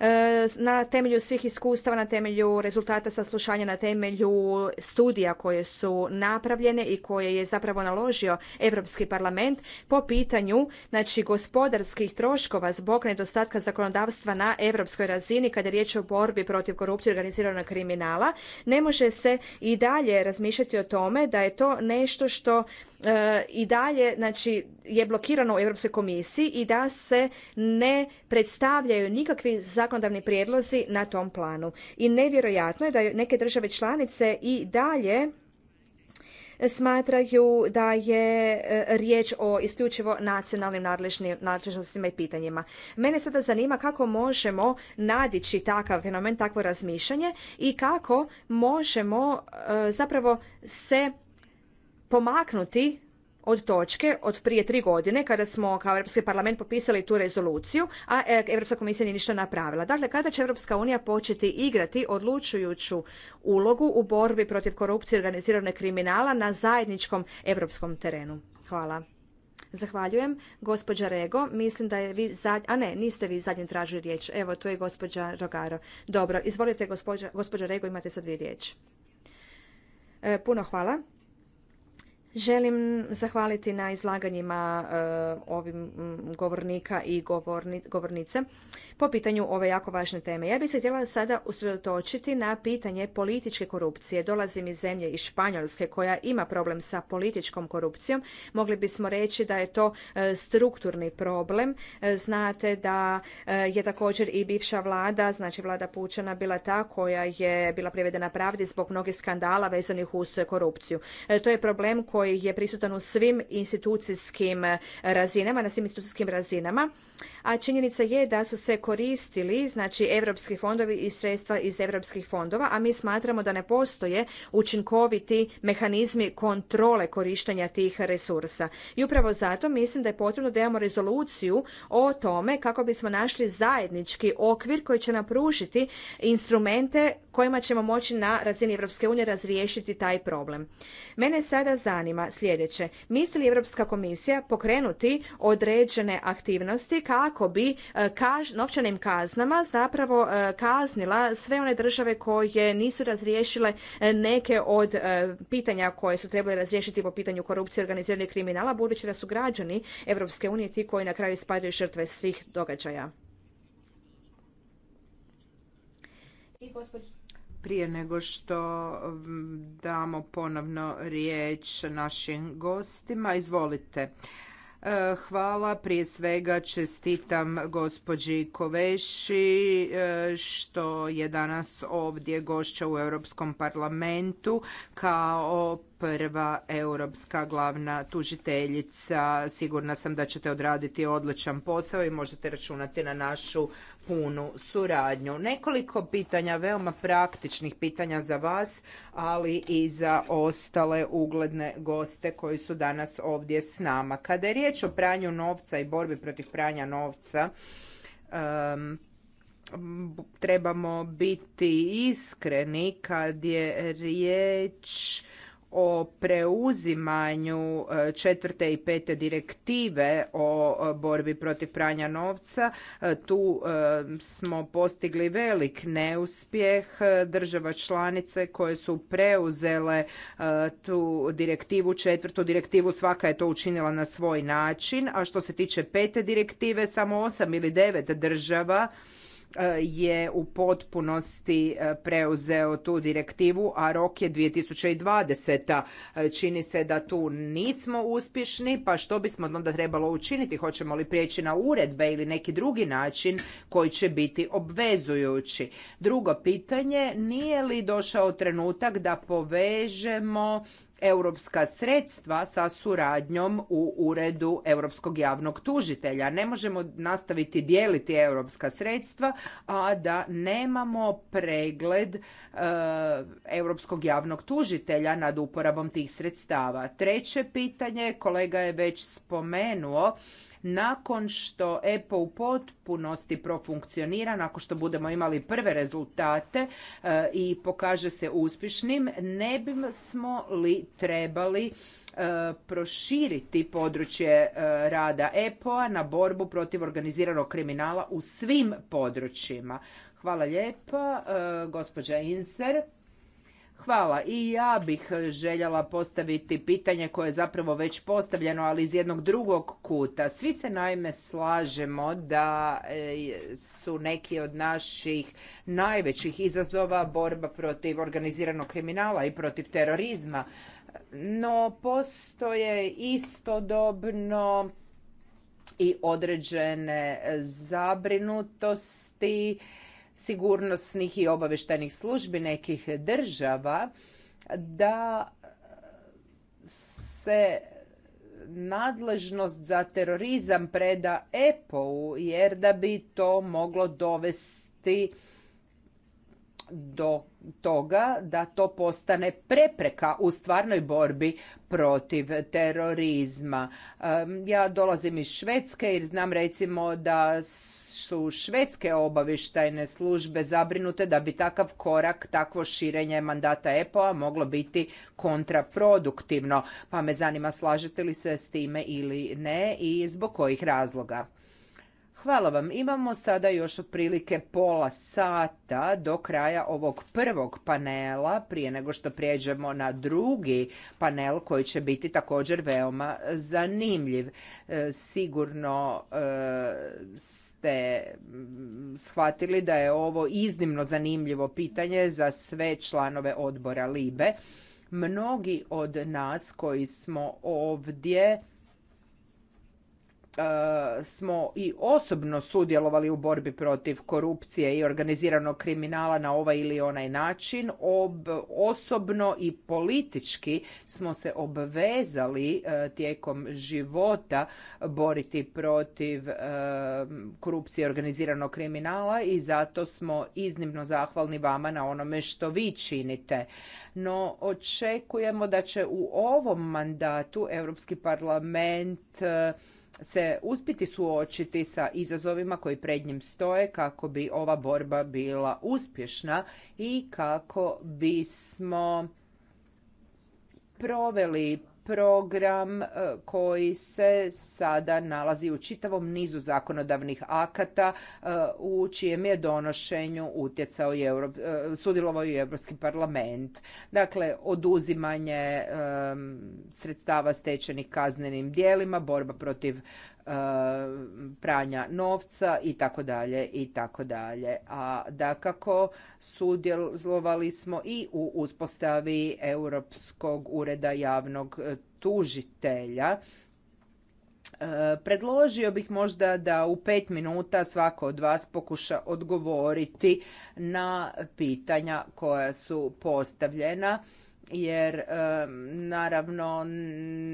E, na temelju svih iskustava, na temelju rezultata saslušanja, na temelju studija koje su napravljene i koje je zapravo naložio Europski parlament po pitanju znači, gospodarskih troškova zbog nedostatka zakonodavstva na europskoj razini kada je riječ o borbi protiv korupcije i organiziranog kriminala, ne može se i dalje razmišljati o tome da je to nešto što E, i dalje znači je blokirano u Europskoj komisiji i da se ne predstavljaju nikakvi zakonodavni prijedlozi na tom planu. I nevjerojatno je da neke države članice i dalje smatraju da je e, riječ o isključivo nacionalnim nadležnostima i pitanjima. Mene sada zanima kako možemo nadići takav fenomen, takvo razmišljanje i kako možemo e, zapravo se pomaknuti od točke od prije tri godine kada smo kao Europski parlament popisali tu rezoluciju, a e, Europska komisija nije ništa napravila. Dakle, kada će Europska unija početi igrati odlučujuću ulogu u borbi protiv korupcije i organiziranog kriminala na zajedničkom europskom terenu? Hvala. Zahvaljujem. Gospođa Rego, mislim da je vi zadnji, a ne, niste vi zadnji tražili riječ. Evo, tu je gospođa Rogaro. Dobro, izvolite gospođo Rego, imate sad vi riječ. E, puno hvala. Želim zahvaliti na izlaganjima eh, ovim mm, govornika i govornice po pitanju ove jako važne teme. Ja bih se htjela sada usredotočiti na pitanje političke korupcije. Dolazim iz zemlje iz Španjolske koja ima problem sa političkom korupcijom. Mogli bismo reći da je to eh, strukturni problem. Eh, znate da je također i bivša vlada, znači vlada Pučana bila ta koja je bila privedena pravdi zbog mnogih skandala vezanih uz korupciju. To je problem koji je prisutan u svim institucijskim eh, razinama, na svim institucijskim razinama, a činjenica je da su se koristili znači europski fondovi i sredstva iz europskih fondova, a mi smatramo da ne postoje učinkoviti mehanizmi kontrole korištenja tih resursa. I upravo zato mislim da je potrebno da imamo rezoluciju o tome kako bismo našli zajednički okvir koji će nam instrumente kojima ćemo moći na razini Europske unije razriješiti taj problem. Mene sada zanima sljedeće. Misli li Europska komisija pokrenuti određene aktivnosti kako bi e, kaž, novčanim kaznama zapravo e, kaznila sve one države koje nisu razriješile e, neke od pitanja koje su trebali razriješiti po pitanju korupcije i kriminala, budući da su građani Europske unije ti koji na kraju spadaju žrtve svih događaja. I prije nego što damo ponovno riječ našim gostima, izvolite. E, hvala. Prije svega čestitam gospođi Koveši e, što je danas ovdje gošća u Europskom parlamentu kao prva europska glavna tužiteljica. Sigurna sam da ćete odraditi odličan posao i možete računati na našu punu suradnju. Nekoliko pitanja, veoma praktičnih pitanja za vas, ali i za ostale ugledne goste koji su danas ovdje s nama. Kada je riječ o pranju novca i borbi protiv pranja novca, trebamo biti iskreni kad je riječ o preuzimanju e, četvrte i pete direktive o e, borbi protiv pranja novca. E, tu smo postigli velik neuspjeh država članice koje su preuzele tu direktivu, četvrtu direktivu, svaka je to učinila na svoj način, a što se tiče pete direktive, samo osam ili devet država Eh, je u potpunosti eh, preuzeo tu direktivu, a rok je 2020. Eh, čini se da tu nismo uspješni, pa što bismo onda trebalo učiniti? Hoćemo li prijeći na uredbe ili neki drugi način koji će biti obvezujući? Drugo pitanje, nije li došao trenutak da povežemo europska sredstva sa suradnjom u uredu europskog javnog tužitelja. Ne možemo nastaviti dijeliti europska sredstva, a da nemamo pregled e, europskog javnog tužitelja nad uporabom tih sredstava. Treće pitanje, kolega je već spomenuo, nakon što EPO u potpunosti profunkcionira, nakon što budemo imali prve rezultate e, i pokaže se uspješnim, ne bismo li trebali e, proširiti područje e, rada EPO-a na borbu protiv organiziranog kriminala u svim područjima. Hvala lijepa, gospođa Inser. Hvala. I ja bih željela postaviti pitanje koje je zapravo već postavljeno, ali iz jednog drugog kuta. Svi se naime slažemo da e, su neki od naših najvećih izazova borba protiv organiziranog kriminala i protiv terorizma. No postoje istodobno i određene zabrinutosti sigurnosnih i obavještajnih službi nekih država da se nadležnost za terorizam preda EPO-u jer da bi to moglo dovesti do toga da to postane prepreka u stvarnoj borbi protiv terorizma. Ja dolazim iz Švedske jer znam recimo da su švedske obavještajne službe zabrinute da bi takav korak, takvo širenje mandata EPO-a moglo biti kontraproduktivno. Pa me zanima slažete li se s time ili ne i zbog kojih razloga. Hvala vam. Imamo sada još otprilike pola sata do kraja ovog prvog panela prije nego što prijeđemo na drugi panel koji će biti također veoma zanimljiv. E, sigurno e, ste shvatili da je ovo iznimno zanimljivo pitanje za sve članove odbora Libe. Mnogi od nas koji smo ovdje E, smo i osobno sudjelovali u borbi protiv korupcije i organiziranog kriminala na ovaj ili onaj način. Ob, osobno i politički smo se obvezali e, tijekom života boriti protiv e, korupcije i organiziranog kriminala i zato smo iznimno zahvalni vama na onome što vi činite. No očekujemo da će u ovom mandatu Europski parlament se uspjeti suočiti sa izazovima koji pred njim stoje kako bi ova borba bila uspješna i kako bismo proveli program e, koji se sada nalazi u čitavom nizu zakonodavnih akata e, u čijem je donošenju utjecao i Euro, e, sudjelovao i Europski parlament. Dakle, oduzimanje sredstava stečenih kaznenim djelima, borba protiv E, pranja novca i tako dalje i tako dalje. A dakako sudjelovali smo i u uspostavi Europskog ureda javnog tužitelja e, Predložio bih možda da u pet minuta svako od vas pokuša odgovoriti na pitanja koja su postavljena jer e, naravno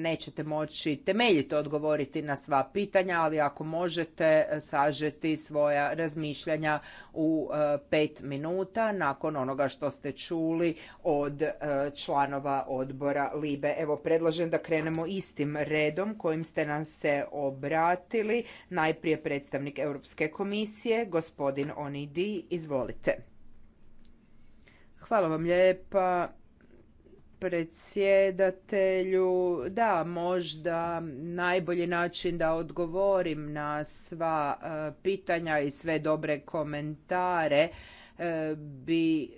nećete moći temeljito odgovoriti na sva pitanja, ali ako možete e, sažeti svoja razmišljanja u e, pet minuta nakon onoga što ste čuli od članova odbora Libe. Evo, predlažem da krenemo istim redom kojim ste nam se obratili. Najprije predstavnik Europske komisije, gospodin Onidi, izvolite. Hvala vam lijepa predsjedatelju. Da, možda najbolji način da odgovorim na sva e, pitanja i sve dobre komentare e, bi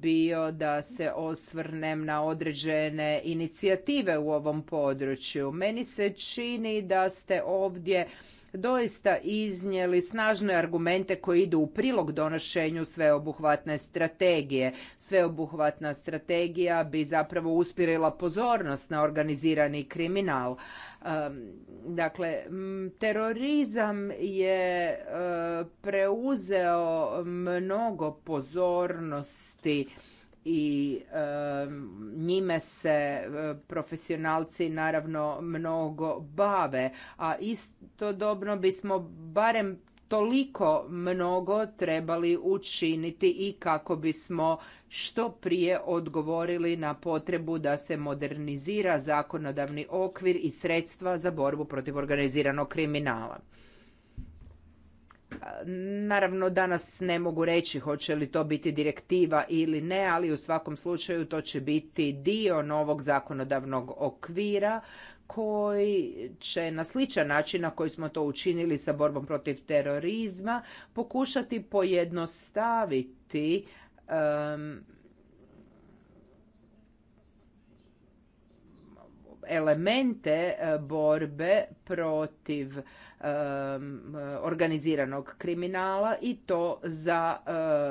bio da se osvrnem na određene inicijative u ovom području. Meni se čini da ste ovdje doista iznijeli snažne argumente koji idu u prilog donošenju sveobuhvatne strategije. Sveobuhvatna strategija bi zapravo uspirila pozornost na organizirani kriminal. Dakle, terorizam je e, preuzeo mnogo pozornosti i njime se eh, profesionalci naravno mnogo bave, a istodobno bismo barem toliko mnogo trebali učiniti i kako bismo što prije odgovorili na potrebu da se modernizira zakonodavni okvir i sredstva za borbu protiv organiziranog kriminala. Naravno, danas ne mogu reći hoće li to biti direktiva ili ne, ali u svakom slučaju to će biti dio novog zakonodavnog okvira koji će na sličan način na koji smo to učinili sa borbom protiv terorizma pokušati pojednostaviti elemente e, borbe protiv e, organiziranog kriminala i to za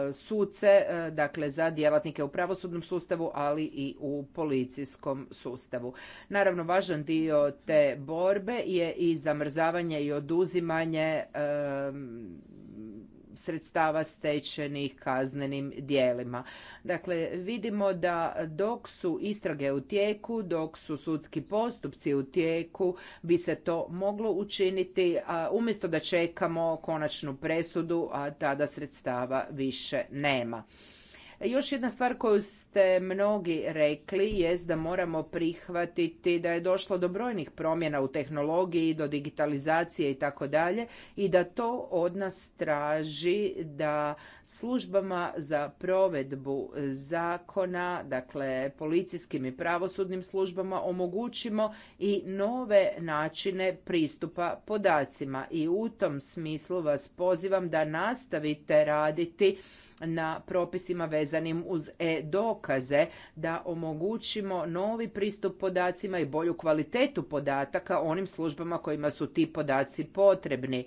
e, suce, dakle za djelatnike u pravosudnom sustavu, ali i u policijskom sustavu. Naravno, važan dio te borbe je i zamrzavanje i oduzimanje sredstava stečenih kaznenim dijelima. Dakle, vidimo da dok su istrage u tijeku, dok su sudski postupci u tijeku, bi se to moglo učiniti, umjesto da čekamo konačnu presudu, a tada sredstava više nema. Još jedna stvar koju ste mnogi rekli jest da moramo prihvatiti da je došlo do brojnih promjena u tehnologiji, do digitalizacije i tako dalje i da to od nas traži da službama za provedbu zakona, dakle policijskim i pravosudnim službama omogućimo i nove načine pristupa podacima i u tom smislu vas pozivam da nastavite raditi na propisima vezanim uz e-dokaze da omogućimo novi pristup podacima i bolju kvalitetu podataka onim službama kojima su ti podaci potrebni.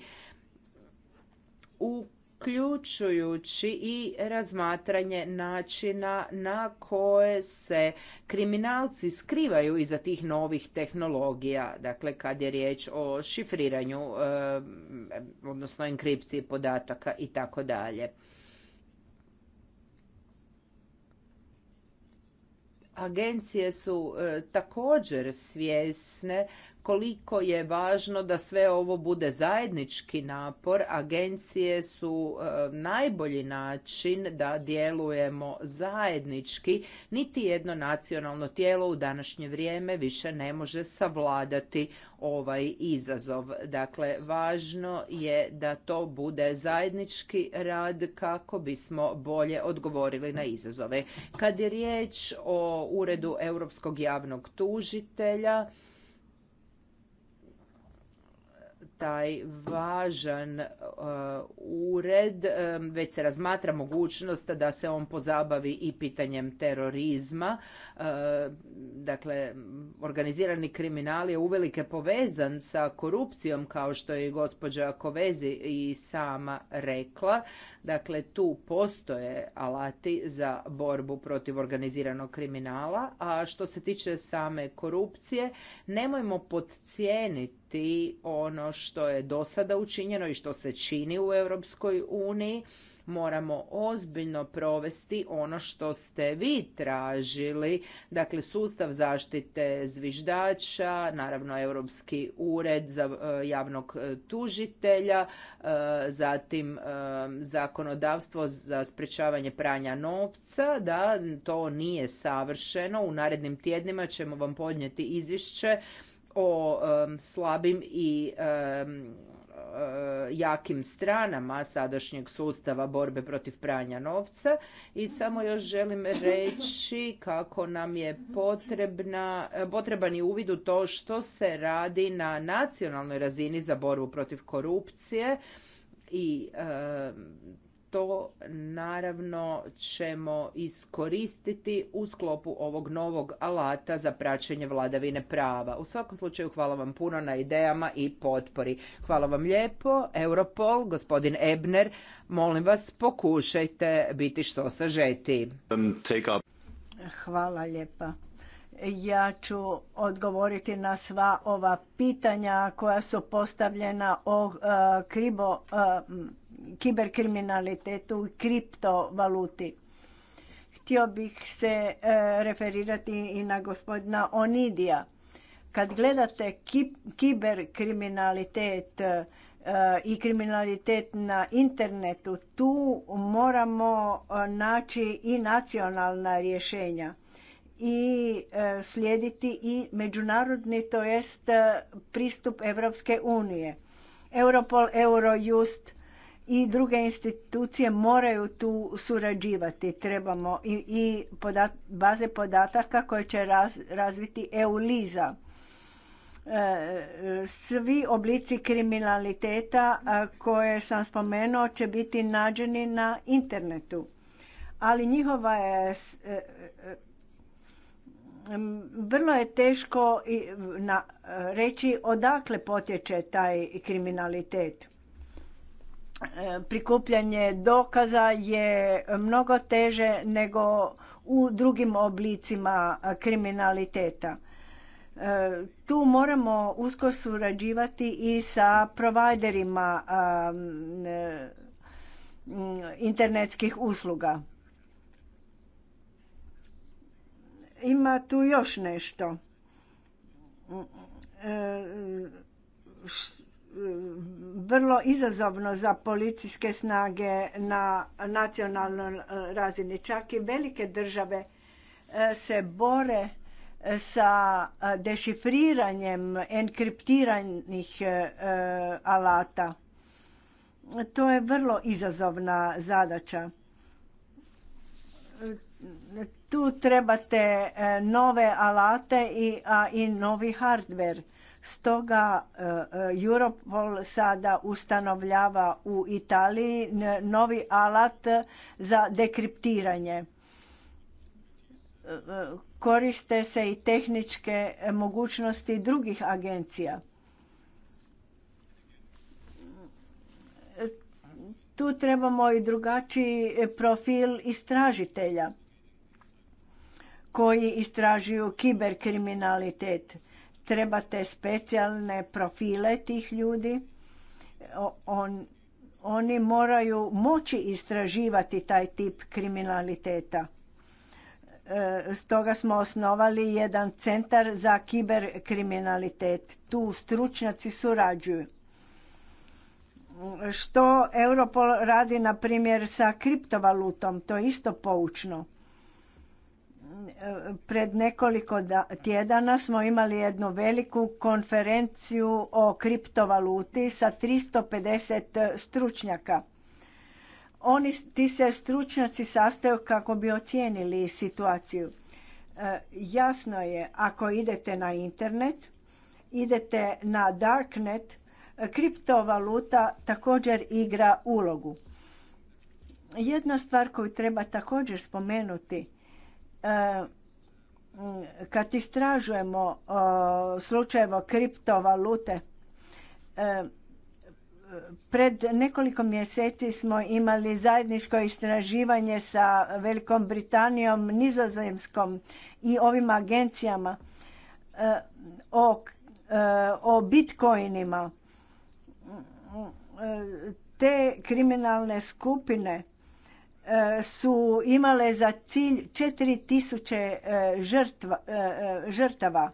uključujući i razmatranje načina na koje se kriminalci skrivaju iza tih novih tehnologija, dakle kad je riječ o šifriranju, e, odnosno enkripciji podataka i tako dalje. agencije su e, također svjesne koliko je važno da sve ovo bude zajednički napor. Agencije su e, najbolji način da djelujemo zajednički. Niti jedno nacionalno tijelo u današnje vrijeme više ne može savladati ovaj izazov. Dakle, važno je da to bude zajednički rad kako bismo bolje odgovorili na izazove. Kad je riječ o Uredu Europskog javnog tužitelja, taj važan e, ured, e, već se razmatra mogućnost da se on pozabavi i pitanjem terorizma. E, dakle, organizirani kriminal je uvelike povezan sa korupcijom, kao što je i gospođa Kovezi i sama rekla. Dakle, tu postoje alati za borbu protiv organiziranog kriminala, a što se tiče same korupcije, nemojmo podcijeniti ono što je do sada učinjeno i što se čini u Europskoj uniji. Moramo ozbiljno provesti ono što ste vi tražili, dakle sustav zaštite zviždača, naravno Europski ured za e, javnog e, tužitelja, e, zatim zakonodavstvo za sprečavanje pranja novca, da to nije savršeno. U narednim tjednima ćemo vam podnijeti izvješće o slabim i e, jakim stranama sadašnjeg sustava borbe protiv pranja novca i samo još želim reći kako nam je potrebna, potreban i uvid u to što se radi na nacionalnoj razini za borbu protiv korupcije i to naravno ćemo iskoristiti u sklopu ovog novog alata za praćenje vladavine prava. U svakom slučaju hvala vam puno na idejama i potpori. Hvala vam lijepo. Europol, gospodin Ebner, molim vas pokušajte biti što sažeti. Um, hvala lijepa. Ja ću odgovoriti na sva ova pitanja koja su postavljena o uh, kribo uh, kiberkriminalitetu i kriptovaluti. Htio bih se e, referirati i na gospodina Onidija. Kad gledate kiberkriminalitet e, i kriminalitet na internetu, tu moramo e, naći i nacionalna rješenja i slijediti i međunarodni, to jest pristup Evropske unije. Europol, Eurojust i druge institucije moraju tu surađivati. Trebamo i, i baze podataka koje će razviti razviti EULIZA. E, svi oblici kriminaliteta koje sam spomenuo će biti nađeni na internetu. Ali njihova je e, e, vrlo je teško reći odakle potječe taj kriminalitet E, prikupljanje dokaza je mnogo teže nego u drugim oblicima kriminaliteta. E, tu moramo usko surađivati i sa providerima e, internetskih usluga. Ima tu još nešto vrlo izazovno za policijske snage na nacionalnoj e, razini. Čak i velike države e, se bore e, sa dešifriranjem enkriptiranih alata. To je vrlo izazovna zadaća. Tu trebate nove alate i, i novi hardware Stoga e, e, Europol sada ustanovljava u Italiji novi alat za dekriptiranje. E, koriste se i tehničke mogućnosti drugih agencija. Tu trebamo i drugačiji profil istražitelja koji istražuju kiberkriminalitet trebate specijalne profile tih ljudi. On, oni moraju moći istraživati taj tip kriminaliteta. E, stoga smo osnovali jedan centar za kiberkriminalitet. Tu stručnjaci surađuju. Što Europol radi, na primjer, sa kriptovalutom, to je isto poučno. Pred nekoliko tjedana smo imali jednu veliku konferenciju o kriptovaluti sa 350 stručnjaka. Oni, ti se stručnjaci sastaju kako bi ocijenili situaciju. E, jasno je, ako idete na internet, idete na darknet, kriptovaluta također igra ulogu. Jedna stvar koju treba također spomenuti – E, kad istražujemo slučajevo kriptovalute, e, pred nekoliko mjeseci smo imali zajedničko istraživanje sa Velikom Britanijom, Nizozemskom i ovim agencijama e, o, o bitcoinima. Te kriminalne skupine E, su imale za cilj 4000 e, e, žrtava.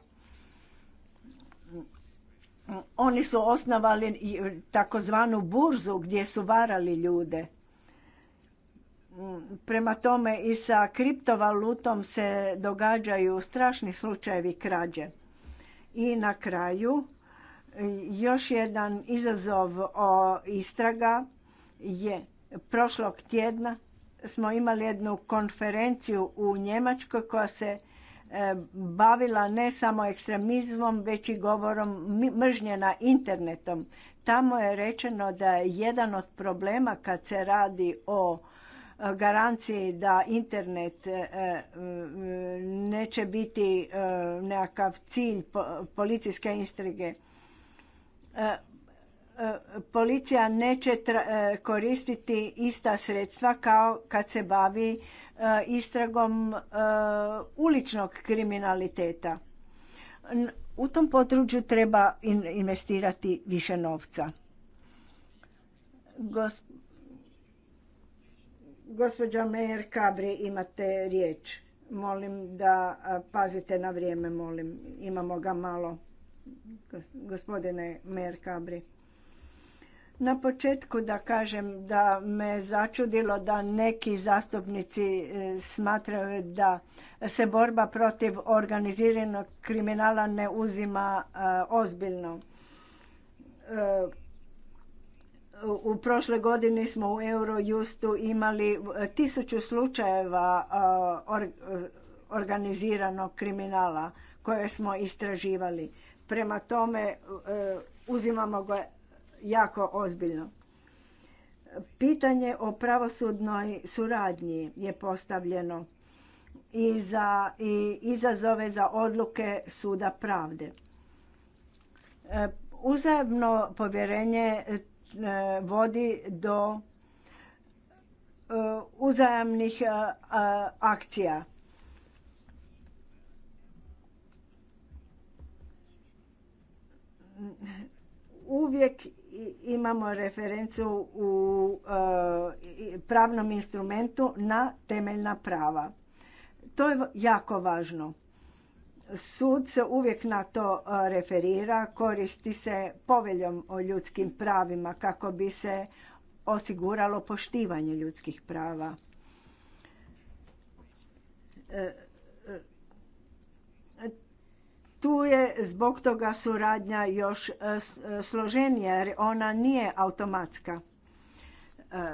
Oni su osnovali takozvanu burzu gdje su varali ljude. Prema tome i sa kriptovalutom se događaju strašni slučajevi krađe. I na kraju još jedan izazov o istraga je prošlog tjedna smo imali jednu konferenciju u Njemačkoj koja se e, bavila ne samo ekstremizmom, već i govorom mržnje na internetom. Tamo je rečeno da je jedan od problema kad se radi o e, garanciji da internet e, neće biti nekakav cilj policijske istrige policija neće e, koristiti ista sredstva kao kad se bavi e, istragom e, uličnog kriminaliteta. U tom području treba investirati više novca. Gospođo Gospođa Mejer Kabri, imate riječ. Molim da pazite na vrijeme, molim. Imamo ga malo. Gospodine Mejer Kabri. Na početku da kažem da me začudilo da neki zastupnici e, smatraju da se borba protiv organiziranog kriminala ne uzima e, ozbiljno. E, u prošloj godini smo u Eurojustu imali tisuću slučajeva organiziranog kriminala koje smo istraživali. Prema tome uzimamo ga jako ozbiljno. Pitanje o pravosudnoj suradnji je postavljeno i za i izazove za odluke suda pravde. E, uzajemno povjerenje e, vodi do e, uzajamnih akcija. Uvijek imamo referencu u e, pravnom instrumentu na temeljna prava. To je jako važno. Sud se uvijek na to e, referira, koristi se poveljom o ljudskim pravima kako bi se osiguralo poštivanje ljudskih prava. E, tu je zbog toga suradnja još e, e, složenija jer ona nije automatska. E,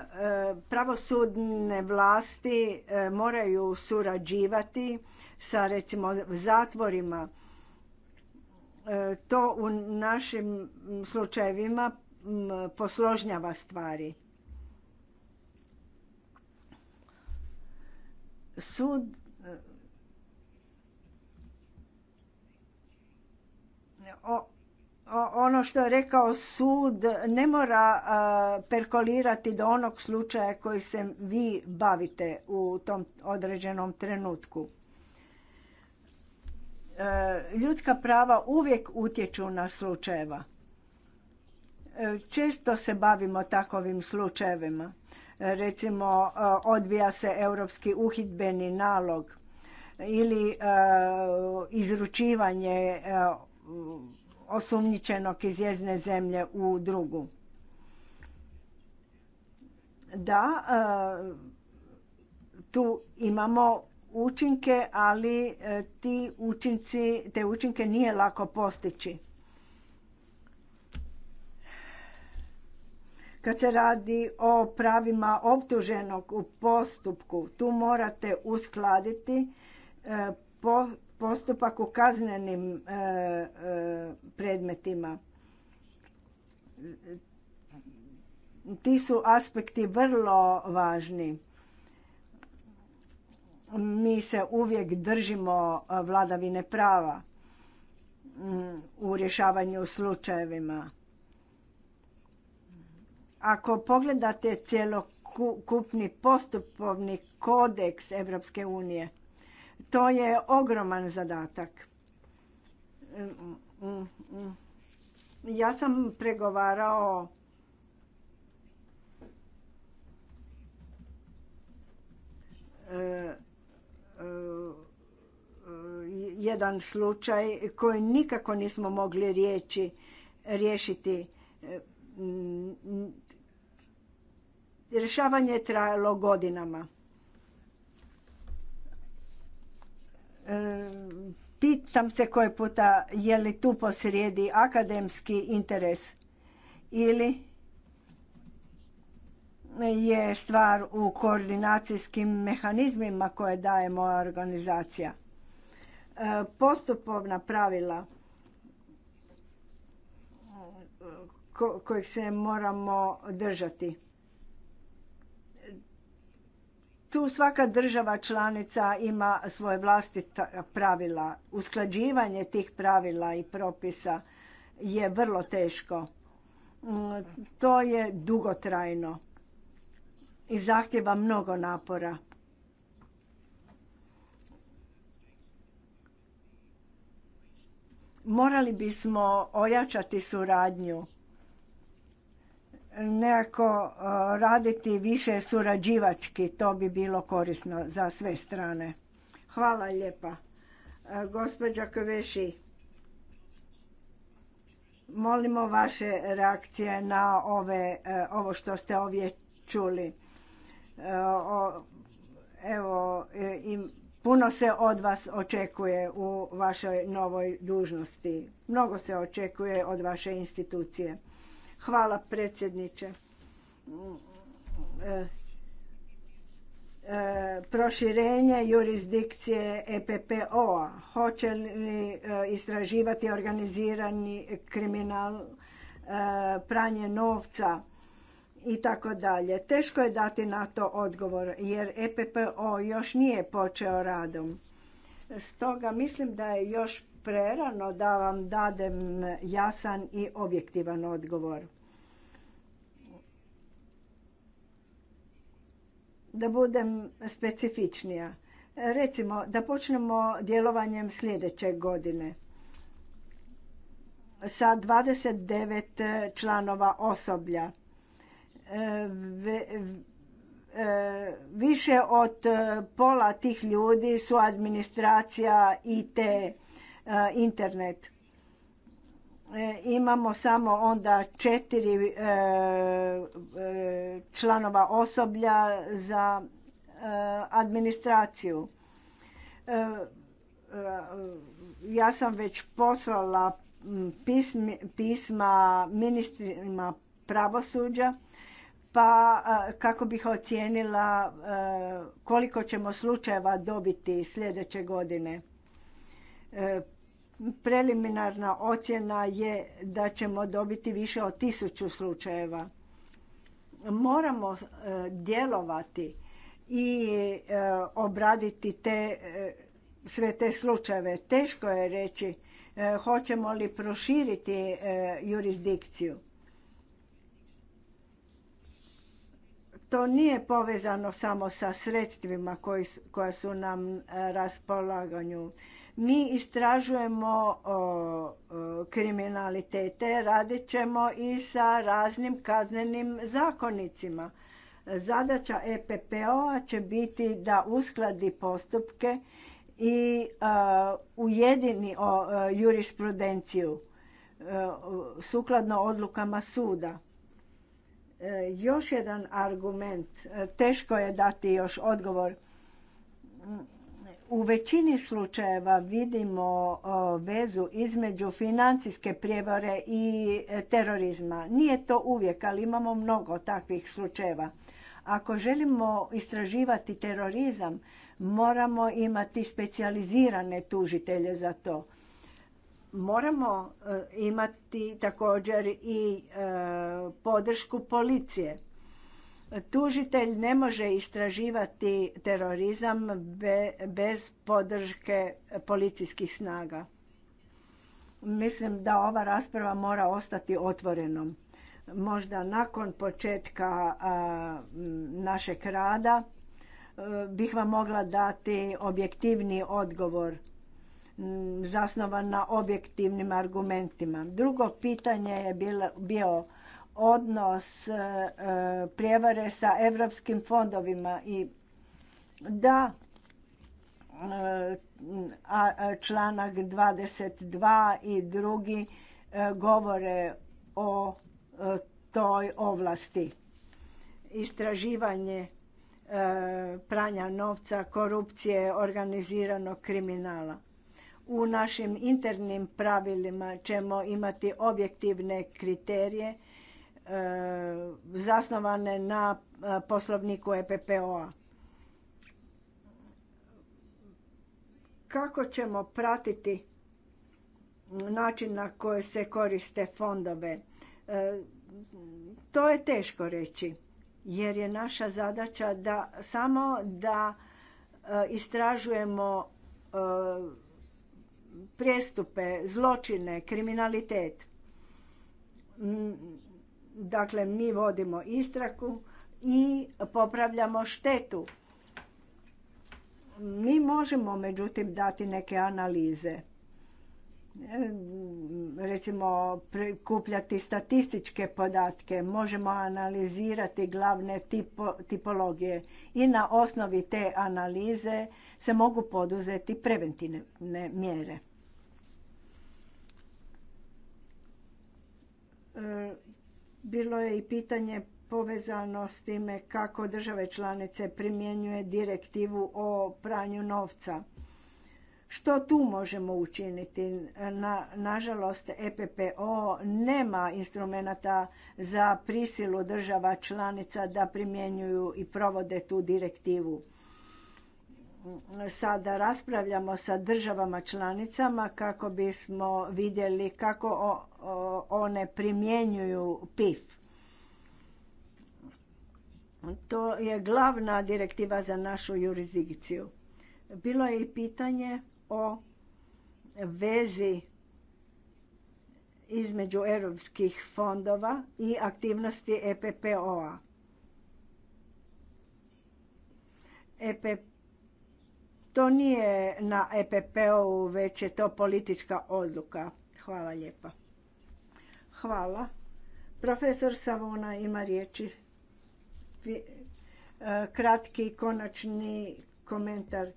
pravosudne vlasti moraju surađivati sa recimo zatvorima. To u našim slučajevima posložnjava stvari. Sud ono što je rekao sud ne mora perkolirati do onog slučaja koji se vi bavite u tom određenom trenutku. E, ljudska prava uvijek utječu na slučajeva. E, često se bavimo takovim slučajevima. Recimo, e, odvija se europski uhidbeni nalog ili izručivanje osumnjičenog iz jedne zemlje u drugu. Da, e, tu imamo učinke, ali e, ti učinci, te učinke nije lako postići. Kad se radi o pravima optuženog u postupku, tu morate uskladiti e, po postupak u kaznenim e, e, predmetima. Ti su aspekti vrlo važni. Mi se uvijek držimo e, vladavine prava mm, u rješavanju slučajevima. Ako pogledate cijelokupni postupovni kodeks Europske unije, to je ogroman zadatak. Ja sam pregovarao jedan slučaj koji nikako nismo mogli riječi, riješiti. Rješavanje je trajalo godinama. pitam se koji puta je li tu posrijedi akademski interes ili je stvar u koordinacijskim mehanizmima koje daje moja organizacija. Postupovna pravila kojih se moramo držati. Tu svaka država članica ima svoje vlastita pravila. Usklađivanje tih pravila i propisa je vrlo teško. Mm, to je dugotrajno i zahtjeva mnogo napora. Morali bismo ojačati suradnju nekako e, raditi više surađivački. To bi bilo korisno za sve strane. Hvala lijepa. E, Gospođa Kveši, molimo vaše reakcije na ove, e, ovo što ste ovdje čuli. Evo, puno se od vas očekuje u vašoj novoj dužnosti. Mnogo se očekuje od vaše institucije. Hvala predsjedniče. E, e, proširenje jurisdikcije EPPO-a. Hoće li e, istraživati organizirani kriminal, pranje novca i tako dalje. Teško je dati na to odgovor jer EPPO još nije počeo radom. Stoga mislim da je još prerano da vam dadem jasan i objektivan odgovor. Da budem specifičnija. Recimo, da počnemo djelovanjem sljedeće godine sa 29 članova osoblja. E, više od pola tih ljudi su administracija i te internet. E, imamo samo onda četiri e, e, članova osoblja za administraciju. Ja sam već poslala pisma ministrima pravosuđa pa kako bih ocijenila koliko ćemo slučajeva dobiti sljedeće godine. Preliminarna ocjena je da ćemo dobiti više od tisuću slučajeva. Moramo e, djelovati i e, obraditi te, e, sve te slučajeve. Teško je reći hoćemo li proširiti jurisdikciju. To nije povezano samo sa sredstvima koja su nam raspolaganju. Mi istražujemo kriminalitete, radit ćemo i sa raznim kaznenim zakonicima. Zadaća EPPO-a će biti da uskladi postupke i e, ujedini e, jurisprudenciju e, sukladno odlukama suda. Još jedan argument, teško je dati još odgovor. U većini slučajeva vidimo vezu između financijske prijevare i e, terorizma. Nije to uvijek, ali imamo mnogo takvih slučajeva. Ako želimo istraživati terorizam, moramo imati specijalizirane tužitelje za to. Moramo e, imati također i e, podršku policije Tužitelj ne može istraživati terorizam bez podrške policijskih snaga. Mislim da ova rasprava mora ostati otvorenom. Možda nakon početka našeg rada e, bih vam mogla dati objektivni odgovor zasnovan na objektivnim argumentima. Drugo pitanje je bio odnos e, e, prijevare sa evropskim fondovima i da e, članak 22 i drugi govore o toj ovlasti. Istraživanje pranja novca, korupcije, organiziranog kriminala. U našim internim pravilima ćemo imati objektivne kriterije E, zasnovane na e, poslovniku EPPO-a. Kako ćemo pratiti način na koji se koriste fondove? E, to je teško reći jer je naša zadaća da samo da istražujemo prijestupe, zločine, kriminalitet. Dakle, mi vodimo istraku i popravljamo štetu. Mi možemo, međutim, dati neke analize. E, recimo, prikupljati statističke podatke, možemo analizirati glavne tipologije i na osnovi te analize se mogu poduzeti preventivne mjere. E, bilo je i pitanje povezano s time kako države članice primjenjuje direktivu o pranju novca. Što tu možemo učiniti? Na, nažalost, EPPO nema instrumenta za prisilu država članica da primjenjuju i provode tu direktivu sada raspravljamo sa državama članicama kako bismo vidjeli kako one primjenjuju PIF. To je glavna direktiva za našu jurisdikciju. Bilo je i pitanje o vezi između europskih fondova i aktivnosti EPPO-a. EPP to nije na EPP-u, već je to politička odluka. Hvala lijepa. Hvala. Profesor Savona ima riječi. E, kratki, konačni komentar. E,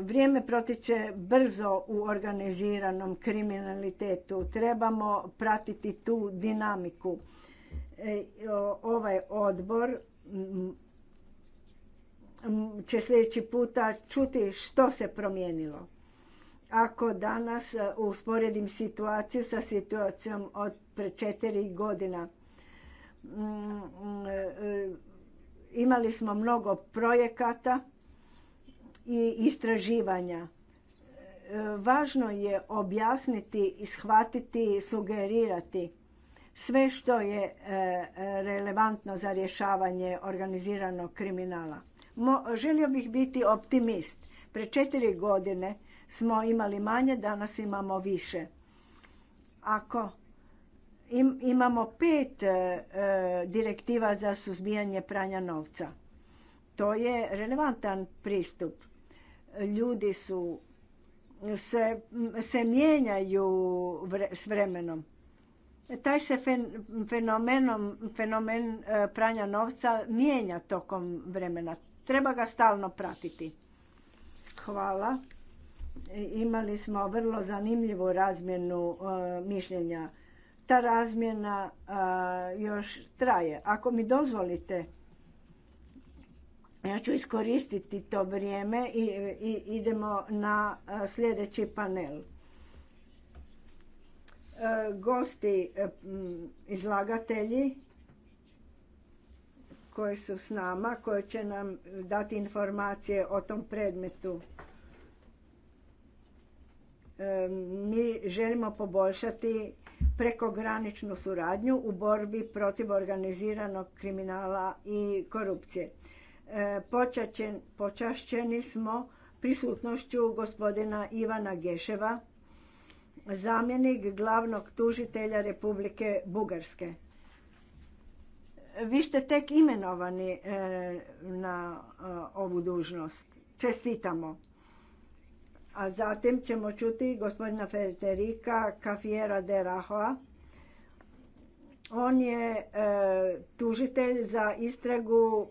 vrijeme protiče brzo u organiziranom kriminalitetu. Trebamo pratiti tu dinamiku. E, ovaj odbor će sljedeći puta čuti što se promijenilo. Ako danas e, usporedim situaciju sa situacijom od pre četiri godina, e, imali smo mnogo projekata i istraživanja. E, važno je objasniti, shvatiti, sugerirati sve što je relevantno za rješavanje organiziranog kriminala Mo, želio bih biti optimist. Pre četiri godine smo imali manje, danas imamo više. Ako imamo pet e, e, direktiva za suzbijanje pranja novca, to je relevantan pristup. Ljudi su se, se mijenjaju s vremenom. Taj se fenomen e, pranja novca mijenja tokom vremena. Treba ga stalno pratiti. Hvala. E, imali smo vrlo zanimljivu razmjenu e, mišljenja. Ta razmjena e, još traje. Ako mi dozvolite, ja ću iskoristiti to vrijeme i, i idemo na sljedeći panel. Gosti, izlagatelji koje su s nama, koje će nam dati informacije o tom predmetu. E, mi želimo poboljšati prekograničnu suradnju u borbi protiv organiziranog kriminala i korupcije. E, počašćeni smo prisutnošću gospodina Ivana Geševa, zamjenik glavnog tužitelja Republike Bugarske. Vi ste tek imenovani e, na e, ovu dužnost. Čestitamo. A zatim ćemo čuti gospodina Federica Cafiera de Rahoa. On je e, tužitelj za istragu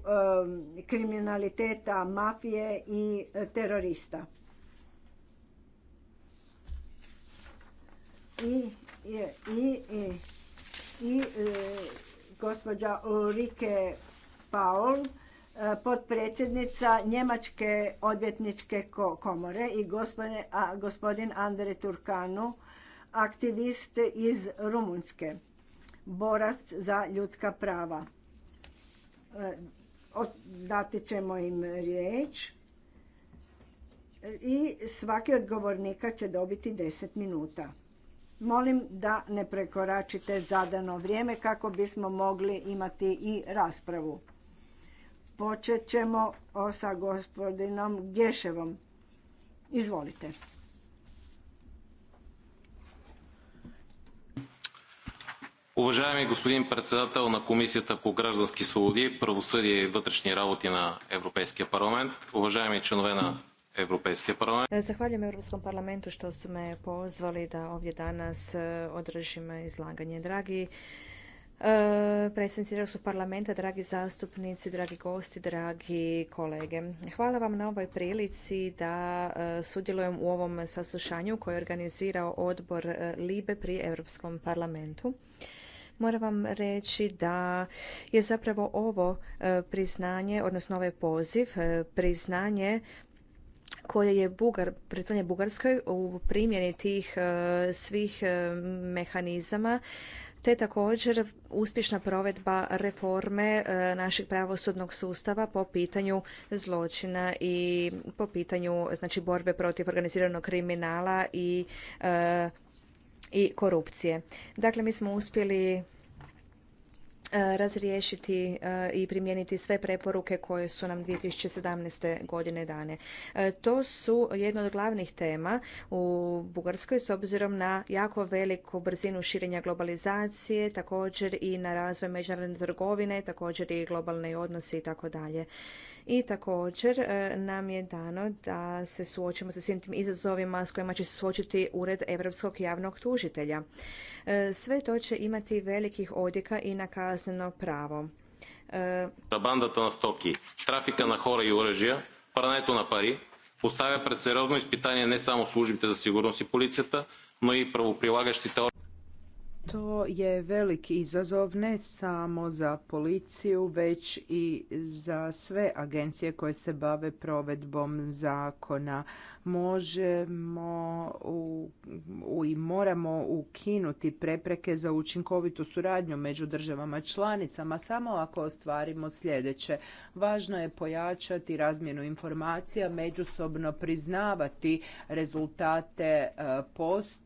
kriminaliteta, mafije i terorista. i, i gospođa Ulrike Paul, e, potpredsjednica Njemačke odvjetničke komore i gospodin, Andrej Andre Turkanu, aktivist iz Rumunjske, borac za ljudska prava. E, dati ćemo im riječ e, i svaki odgovornika će dobiti 10 minuta. Molim da ne prekoračite zadano vrijeme kako bismo mogli imati i raspravu. Počet ćemo sa gospodinom Geševom. Izvolite. Уважаеми господин председател на Комисията по граждански свободи, правосъдие и вътрешни работи на Европейския парламент, уважаеми членове на Europejski parlament. E, zahvaljujem Europskom parlamentu što su me pozvali da ovdje danas e, održim izlaganje. Dragi e, predstavnici Europskog parlamenta, dragi zastupnici, dragi gosti, dragi kolege. Hvala vam na ovoj prilici da sudjelujem u ovom saslušanju koje je organizirao odbor LIBE pri Europskom parlamentu. Moram vam reći da je zapravo ovo priznanje, odnosno ovaj poziv, priznanje koje je Bugar, Bugarskoj u primjeni tih e, svih e, mehanizama te također uspješna provedba reforme e, našeg pravosudnog sustava po pitanju zločina i po pitanju znači borbe protiv organiziranog kriminala i korupcije. Dakle, mi smo uspjeli E, razriješiti e, i primijeniti sve preporuke koje su nam 2017. godine dane. E, to su jedna od glavnih tema u Bugarskoj s obzirom na jako veliku brzinu širenja globalizacije, također i na razvoj međunarodne trgovine, također i globalne odnose i tako dalje i također e, nam je dano da se suočimo sa svim tim izazovima s kojima će se suočiti Ured Europskog javnog tužitelja. E, sve to će imati velikih odjeka i na kazneno pravo. E, na stoki, trafika na на хора и оръжия, na pari пари pred пред сериозно изпитание не само za за сигурност и полицията, но и правоприлагащите to je velik izazov ne samo za policiju, već i za sve agencije koje se bave provedbom zakona. Možemo u, u, i moramo ukinuti prepreke za učinkovitu suradnju među državama članicama samo ako ostvarimo sljedeće. Važno je pojačati razmjenu informacija, međusobno priznavati rezultate e, post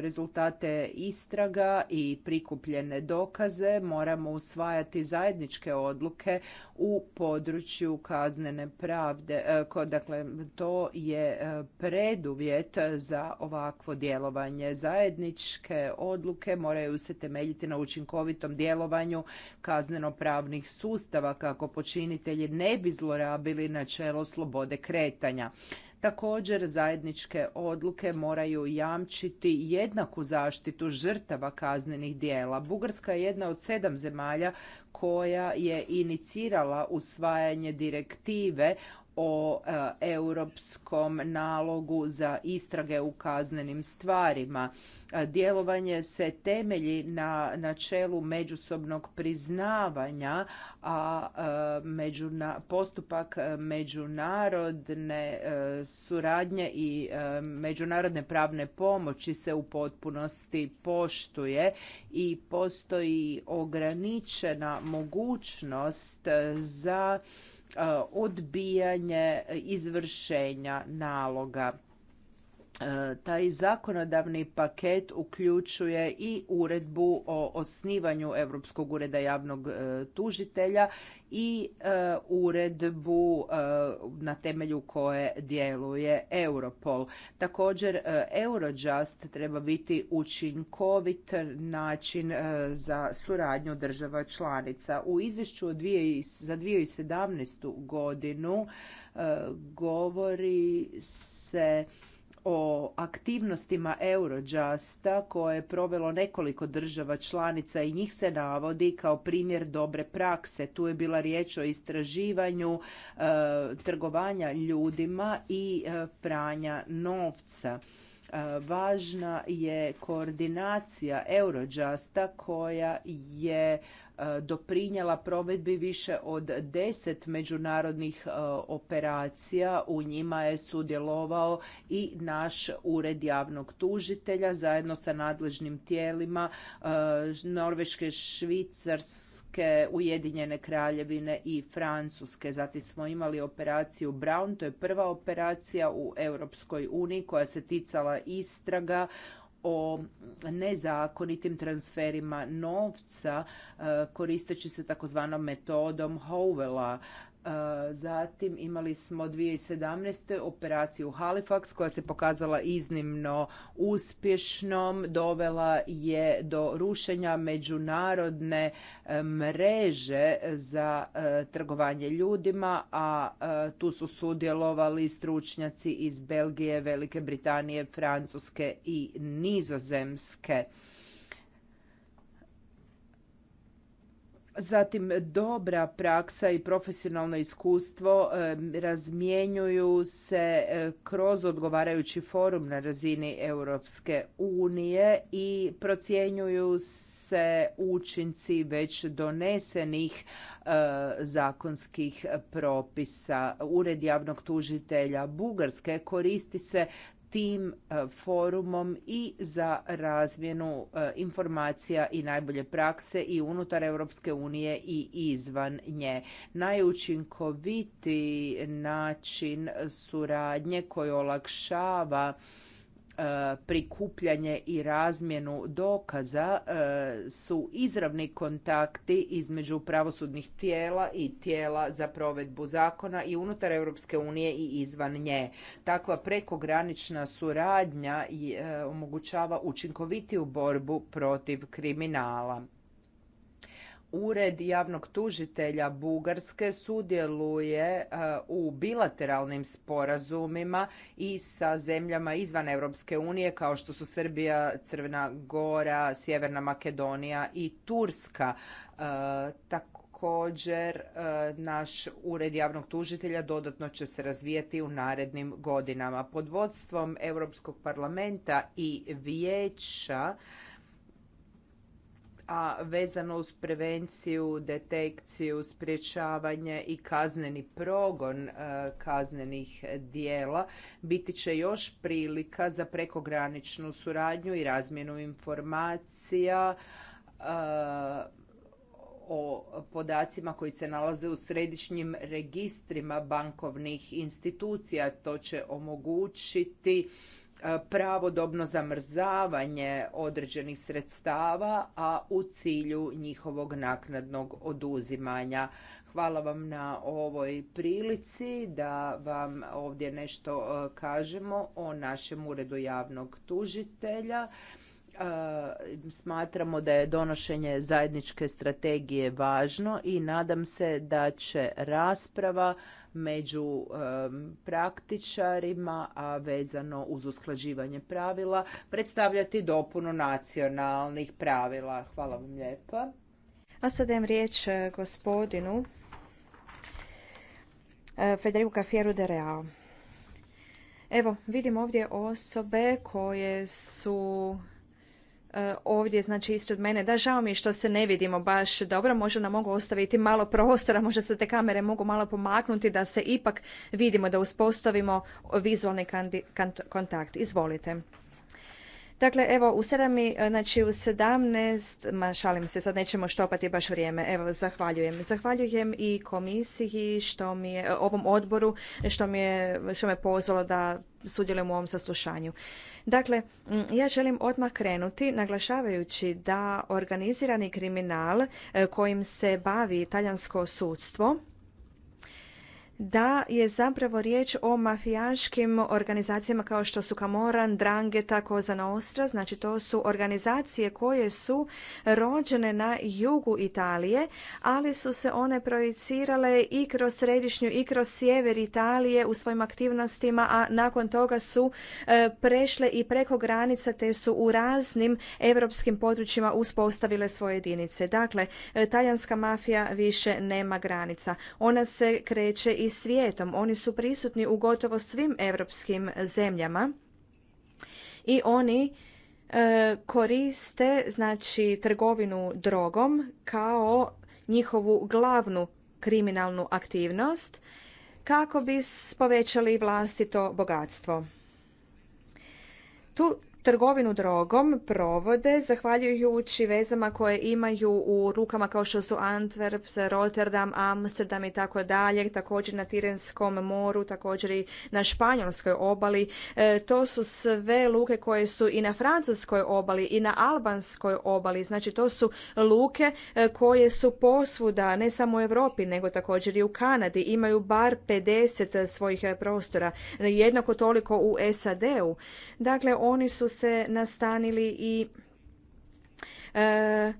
rezultate istraga i prikupljene dokaze moramo usvajati zajedničke odluke u području kaznene pravde. E, dakle, to je e, preduvjet za ovakvo djelovanje. Zajedničke odluke moraju se temeljiti na učinkovitom djelovanju kaznenopravnih sustava kako počinitelji ne bi zlorabili načelo slobode kretanja. Također zajedničke odluke moraju jamčiti jednaku zaštitu žrtava kaznenih dijela. Bugarska je jedna od sedam zemalja koja je inicirala usvajanje direktive o e, europskom nalogu za istrage u kaznenim stvarima. E, djelovanje se temelji na načelu međusobnog priznavanja, a e, postupak međunarodne suradnje i međunarodne pravne pomoći se u potpunosti poštuje i postoji ograničena mogućnost za odbijanje izvršenja naloga E, taj zakonodavni paket uključuje i uredbu o osnivanju Europskog ureda javnog e, tužitelja i e, uredbu na temelju koje djeluje Europol. Također Eurojust treba biti učinkovit način za suradnju država članica. U izvješću za 2017. godinu govori se o aktivnostima Eurojusta koje je provelo nekoliko država članica i njih se navodi kao primjer dobre prakse. Tu je bila riječ o istraživanju e, trgovanja ljudima i e, pranja novca. E, važna je koordinacija Eurojusta koja je E, doprinjela provedbi više od deset međunarodnih e, operacija. U njima je sudjelovao i naš ured javnog tužitelja zajedno sa nadležnim tijelima e, Norveške, Švicarske, Ujedinjene kraljevine i Francuske. Zatim smo imali operaciju Brown, to je prva operacija u Europskoj uniji koja se ticala istraga o nezakonitim transferima novca e, koristeći se takozvanom metodom Howella Zatim imali smo 2017. operaciju Halifax koja se pokazala iznimno uspješnom, dovela je do rušenja međunarodne e, mreže za e, trgovanje ljudima, a e, tu su sudjelovali stručnjaci iz Belgije, Velike Britanije, Francuske i Nizozemske. Zatim dobra praksa i profesionalno iskustvo e, razmjenjuju se e, kroz odgovarajući forum na razini Europske unije i procjenjuju se učinci već donesenih e, zakonskih propisa. Ured javnog tužitelja Bugarske koristi se tim e, forumom i za razmjenu e, informacija i najbolje prakse i unutar Europske unije i izvan nje. Najučinkovitiji način suradnje koji olakšava E, prikupljanje i razmjenu dokaza e, su izravni kontakti između pravosudnih tijela i tijela za provedbu zakona i unutar Europske unije i izvan nje. Takva prekogranična suradnja e, omogućava učinkovitiju borbu protiv kriminala. Ured javnog tužitelja Bugarske sudjeluje e, u bilateralnim sporazumima i sa zemljama izvan Europske unije kao što su Srbija, Crvena Gora, Sjeverna Makedonija i Turska. E, također e, naš ured javnog tužitelja dodatno će se razvijati u narednim godinama. Pod vodstvom Europskog parlamenta i vijeća a vezano uz prevenciju, detekciju, sprječavanje i kazneni progon e, kaznenih dijela biti će još prilika za prekograničnu suradnju i razmjenu informacija e, o podacima koji se nalaze u središnjim registrima bankovnih institucija. To će omogućiti E, pravodobno zamrzavanje određenih sredstava, a u cilju njihovog naknadnog oduzimanja. Hvala vam na ovoj prilici da vam ovdje nešto e, kažemo o našem uredu javnog tužitelja. Uh, smatramo da je donošenje zajedničke strategije važno i nadam se da će rasprava među um, praktičarima, a vezano uz usklađivanje pravila, predstavljati dopunu nacionalnih pravila. Hvala vam lijepa. A sad dajem riječ e, gospodinu e, Federico Cafiero de Real. Evo, vidim ovdje osobe koje su E, ovdje, znači ispred mene. Da, žao mi je što se ne vidimo baš dobro, možda nam mogu ostaviti malo prostora, možda se te kamere mogu malo pomaknuti da se ipak vidimo, da uspostavimo vizualni kontakt. Izvolite. Dakle, evo, u 7, e, znači u sedamnest, ma šalim se, sad nećemo štopati baš vrijeme. Evo, zahvaljujem. Zahvaljujem i komisiji, što mi je, e, ovom odboru, što, mi je, što me pozvalo da sudjelujem u ovom saslušanju. Dakle, ja želim odmah krenuti naglašavajući da organizirani kriminal e, kojim se bavi talijansko sudstvo da je zapravo riječ o mafijaškim organizacijama kao što su Kamoran, Drangeta, Koza Nostra. Znači to su organizacije koje su rođene na jugu Italije, ali su se one projicirale i kroz središnju i kroz sjever Italije u svojim aktivnostima, a nakon toga su e, prešle i preko granica te su u raznim europskim područjima uspostavile svoje jedinice. Dakle, e, talijanska mafija više nema granica. Ona se kreće i svijetom. Oni su prisutni u gotovo svim europskim zemljama i oni e, koriste znači trgovinu drogom kao njihovu glavnu kriminalnu aktivnost kako bi povećali vlastito bogatstvo. Tu trgovinu drogom provode zahvaljujući vezama koje imaju u rukama kao što su Antwerp, Rotterdam, Amsterdam i tako dalje, također na Tirenskom moru, također i na Španjolskoj obali. E, to su sve luke koje su i na Francuskoj obali i na Albanskoj obali. Znači to su luke e, koje su posvuda, ne samo u Europi, nego također i u Kanadi. Imaju bar 50 svojih prostora, jednako toliko u SAD-u. Dakle, oni su se nastanili i e,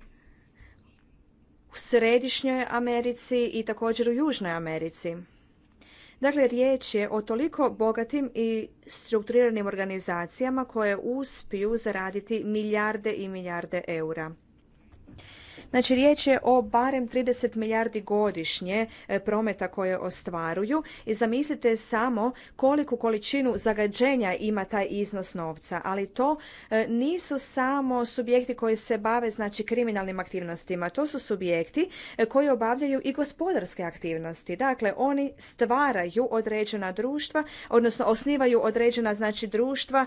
u Središnjoj Americi i također u Južnoj Americi. Dakle, riječ je o toliko bogatim i strukturiranim organizacijama koje uspiju zaraditi milijarde i milijarde eura. Znači, riječ je o barem 30 milijardi godišnje e, prometa koje ostvaruju i zamislite samo koliku količinu zagađenja ima taj iznos novca, ali to e, nisu samo subjekti koji se bave znači kriminalnim aktivnostima, to su subjekti e, koji obavljaju i gospodarske aktivnosti. Dakle, oni stvaraju određena društva, odnosno osnivaju određena znači društva,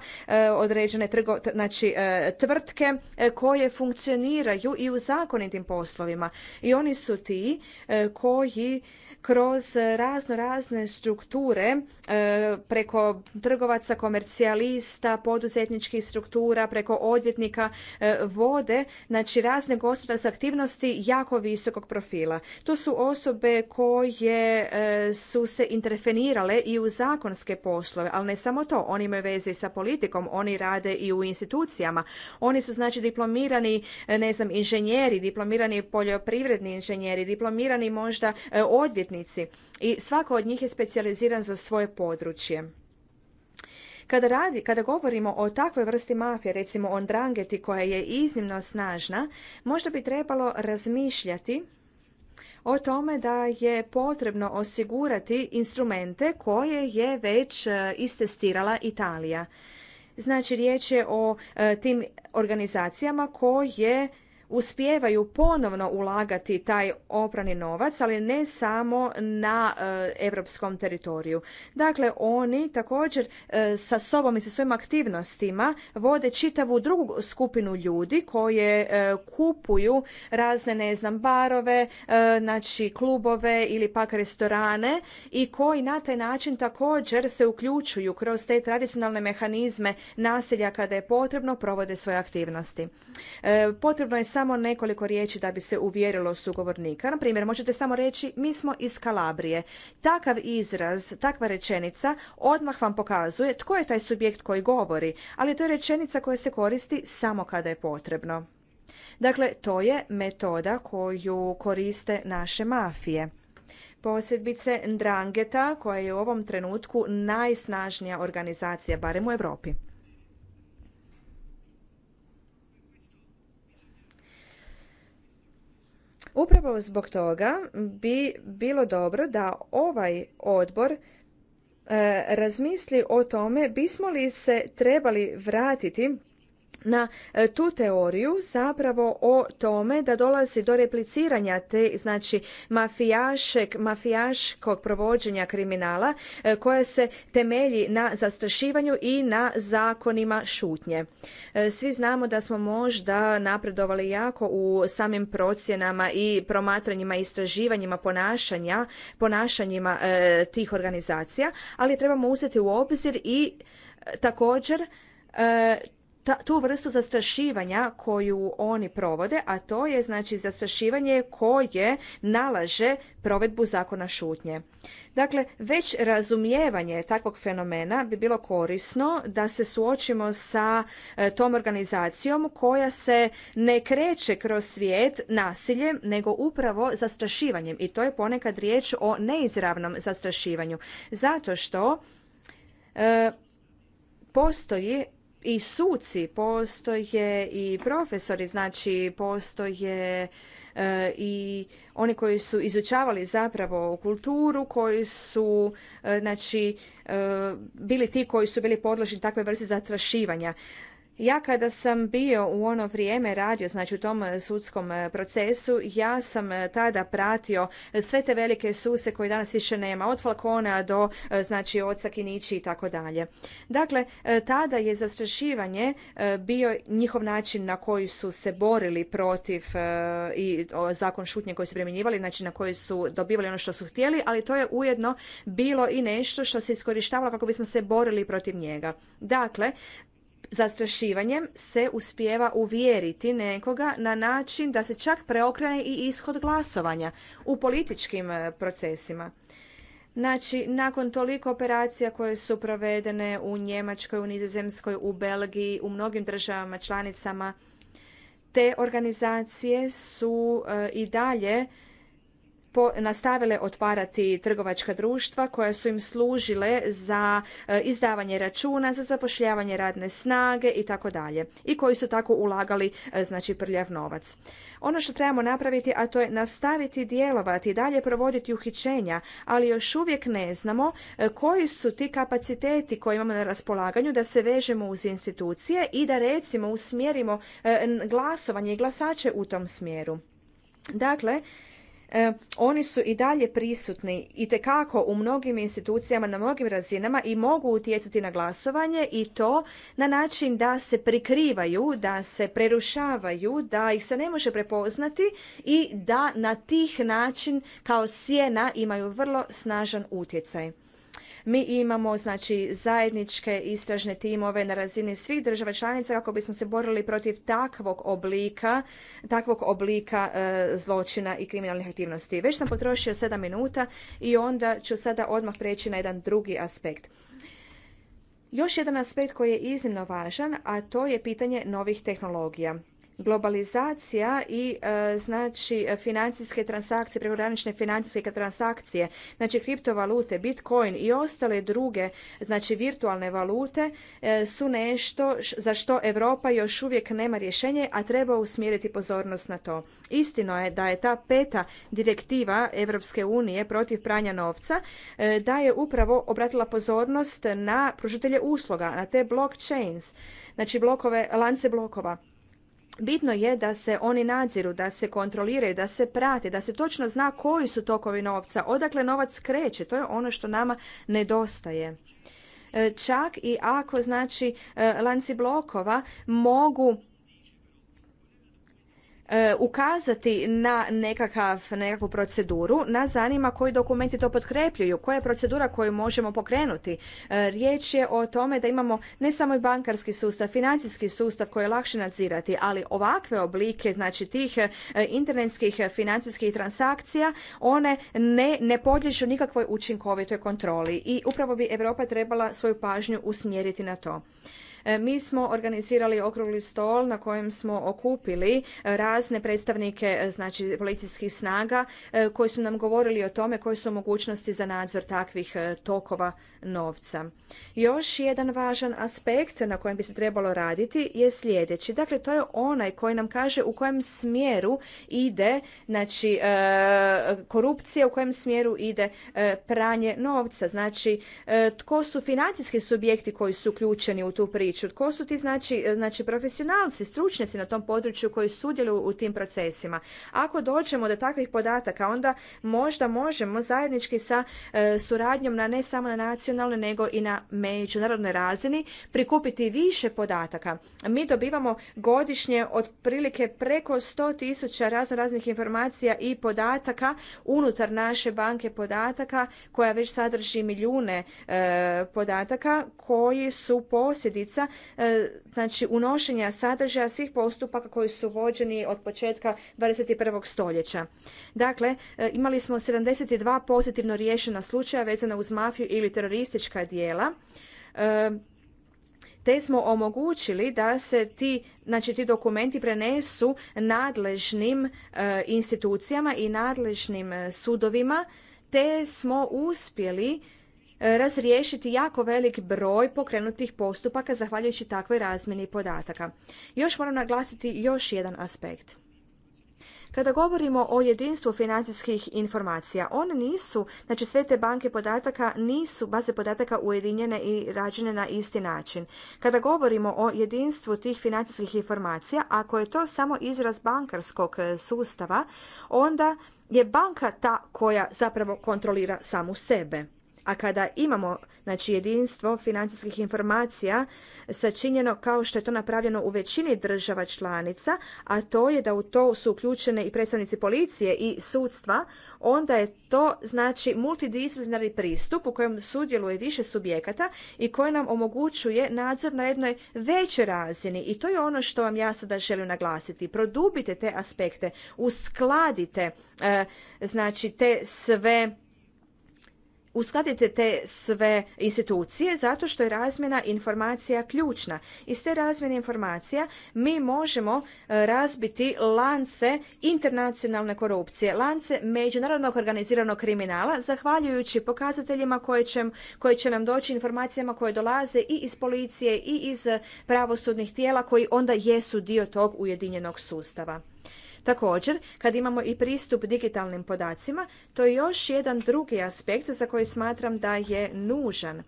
određene trgo, znači tvrtke koje funkcioniraju i u zakonitim različitim poslovima. I oni su ti e, koji kroz razno razne strukture e, preko trgovaca, komercijalista, poduzetničkih struktura, preko odvjetnika e, vode, znači razne gospodarske aktivnosti jako visokog profila. To su osobe koje e, su se intervenirale i u zakonske poslove, ali ne samo to, oni imaju veze i sa politikom, oni rade i u institucijama. Oni su znači diplomirani, ne znam, inženjeri, diplomirani poljoprivredni inženjeri, diplomirani možda odvjetnici i svako od njih je specijaliziran za svoje područje. Kada, govorimo o takvoj vrsti mafije, recimo o drangeti koja je iznimno snažna, možda bi trebalo razmišljati o tome da je potrebno osigurati instrumente koje je već e, istestirala Italija. Znači riječ je o e, tim organizacijama koje uspijevaju ponovno ulagati taj oprani novac, ali ne samo na europskom teritoriju. Dakle, oni također e, sa sobom i sa svojim aktivnostima vode čitavu drugu skupinu ljudi koje e, kupuju razne, ne znam, barove, e, znači klubove ili pak restorane i koji na taj način također se uključuju kroz te tradicionalne mehanizme nasilja kada je potrebno, provode svoje aktivnosti. Potrebno je samo nekoliko riječi da bi se uvjerilo sugovornika. Na primjer, možete samo reći mi smo iz Kalabrije. Takav izraz, takva rečenica odmah vam pokazuje tko je taj subjekt koji govori, ali to je rečenica koja se koristi samo kada je potrebno. Dakle, to je metoda koju koriste naše mafije Posjedbice Ndrangeta, koja je u ovom trenutku najsnažnija organizacija, barem u Europi. Upravo zbog toga bi bilo dobro da ovaj odbor e, razmisli o tome bismo li se trebali vratiti na e, tu teoriju zapravo o tome da dolazi do repliciranja te znači mafijašek, mafijaškog provođenja kriminala e, koja se temelji na zastrašivanju i na zakonima šutnje. E, svi znamo da smo možda napredovali jako u samim procjenama i promatranjima i istraživanjima ponašanja, ponašanjima tih organizacija, ali trebamo uzeti u obzir i također tu vrstu zastrašivanja koju oni provode, a to je znači zastrašivanje koje nalaže provedbu zakona šutnje. Dakle, već razumijevanje takvog fenomena bi bilo korisno da se suočimo sa e, tom organizacijom koja se ne kreće kroz svijet nasiljem, nego upravo zastrašivanjem. I to je ponekad riječ o neizravnom zastrašivanju. Zato što e, postoji i suci, postoje i profesori, znači postoje e, i oni koji su izučavali zapravo kulturu, koji su e, znači e, bili ti koji su bili podložni takve vrste zatrašivanja ja kada sam bio u ono vrijeme radio, znači u tom sudskom e, procesu, ja sam e, tada pratio sve te velike suse koje danas više nema, od Falkona do e, znači od Sakinići i tako dalje. Dakle, tada je zastrašivanje bio njihov način na koji su se borili protiv i zakon šutnje koji su primjenjivali, znači na koji su dobivali ono što su htjeli, ali to je ujedno bilo i nešto što se iskorištavalo kako bismo se borili protiv njega. Dakle, zastrašivanjem se uspijeva uvjeriti nekoga na način da se čak preokrene i ishod glasovanja u političkim e, procesima. Znači, nakon toliko operacija koje su provedene u Njemačkoj, u Nizozemskoj, u Belgiji, u mnogim državama članicama, te organizacije su e, i dalje nastavile otvarati trgovačka društva koja su im služile za e, izdavanje računa, za zapošljavanje radne snage i tako dalje i koji su tako ulagali e, znači prljav novac. Ono što trebamo napraviti, a to je nastaviti djelovati i dalje provoditi uhićenja, ali još uvijek ne znamo e, koji su ti kapaciteti koje imamo na raspolaganju da se vežemo uz institucije i da recimo usmjerimo glasovanje i glasače u tom smjeru. Dakle, E, oni su i dalje prisutni i tekako u mnogim institucijama na mnogim razinama i mogu utjecati na glasovanje i to na način da se prikrivaju, da se prerušavaju, da ih se ne može prepoznati i da na tih način kao sjena imaju vrlo snažan utjecaj. Mi imamo znači zajedničke istražne timove na razini svih država članica kako bismo se borili protiv takvog oblika, takvog oblika e, zločina i kriminalnih aktivnosti. Već sam potrošio sedam minuta i onda ću sada odmah preći na jedan drugi aspekt. Još jedan aspekt koji je iznimno važan, a to je pitanje novih tehnologija globalizacija i e, znači financijske transakcije, prekogranične financijske transakcije, znači kriptovalute, bitcoin i ostale druge znači virtualne valute e, su nešto za što Europa još uvijek nema rješenje, a treba usmjeriti pozornost na to. Istino je da je ta peta direktiva Europske unije protiv pranja novca e, da je upravo obratila pozornost na pružitelje usluga, na te blockchains, znači blokove, lance blokova Bitno je da se oni nadziru, da se kontroliraju, da se prate, da se točno zna koji su tokovi novca, odakle novac kreće. To je ono što nama nedostaje. E, čak i ako znači e, lanci blokova mogu E, ukazati na nekakav, nekakvu proceduru. Nas zanima koji dokumenti to potkrepljuju, koja je procedura koju možemo pokrenuti. E, riječ je o tome da imamo ne samo i bankarski sustav, financijski sustav koji je lakše nadzirati, ali ovakve oblike znači tih e, internetskih financijskih transakcija, one ne, ne podliježu nikakvoj učinkovitoj kontroli i upravo bi Europa trebala svoju pažnju usmjeriti na to. E, mi smo organizirali okrugli stol na kojem smo okupili e, razne predstavnike e, znači policijskih snaga koji su nam govorili o tome koje su mogućnosti za nadzor takvih tokova novca. Još jedan važan aspekt na kojem bi se trebalo raditi je sljedeći. Dakle, to je onaj koji nam kaže u kojem smjeru ide znači korupcija, u kojem smjeru ide pranje novca. Znači, tko su financijski subjekti koji su uključeni u tu priču? priču. Tko su ti znači, e, znači profesionalci, stručnjaci na tom području koji sudjeluju u tim procesima? Ako dođemo do takvih podataka, onda možda možemo zajednički sa e, suradnjom na ne samo na nacionalnoj, nego i na međunarodnoj razini prikupiti više podataka. Mi dobivamo godišnje otprilike preko 100 tisuća razno raznih informacija i podataka unutar naše banke podataka koja već sadrži milijune e, podataka koji su posljedica E, znači unošenja sadržaja svih postupaka koji su vođeni od početka 21. stoljeća. Dakle, e, imali smo 72 pozitivno riješena slučaja vezana uz mafiju ili teroristička dijela e, te smo omogućili da se ti, znači, ti dokumenti prenesu nadležnim institucijama i nadležnim sudovima, te smo uspjeli E, razriješiti jako velik broj pokrenutih postupaka zahvaljujući takvoj razmjeni podataka. Još moram naglasiti još jedan aspekt. Kada govorimo o jedinstvu financijskih informacija, one nisu, znači sve te banke podataka nisu baze podataka ujedinjene i rađene na isti način. Kada govorimo o jedinstvu tih financijskih informacija, ako je to samo izraz bankarskog e, sustava, onda je banka ta koja zapravo kontrolira samu sebe. A kada imamo znači, jedinstvo financijskih informacija sačinjeno kao što je to napravljeno u većini država članica, a to je da u to su uključene i predstavnici policije i sudstva, onda je to znači multidisciplinarni pristup u kojem sudjeluje više subjekata i koji nam omogućuje nadzor na jednoj većoj razini. I to je ono što vam ja sada želim naglasiti. Produbite te aspekte, uskladite eh, znači te sve uskladite te sve institucije zato što je razmjena informacija ključna. Iz te razmjene informacija mi možemo e, razbiti lance internacionalne korupcije, lance međunarodnog organiziranog kriminala, zahvaljujući pokazateljima koje će, će nam doći informacijama koje dolaze i iz policije i iz pravosudnih tijela koji onda jesu dio tog ujedinjenog sustava. Također, kad imamo i pristup digitalnim podacima, to je još jedan drugi aspekt za koji smatram da je nužan.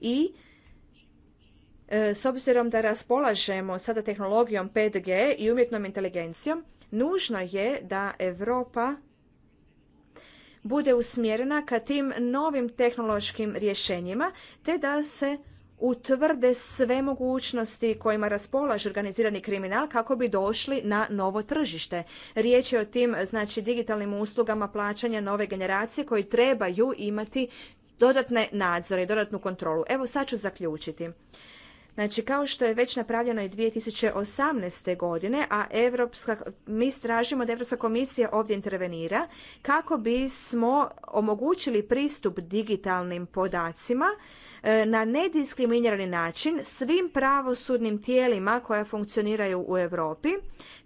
I e, s obzirom da raspolažemo sada tehnologijom 5G i umjetnom inteligencijom, nužno je da Europa bude usmjerena ka tim novim tehnološkim rješenjima, te da se utvrde sve mogućnosti kojima raspolaže organizirani kriminal kako bi došli na novo tržište. Riječ je o tim znači digitalnim uslugama plaćanja nove generacije koji trebaju imati dodatne nadzore i dodatnu kontrolu. Evo sad ću zaključiti. Znači, kao što je već napravljeno i 2018. godine, a Evropska, mi stražimo da Evropska komisija ovdje intervenira kako bismo omogućili pristup digitalnim podacima E, na nediskriminirani način svim pravosudnim tijelima koja funkcioniraju u Europi,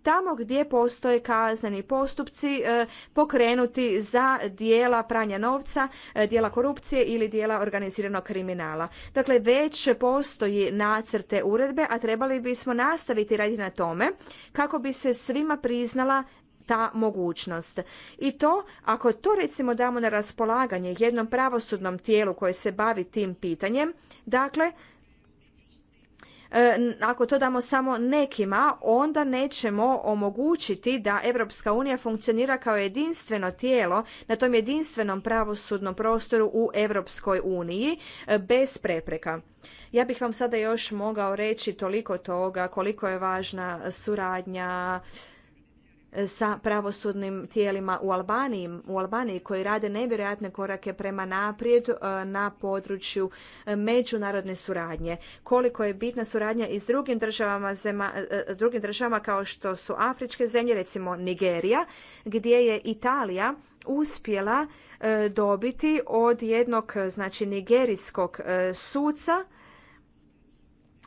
tamo gdje postoje kazneni postupci e, pokrenuti za dijela pranja novca, e, dijela korupcije ili dijela organiziranog kriminala. Dakle, već postoji nacrte uredbe, a trebali bismo nastaviti raditi na tome kako bi se svima priznala ta mogućnost. I to, ako to recimo damo na raspolaganje jednom pravosudnom tijelu koje se bavi tim pitanjem, dakle, e, ako to damo samo nekima, onda nećemo omogućiti da Europska unija funkcionira kao jedinstveno tijelo na tom jedinstvenom pravosudnom prostoru u Europskoj uniji e, bez prepreka. Ja bih vam sada još mogao reći toliko toga koliko je važna suradnja sa pravosudnim tijelima u Albaniji, u Albaniji koji rade nevjerojatne korake prema naprijed e, na području e, međunarodne suradnje. Koliko je bitna suradnja i s drugim državama, e, drugim državama kao što su afričke zemlje, recimo Nigerija, gdje je Italija uspjela dobiti od jednog znači nigerijskog suca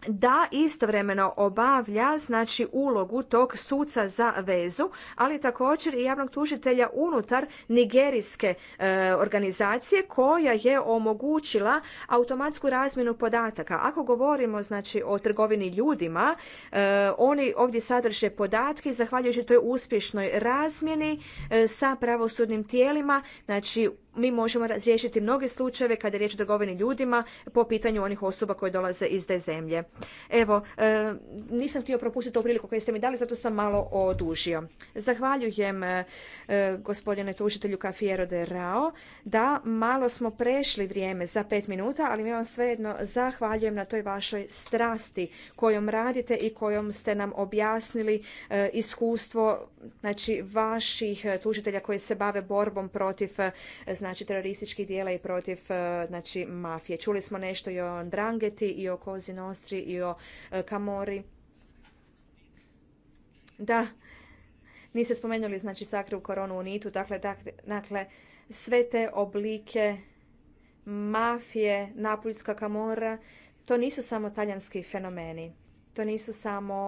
da istovremeno obavlja znači ulogu tog suca za vezu, ali također i javnog tužitelja unutar nigerijske e, organizacije koja je omogućila automatsku razmjenu podataka. Ako govorimo znači o trgovini ljudima, e, oni ovdje sadrže podatke zahvaljujući toj uspješnoj razmjeni e, sa pravosudnim tijelima, znači mi možemo razriješiti mnoge slučajeve kada je riječ o trgovini ljudima po pitanju onih osoba koje dolaze iz te zemlje. Evo, e, nisam htio propustiti ovu priliku koju ste mi dali, zato sam malo odužio. Zahvaljujem e, e, gospodine tužitelju Cafiero de Rao. Da, malo smo prešli vrijeme za pet minuta, ali mi vam svejedno zahvaljujem na toj vašoj strasti kojom radite i kojom ste nam objasnili iskustvo znači vaših tužitelja koji se bave borbom protiv znači znači terorističkih dijela i protiv e, znači mafije. Čuli smo nešto i o drangeti, i o Kozi Nostri i o e, Kamori. Da, niste spomenuli znači u koronu unitu, dakle, dakle sve te oblike mafije, napuljska kamora, to nisu samo talijanski fenomeni. To nisu samo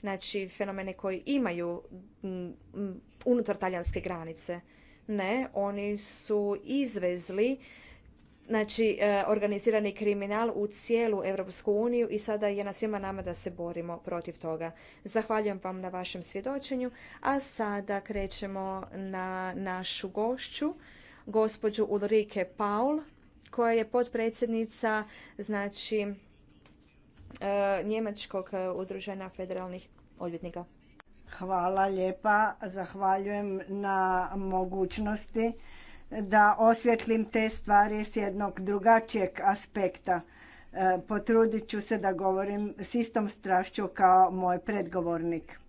znači fenomene koji imaju unutar talijanske granice. Ne, oni su izvezli znači e, organizirani kriminal u cijelu Europsku uniju i sada je na svima nama da se borimo protiv toga. Zahvaljujem vam na vašem svjedočenju, a sada krećemo na našu gošću, gospođu Ulrike Paul, koja je potpredsjednica znači e, Njemačkog udruženja federalnih odvjetnika. Hvala lijepa, zahvaljujem na mogućnosti da osvjetlim te stvari s jednog drugačijeg aspekta. E, potrudit ću se da govorim s istom strašću kao moj predgovornik. E,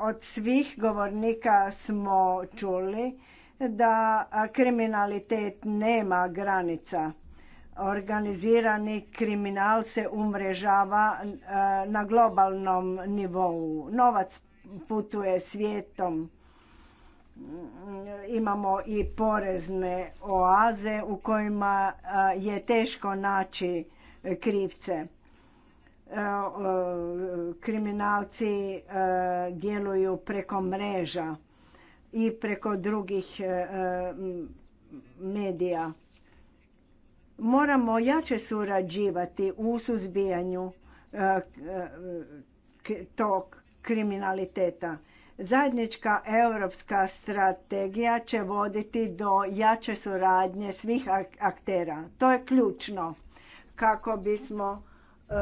od svih govornika smo čuli da kriminalitet nema granica Organizirani kriminal se umrežava e, na globalnom nivou. Novac putuje svijetom. Mm, imamo i porezne oaze u kojima e, je teško naći krivce. E, kriminalci djeluju preko mreža i preko drugih medija moramo jače surađivati u suzbijanju e, tog kriminaliteta. Zajednička europska strategija će voditi do jače suradnje svih aktera. To je ključno kako bismo e, e,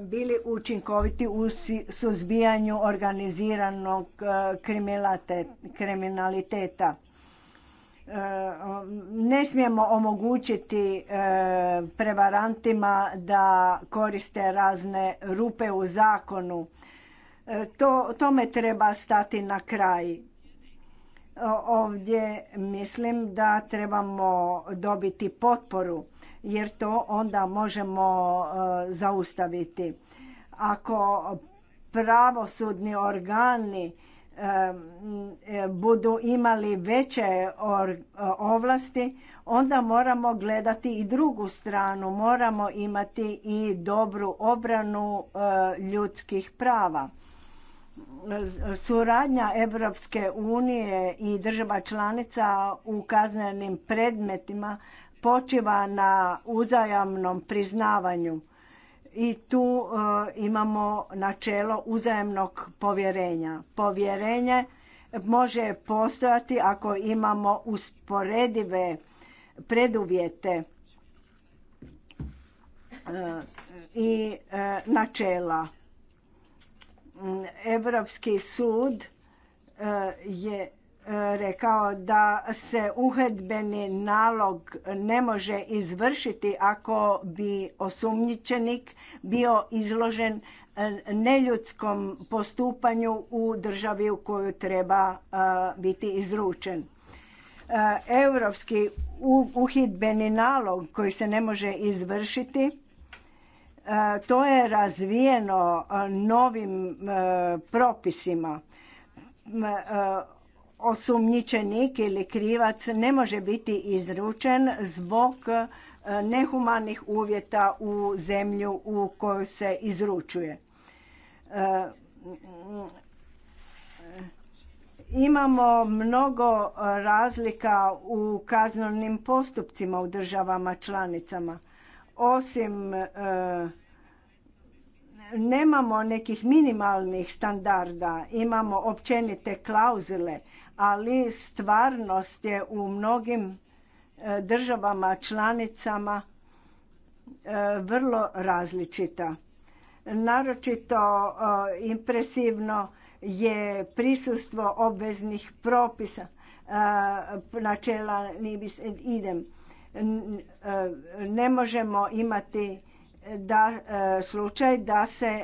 bili učinkoviti u suzbijanju organiziranog kriminaliteta Eh, ne smijemo omogućiti eh, prevarantima da koriste razne rupe u zakonu. Eh, to, tome treba stati na kraj. Ovdje mislim da trebamo dobiti potporu jer to onda možemo zaustaviti. Ako pravosudni organi budu imali veće ovlasti, onda moramo gledati i drugu stranu, moramo imati i dobru obranu eh, ljudskih prava. Suradnja Europske unije i država članica u kaznenim predmetima počiva na uzajamnom priznavanju i tu e, imamo načelo uzajemnog povjerenja. Povjerenje može postojati ako imamo usporedive preduvjete e, i e, načela. Mm, Europski sud je rekao da se uhedbeni nalog ne može izvršiti ako bi osumnjičenik bio izložen e, neljudskom postupanju u državi u koju treba e, biti izručen. E, europski uhidbeni nalog koji se ne može izvršiti to je razvijeno novim propisima osumnjičenik ili krivac ne može biti izručen zbog e, nehumanih uvjeta u zemlju u kojoj se izručuje. E, imamo mnogo razlika u kaznenim postupcima u državama članicama. Osim e, nemamo nekih minimalnih standarda, imamo općenite klauzule ali stvarnost je u mnogim e, državama članicama e, vrlo različita. Naročito e, impresivno je prisustvo obveznih propisa načela idem. Ne možemo imati da slučaj da se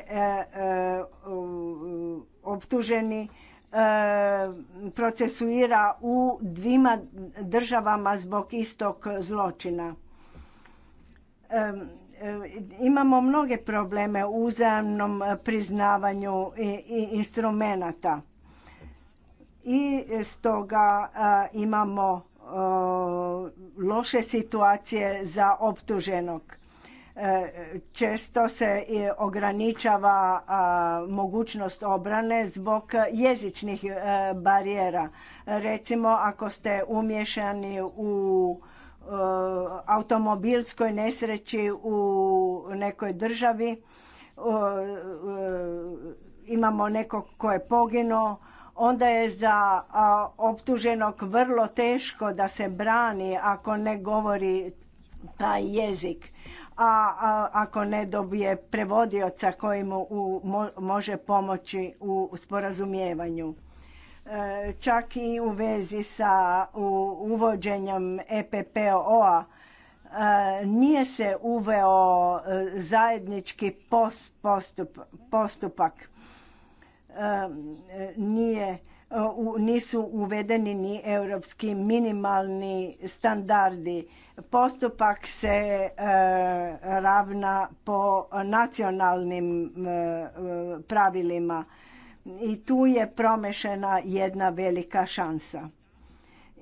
optuženi E, procesuira u dvima državama zbog istog zločina. E, e, imamo mnoge probleme u uzajamnom priznavanju i instrumenata. I stoga imamo loše situacije za optuženog. Često se ograničava mogućnost obrane zbog jezičnih e, barijera. Recimo, ako ste umješani u e, automobilskoj nesreći u nekoj državi, e, imamo nekog ko je poginuo, onda je za optuženog vrlo teško da se brani ako ne govori taj jezik a ako ne dobije prevodioca koji mu može pomoći u sporazumijevanju. E, čak i u vezi sa uvođenjem EPPO-a e, nije se uveo e, zajednički postupak. Nije nisu uvedeni ni europski minimalni standardi Postupak se e, ravna po nacionalnim e, pravilima i tu je promešena jedna velika šansa.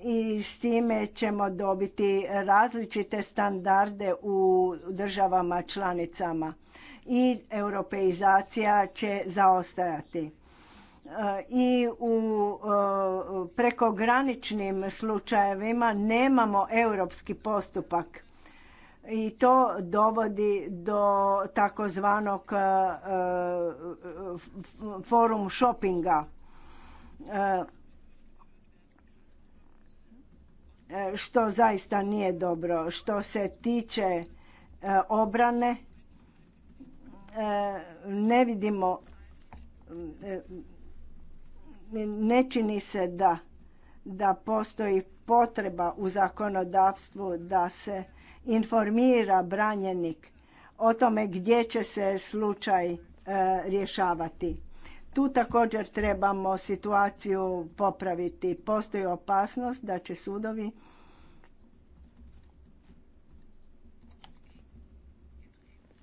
I s time ćemo dobiti različite standarde u državama članicama i europeizacija će zaostajati i u e, prekograničnim slučajevima nemamo europski postupak i to dovodi do takozvanog e, forum shoppinga. E, što zaista nije dobro. Što se tiče obrane, ne vidimo ne čini se da, da postoji potreba u zakonodavstvu da se informira branjenik o tome gdje će se slučaj e, rješavati. Tu također trebamo situaciju popraviti. Postoji opasnost da će sudovi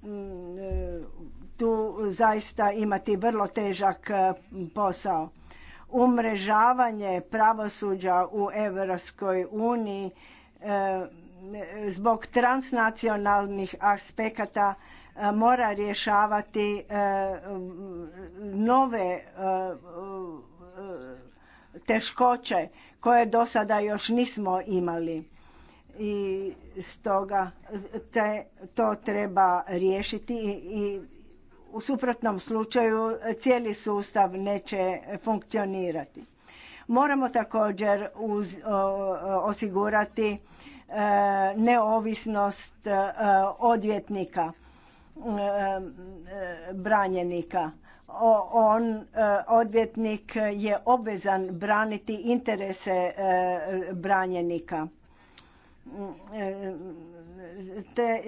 mm, e, tu zaista imati vrlo težak e, posao umrežavanje pravosuđa u Europskoj uniji e, zbog transnacionalnih aspekata e, mora rješavati e, nove teškoće koje do sada još nismo imali. I stoga te, to treba riješiti i u suprotnom slučaju cijeli sustav neće funkcionirati. Moramo također osigurati e, neovisnost e, odvjetnika, e, branjenika. On, odvjetnik je obvezan braniti interese branjenika mm, te,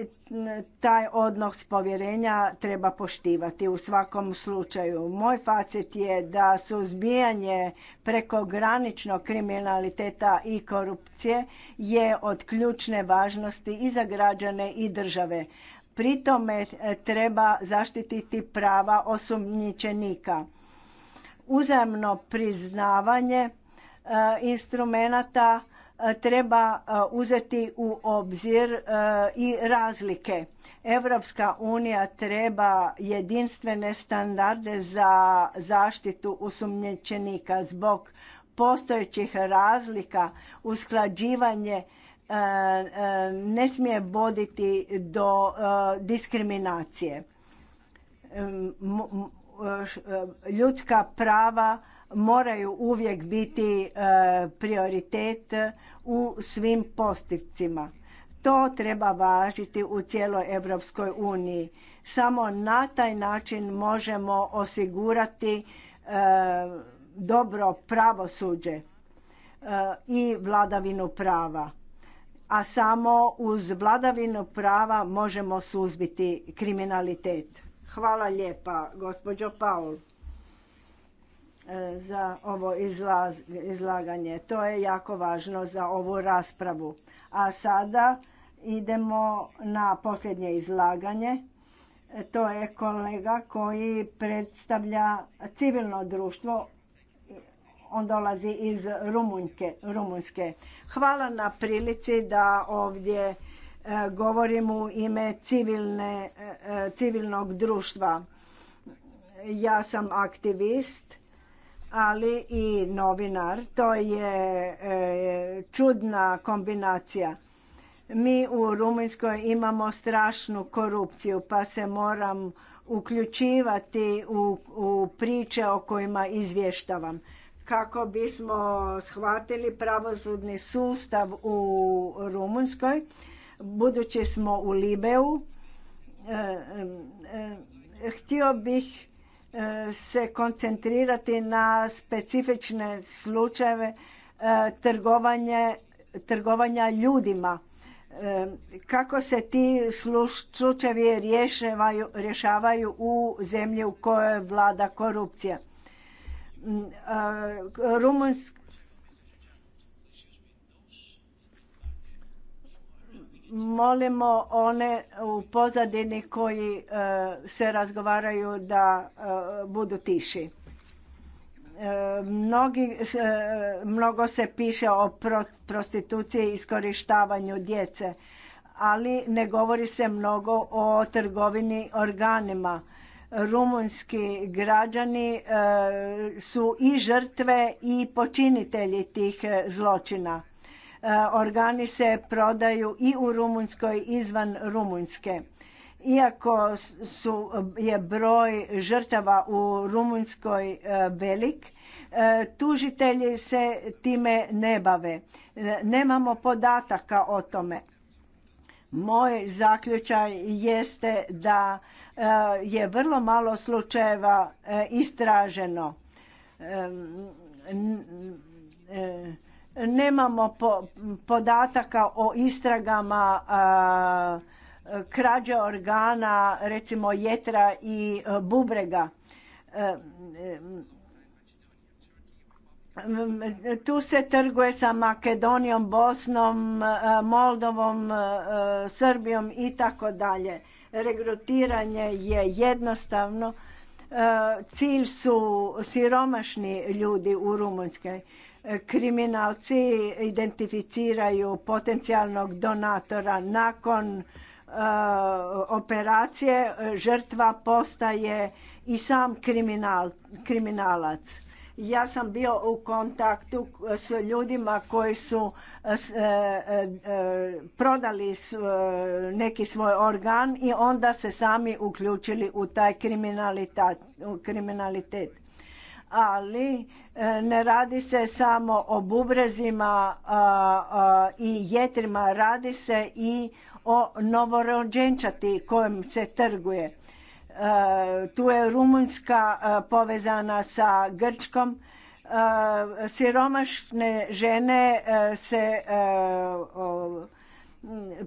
taj odnos povjerenja treba poštivati u svakom slučaju. Moj facet je da suzbijanje prekograničnog kriminaliteta i korupcije je od ključne važnosti i za građane i države. Pri tome e, treba zaštititi prava osumnjičenika. Uzemno priznavanje instrumentata instrumenata E, treba e, uzeti u obzir e, i razlike. Evropska unija treba jedinstvene standarde za zaštitu usumnječenika. zbog postojećih razlika usklađivanje ne smije voditi do diskriminacije. Ljudska prava moraju uvijek biti e, prioritet u svim postupcima. To treba važiti u cijeloj Europskoj uniji. Samo na taj način možemo osigurati e, dobro pravosuđe e, i vladavinu prava. A samo uz vladavinu prava možemo suzbiti kriminalitet. Hvala lijepa, gospođo Paul. E, za ovo izlaganje. To je jako važno za ovu raspravu. A sada idemo na posljednje izlaganje. E, to je kolega koji predstavlja civilno društvo. On dolazi iz Rumunjske. Hvala na prilici da ovdje e, govorim u ime civilnog društva. Ja sam aktivist ali i novinar. To je e, čudna kombinacija. Mi u Rumunjskoj imamo strašnu korupciju pa se moram uključivati u, u priče o kojima izvještavam kako bismo shvatili pravosudni sustav u Rumunjskoj. Budući smo u Libeu, e, e, htio bih se koncentrirati na specifične slučajeve e, trgovanja ljudima. E, kako se ti slučajevi rješavaju, rješavaju u zemlji u kojoj vlada korupcija. Mm, e, Rumunjska molimo one u pozadini koji e, se razgovaraju da e, budu tiši. E, mnogi, mnogo se piše o prostituciji i iskorištavanju djece, ali ne govori se mnogo o trgovini organima. Rumunski građani su i žrtve i počinitelji tih zločina Eh, organi se prodaju i u Rumunjskoj izvan Rumunjske. Iako su, eh, je broj žrtava u Rumunjskoj eh, velik, tužitelji se time ne bave. Nemamo podataka o tome. Moj zaključaj jeste da je vrlo malo slučajeva istraženo. Nemamo podataka o istragama krađe organa, recimo jetra i e, bubrega. E, tu se trguje sa Makedonijom, Bosnom, e, Moldovom, Srbijom i tako dalje. Regrutiranje je jednostavno. Cilj su siromašni ljudi u Rumunjskoj. Kriminalci identificiraju potencijalnog donatora nakon e, operacije e, žrtva postaje i sam kriminalac. Ja sam bio u kontaktu e, s ljudima koji su prodali neki svoj organ i onda se sami uključili u taj kriminalitet. Ali ne radi se samo o bubrezima i jetrima, radi se i o novorođenčati kojim se trguje. E, tu je Rumunjska e, povezana sa Grčkom. E, siromašne žene se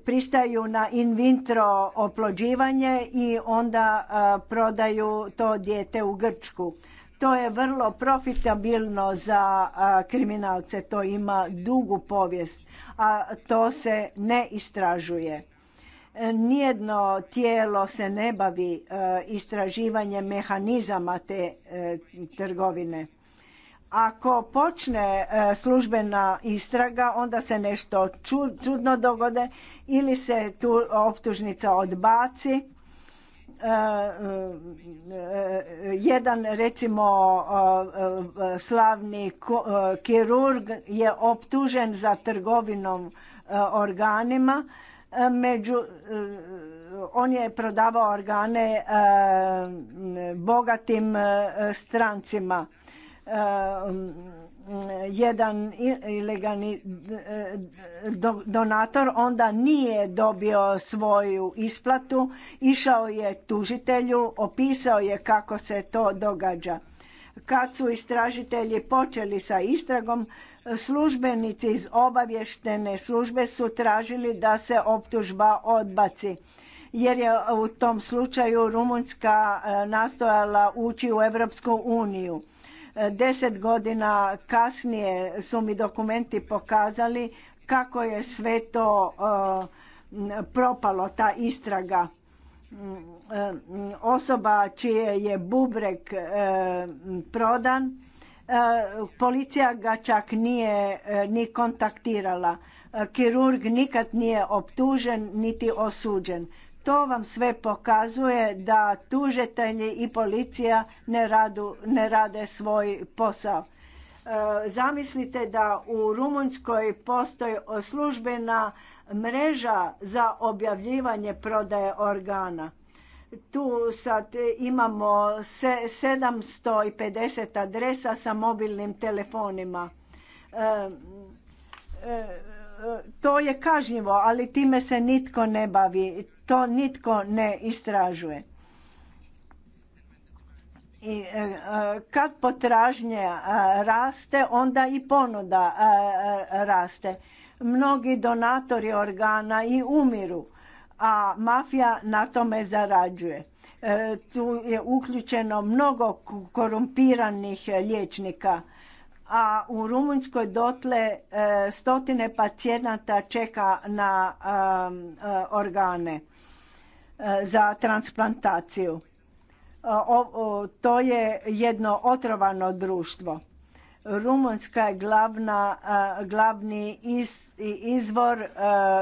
pristaju na in vitro oplođivanje i onda prodaju to dijete u Grčku. To je vrlo profitabilno za kriminalce, to ima dugu povijest, a to se ne istražuje. Nijedno tijelo se ne bavi istraživanjem mehanizama te e, trgovine. Ako počne e, službena istraga, onda se nešto čudno dogode ili se tu optužnica odbaci Eh, eh, jedan recimo eh, slavni kirurg je optužen za trgovinom organima među on je prodavao organe bogatim strancima jedan ilegalni e, donator onda nije dobio svoju isplatu, išao je tužitelju, opisao je kako se to događa. Kad su istražitelji počeli sa istragom, službenici iz obavještene službe su tražili da se optužba odbaci jer je u tom slučaju Rumunjska e, nastojala ući u Europsku uniju. Deset godina kasnije su mi dokumenti pokazali kako je sve to eh, propalo, ta istraga. Eh, osoba čije je bubrek eh, prodan, policija ga čak nije ni kontaktirala. Kirurg nikad nije optužen niti osuđen. To vam sve pokazuje da tužitelji i policija ne, ne rade svoj posao. E, zamislite da u Rumunjskoj postoji službena mreža za objavljivanje prodaje organa. Tu sad imamo 750 adresa sa mobilnim telefonima. E, e, to je kažnjivo, ali time se nitko ne bavi, to nitko ne istražuje. I e, e, kad potražnja e, raste, onda i ponuda raste. Mnogi donatori organa i umiru, a mafija na tome zarađuje. Tu je uključeno mnogo korumpiranih liječnika a u Rumunjskoj dotle e, stotine pacijenata čeka na e, organe e, za transplantaciju. To je jedno otrovano društvo. Rumunjska je glavna, glavni izvor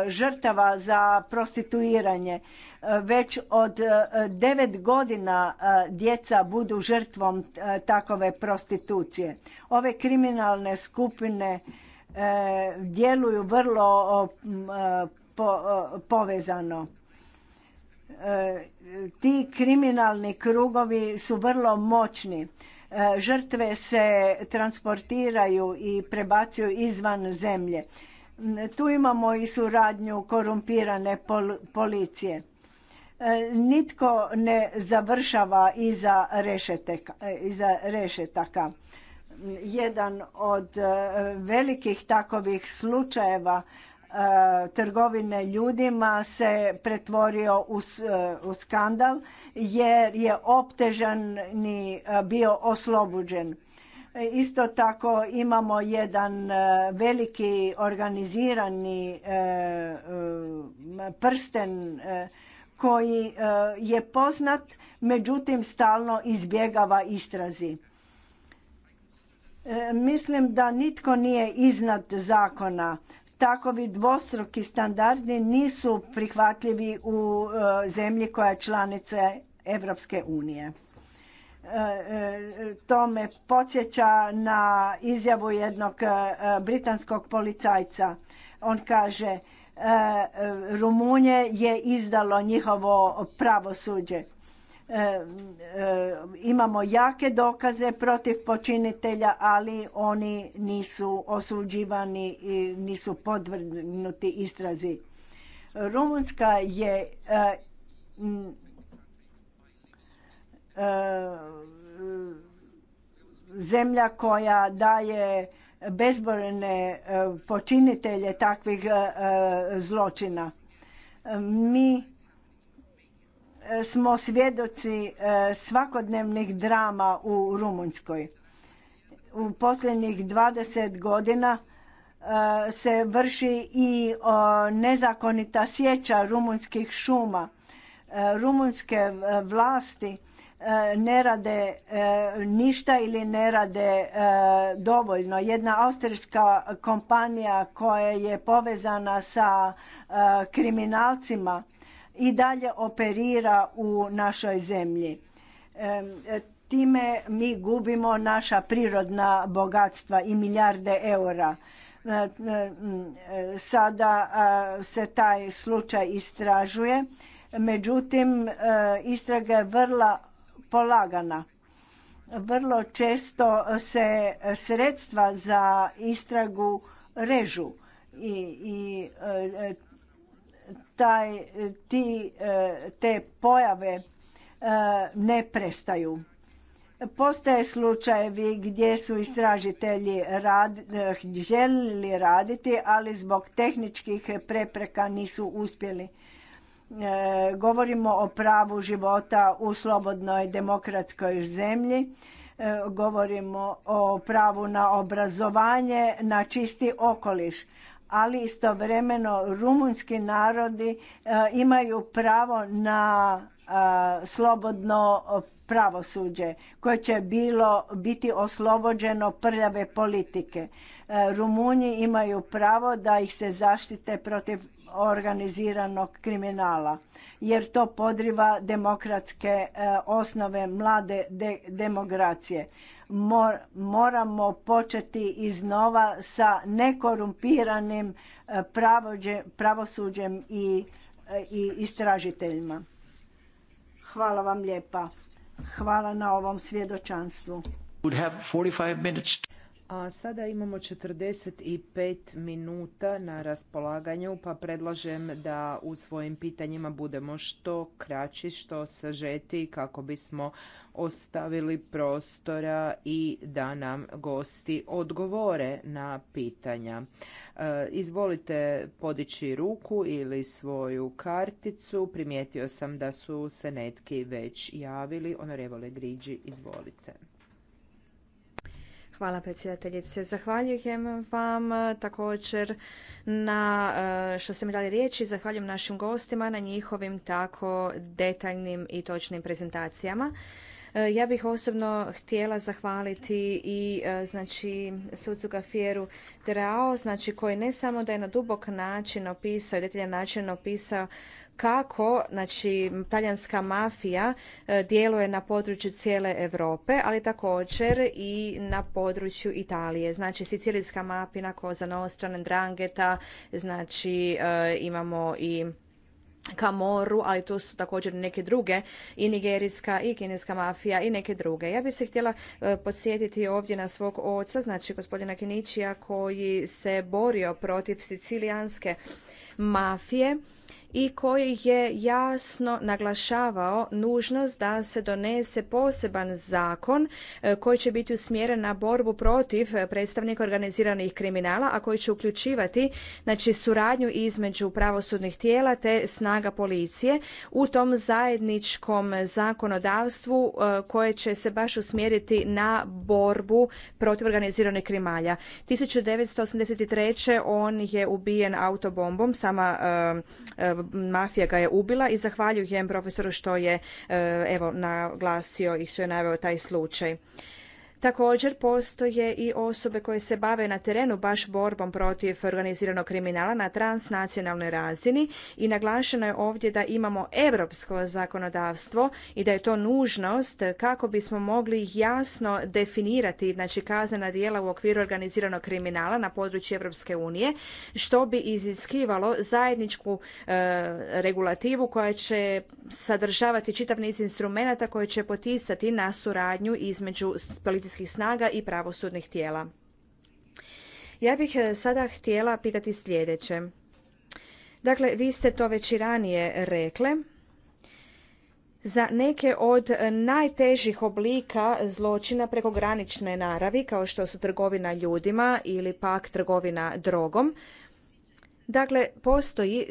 žrtava za prostituiranje. Već od e, devet godina e, djeca budu žrtvom e, takove prostitucije. Ove kriminalne skupine djeluju vrlo povezano. Ti kriminalni krugovi su vrlo moćni. Žrtve se transportiraju i prebacuju izvan zemlje. Tu imamo i suradnju korumpirane policije. E, nitko ne završava iza, rešeteka, e, iza rešetaka. Jedan od e, velikih takovih slučajeva trgovine ljudima se pretvorio u skandal jer je optežan ni bio oslobođen. Isto tako imamo jedan veliki organizirani prsten koji e, je poznat, međutim stalno izbjegava istrazi. E, mislim da nitko nije iznad zakona. Takovi dvostruki standardi nisu prihvatljivi u e, zemlji koja je članica Evropske unije. To me podsjeća na izjavu jednog britanskog policajca. On kaže E, Rumunje je izdalo njihovo pravosuđe. E, e, imamo jake dokaze protiv počinitelja, ali oni nisu osuđivani i nisu podvrgnuti istrazi. Rumunska je zemlja koja daje bezborene e, počinitelje takvih e, zločina. Mi e, smo svjedoci svakodnevnih drama u Rumunjskoj. U posljednjih 20 godina se vrši i nezakonita sjeća rumunjskih šuma. Rumunjske vlasti E, ne rade e, ništa ili ne rade e, dovoljno. Jedna austrijska kompanija koja je povezana sa kriminalcima i dalje operira u našoj zemlji. Time mi gubimo naša prirodna bogatstva i milijarde eura. Sada se taj slučaj istražuje, međutim istraga je vrlo polagana. Vrlo često se sredstva za istragu režu i, i e, taj, ti, e, te pojave e, ne prestaju. Postoje slučajevi gdje su istražitelji rad, željeli raditi, ali zbog tehničkih prepreka nisu uspjeli. E, govorimo o pravu života u slobodnoj demokratskoj zemlji, e, govorimo o pravu na obrazovanje, na čisti okoliš, ali istovremeno rumunski narodi e, imaju pravo na slobodno pravosuđe koje će bilo biti oslobođeno prljave politike. Rumunji imaju pravo da ih se zaštite protiv organiziranog kriminala jer to podriva demokratske e, osnove mlade demokracije. Moramo početi iznova sa nekorumpiranim e, pravođe, pravosuđem i, e, i istražiteljima. Hvala vam lijepa. Hvala na ovom svjedočanstvu. A sada imamo 45 minuta na raspolaganju, pa predlažem da u svojim pitanjima budemo što kraći, što sažeti kako bismo ostavili prostora i da nam gosti odgovore na pitanja. E, izvolite podići ruku ili svoju karticu. Primijetio sam da su se netki već javili. Onorevole Griđi, izvolite. Hvala predsjedateljice. Zahvaljujem vam e, također na e, što ste mi dali riječi. Zahvaljujem našim gostima na njihovim tako detaljnim i točnim prezentacijama. E, ja bih osobno htjela zahvaliti i znači sucu gafieru Drao, znači koji ne samo da je na dubok način opisao, detaljan način opisao kako znači talijanska mafija e, djeluje na području cijele Europe, ali također i na području Italije. Znači sicilijska mafija, Koza Nostra, Drangeta, znači e, imamo i Kamoru, ali tu su također neke druge, i nigerijska, i kineska mafija, i neke druge. Ja bih se htjela e, podsjetiti ovdje na svog oca, znači gospodina Kinićija, koji se borio protiv sicilijanske mafije i koji je jasno naglašavao nužnost da se donese poseban zakon e, koji će biti usmjeren na borbu protiv predstavnika organiziranih kriminala, a koji će uključivati znači, suradnju između pravosudnih tijela te snaga policije u tom zajedničkom zakonodavstvu e, koje će se baš usmjeriti na borbu protiv organiziranih krimalja. 1983. on je ubijen autobombom sama e, mafija ga je ubila i zahvaljujem profesoru što je e, evo naglasio i što je naveo taj slučaj. Također postoje i osobe koje se bave na terenu baš borbom protiv organiziranog kriminala na transnacionalnoj razini i naglašeno je ovdje da imamo europsko zakonodavstvo i da je to nužnost kako bismo mogli jasno definirati znači kaznena djela u okviru organiziranog kriminala na području Europske unije što bi iziskivalo zajedničku e, regulativu koja će sadržavati čitav niz instrumenata koje će poticati na suradnju između politi- policijskih snaga i pravosudnih tijela. Ja bih e, sada htjela pitati sljedeće. Dakle, vi ste to već i ranije rekle. Za neke od najtežih oblika zločina prekogranične naravi, kao što su trgovina ljudima ili pak trgovina drogom, dakle, postoji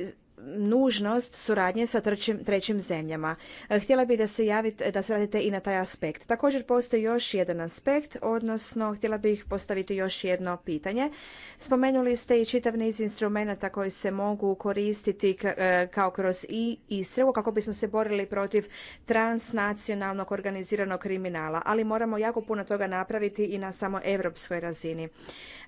nužnost suradnje sa trećim, zemljama. E, htjela bih da se javite, da se radite i na taj aspekt. Također postoji još jedan aspekt, odnosno htjela bih postaviti još jedno pitanje. Spomenuli ste i čitav niz instrumenata koji se mogu koristiti e, kao kroz i istragu kako bismo se borili protiv transnacionalnog organiziranog kriminala, ali moramo jako puno toga napraviti i na samo evropskoj razini.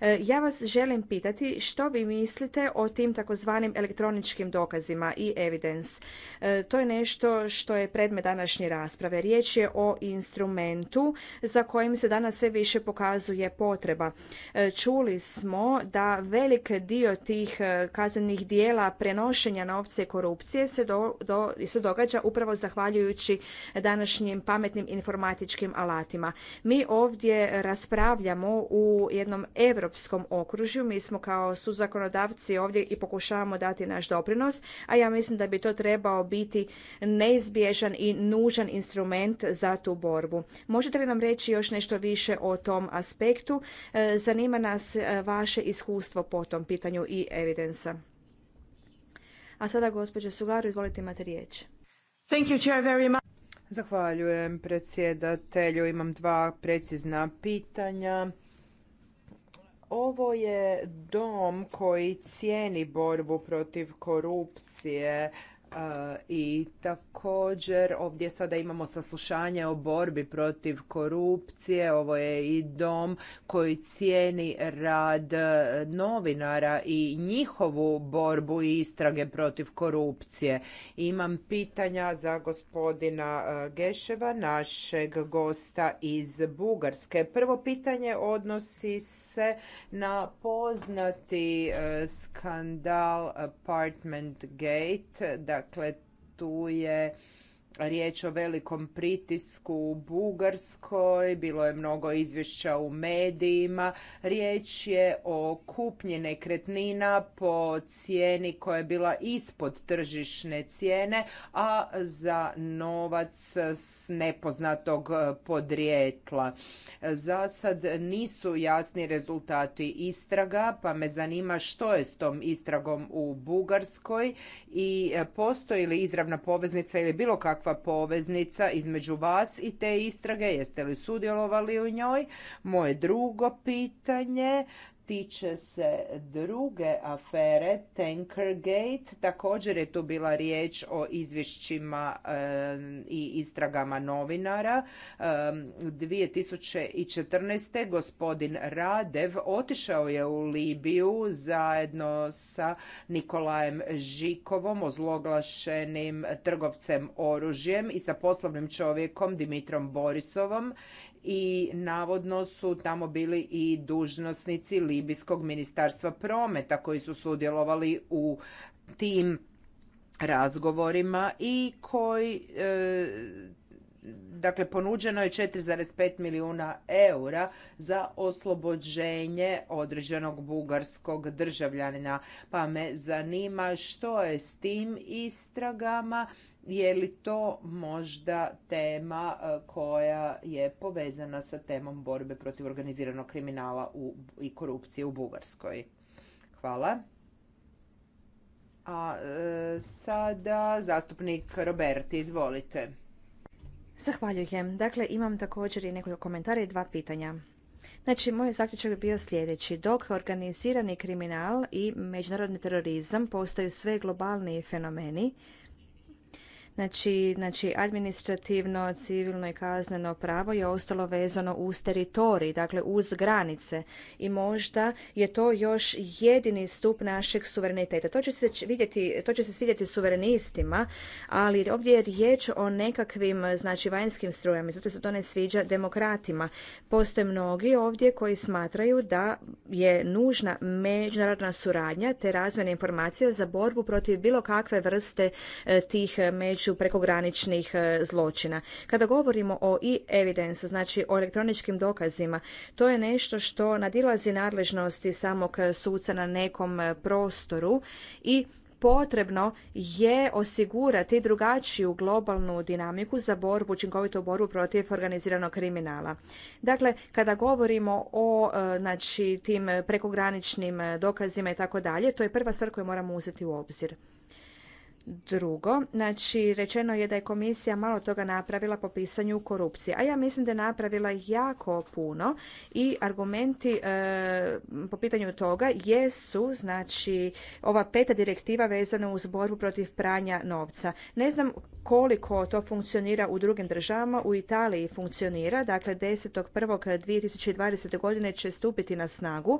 E, ja vas želim pitati što vi mislite o tim takozvanim elektroničkim dokazima dokazima i evidence. E, to je nešto što je predmet današnje rasprave. Riječ je o instrumentu za kojim se danas sve više pokazuje potreba. E, čuli smo da velik dio tih e, kaznenih dijela prenošenja novce i korupcije se, do, se događa upravo zahvaljujući današnjim pametnim informatičkim alatima. Mi ovdje raspravljamo u jednom europskom okružju. Mi smo kao suzakonodavci ovdje i pokušavamo dati naš doprinos a ja mislim da bi to trebao biti neizbježan i nužan instrument za tu borbu. Možete li nam reći još nešto više o tom aspektu? E, zanima nas e, vaše iskustvo po tom pitanju i evidensa. A sada, gospođe Sugaru, izvolite imate riječ. Thank you, Chair, very much. Zahvaljujem predsjedatelju. Imam dva precizna pitanja. Ovo je dom koji cijeni borbu protiv korupcije, E, I također ovdje sada imamo saslušanje o borbi protiv korupcije. Ovo je i dom koji cijeni rad e, novinara i njihovu borbu i istrage protiv korupcije. Imam pitanja za gospodina e, Geševa, našeg gosta iz Bugarske. Prvo pitanje odnosi se na poznati skandal Apartment Gate, da Dakle, tu je riječ o velikom pritisku u Bugarskoj, bilo je mnogo izvješća u medijima, riječ je o kupnji nekretnina po cijeni koja je bila ispod tržišne cijene, a za novac s nepoznatog podrijetla. Za sad nisu jasni rezultati istraga, pa me zanima što je s tom istragom u Bugarskoj i postoji li izravna poveznica ili bilo kakva poveznica između vas i te istrage, jeste li sudjelovali u njoj? Moje drugo pitanje tiče se druge afere, Tankergate, također je tu bila riječ o izvješćima i istragama novinara. 2014. gospodin Radev otišao je u Libiju zajedno sa Nikolajem Žikovom, ozloglašenim trgovcem oružjem i sa poslovnim čovjekom Dimitrom Borisovom i navodno su tamo bili i dužnosnici Libijskog ministarstva prometa koji su sudjelovali u tim razgovorima i koji e, dakle ponuđeno je 4,5 milijuna eura za oslobođenje određenog bugarskog državljanina. Pa me zanima što je s tim istragama je li to možda tema e, koja je povezana sa temom borbe protiv organiziranog kriminala i korupcije u Bugarskoj? Hvala. A e, sada zastupnik Roberti, izvolite. Zahvaljujem. Dakle, imam također i nekoliko komentara i dva pitanja. Znači, moj zaključak je bio sljedeći. Dok organizirani kriminal i međunarodni terorizam postaju sve globalni fenomeni, Znači, znači administrativno, civilno i kazneno pravo je ostalo vezano uz teritorij, dakle uz granice. I možda je to još jedini stup našeg suvereniteta. To će se vidjeti, to će se svidjeti suverenistima, ali ovdje je riječ o nekakvim znači vanjskim strujama, zato se to ne sviđa demokratima. Postoje mnogi ovdje koji smatraju da je nužna međunarodna suradnja te razmjena informacija za borbu protiv bilo kakve vrste e, tih među području prekograničnih e, zločina. Kada govorimo o e-evidence, znači o elektroničkim dokazima, to je nešto što nadilazi nadležnosti samog e, suca na nekom e, prostoru i potrebno je osigurati drugačiju globalnu dinamiku za borbu, učinkovitu borbu protiv organiziranog kriminala. Dakle, kada govorimo o znači, tim prekograničnim dokazima i tako dalje, to je prva stvar koju moramo uzeti u obzir. Drugo, znači rečeno je da je komisija malo toga napravila po pisanju korupcije, a ja mislim da je napravila jako puno i argumenti e, po pitanju toga jesu znači ova peta direktiva vezana uz borbu protiv pranja novca. Ne znam koliko to funkcionira u drugim državama, u Italiji funkcionira, dakle 10.1.2020. godine će stupiti na snagu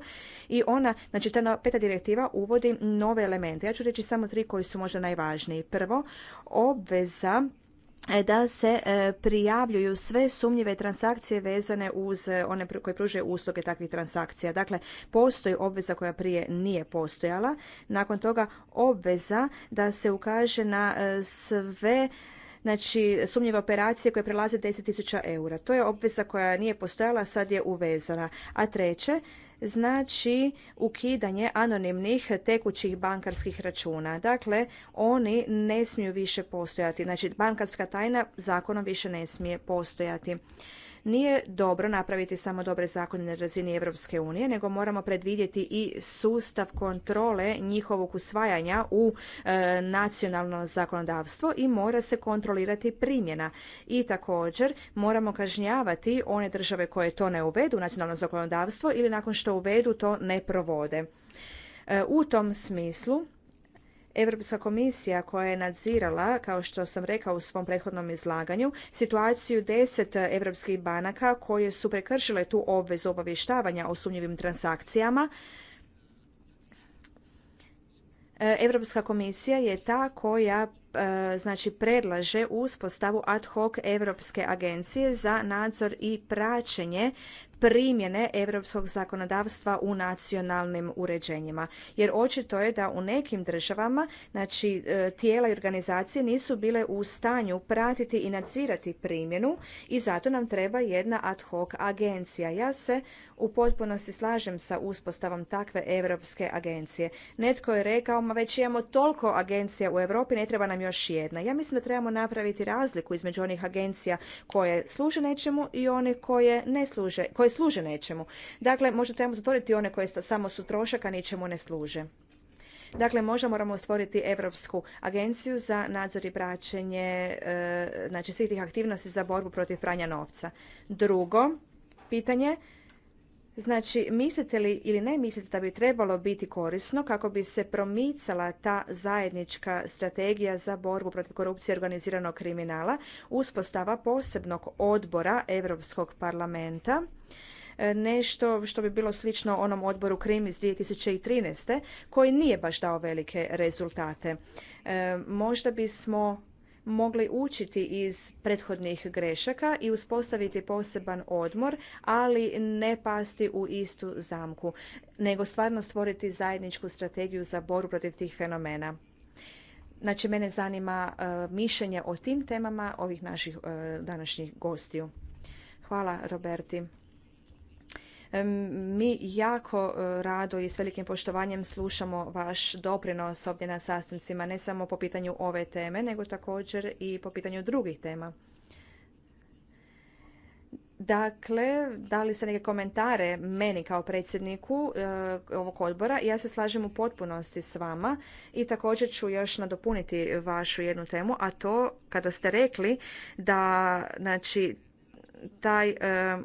i ona, znači ta peta direktiva uvodi nove elemente. Ja ću reći samo tri koji su možda najvažniji Prvo, obveza e, da se e, prijavljuju sve sumnjive transakcije vezane uz one koje pružaju usluge takvih transakcija. Dakle, postoji obveza koja prije nije postojala. Nakon toga obveza da se ukaže na e, sve znači sumnjive operacije koje prelaze 10.000 eura. To je obveza koja nije postojala, sad je uvezana. A treće, znači ukidanje anonimnih tekućih bankarskih računa. Dakle, oni ne smiju više postojati. Znači, bankarska tajna zakonom više ne smije postojati. Nije dobro napraviti samo dobre zakone na razini Europske unije, nego moramo predvidjeti i sustav kontrole njihovog usvajanja u e, nacionalno zakonodavstvo i mora se kontrolirati primjena. I također moramo kažnjavati one države koje to ne uvedu u nacionalno zakonodavstvo ili nakon što uvedu to ne provode. E, u tom smislu Europska komisija koja je nadzirala, kao što sam rekao u svom prethodnom izlaganju, situaciju deset europskih banaka koje su prekršile tu obvezu obavještavanja o sumnjivim transakcijama, e, Europska komisija je ta koja e, znači predlaže uspostavu ad hoc Europske agencije za nadzor i praćenje primjene europskog zakonodavstva u nacionalnim uređenjima. Jer očito je da u nekim državama znači, e, tijela i organizacije nisu bile u stanju pratiti i nadzirati primjenu i zato nam treba jedna ad hoc agencija. Ja se u potpunosti slažem sa uspostavom takve europske agencije. Netko je rekao, ma već imamo toliko agencija u Europi, ne treba nam još jedna. Ja mislim da trebamo napraviti razliku između onih agencija koje služe nečemu i one koje ne služe, koje služe nečemu. Dakle, možda trebamo zatvoriti one koje samo su trošak, a ničemu ne služe. Dakle, možda moramo stvoriti Europsku agenciju za nadzor i praćenje e, znači svih tih aktivnosti za borbu protiv pranja novca. Drugo pitanje, Znači, mislite li ili ne mislite da bi trebalo biti korisno kako bi se promicala ta zajednička strategija za borbu protiv korupcije i organiziranog kriminala, uspostava posebnog odbora Europskog parlamenta, e, nešto što bi bilo slično onom odboru Krim iz 2013. koji nije baš dao velike rezultate. E, možda bismo mogli učiti iz prethodnih grešaka i uspostaviti poseban odmor, ali ne pasti u istu zamku, nego stvarno stvoriti zajedničku strategiju za borbu protiv tih fenomena. Znači, mene zanima e, mišljenje o tim temama ovih naših e, današnjih gostiju. Hvala, Roberti. Mi jako e, rado i s velikim poštovanjem slušamo vaš doprinos ovdje na sastancima, ne samo po pitanju ove teme, nego također i po pitanju drugih tema. Dakle, dali ste neke komentare meni kao predsjedniku e, ovog odbora. Ja se slažem u potpunosti s vama i također ću još nadopuniti vašu jednu temu, a to kada ste rekli da znači taj e,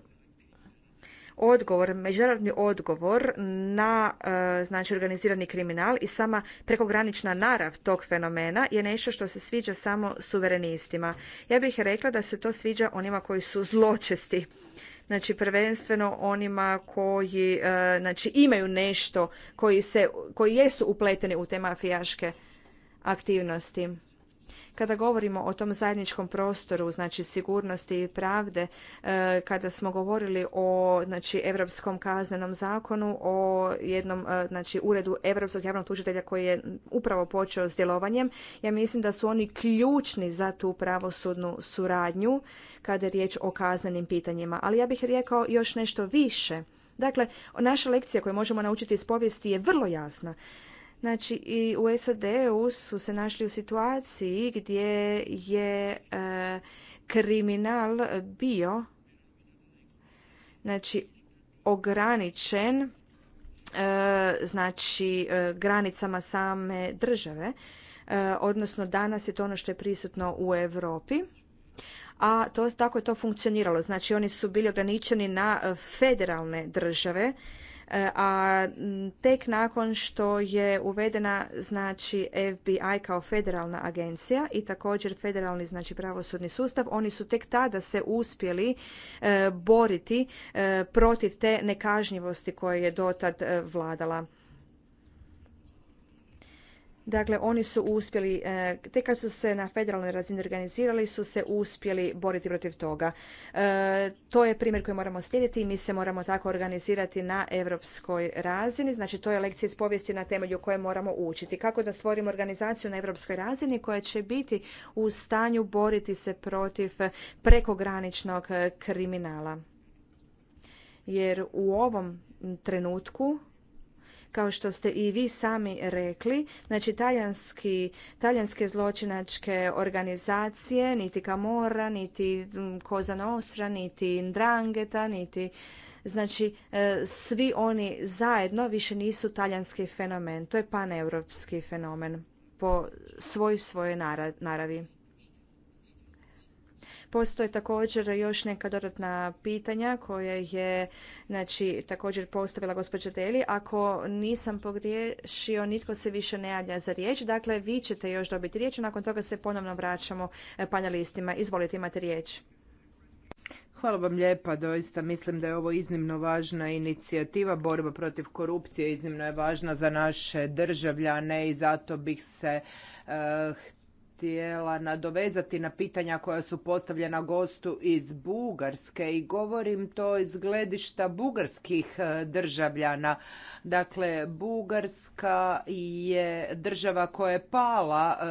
odgovor, međunarodni odgovor na e, znači organizirani kriminal i sama prekogranična narav tog fenomena je nešto što se sviđa samo suverenistima. Ja bih rekla da se to sviđa onima koji su zločesti znači prvenstveno onima koji e, znači imaju nešto koji se koji jesu upleteni u te mafijaške aktivnosti kada govorimo o tom zajedničkom prostoru, znači sigurnosti i pravde, e, kada smo govorili o znači Europskom kaznenom zakonu, o jednom e, znači uredu Europskog javnog tužitelja koji je upravo počeo s djelovanjem, ja mislim da su oni ključni za tu pravosudnu suradnju kada je riječ o kaznenim pitanjima. Ali ja bih rekao još nešto više. Dakle, naša lekcija koju možemo naučiti iz povijesti je vrlo jasna. Znači i u SAD-u su se našli u situaciji gdje je e, kriminal bio znači ograničen e, znači e, granicama same države odnosno danas je to ono što je prisutno u Europi a to tako je to funkcioniralo znači oni su bili ograničeni na federalne države E, a tek nakon što je uvedena znači FBI kao federalna agencija i također federalni znači pravosudni sustav, oni su tek tada se uspjeli e, boriti e, protiv te nekažnjivosti koja je dotad vladala. Dakle, oni su uspjeli, e, te kad su se na federalnoj razini organizirali, su se uspjeli boriti protiv toga. E, to je primjer koji moramo slijediti i mi se moramo tako organizirati na europskoj razini. Znači, to je lekcija iz povijesti na temelju koje moramo učiti. Kako da stvorimo organizaciju na europskoj razini koja će biti u stanju boriti se protiv prekograničnog e, kriminala. Jer u ovom trenutku kao što ste i vi sami rekli, znači talijanski, talijanske zločinačke organizacije, niti Camorra, niti mm, Cosa Nostra, niti Ndrangeta, niti Znači, e, svi oni zajedno više nisu talijanski fenomen. To je paneuropski fenomen po svoj svojoj naravi. Postoje također još neka dodatna pitanja koje je znači, također postavila gospođa Deli. Ako nisam pogriješio, nitko se više ne javlja za riječ. Dakle, vi ćete još dobiti riječ, nakon toga se ponovno vraćamo e, panelistima. Izvolite, imate riječ. Hvala vam lijepa, doista mislim da je ovo iznimno važna inicijativa. Borba protiv korupcije iznimno je važna za naše državljane i zato bih se e, htjela nadovezati na pitanja koja su postavljena gostu iz Bugarske i govorim to iz gledišta bugarskih e, državljana. Dakle, Bugarska je država koja je pala e,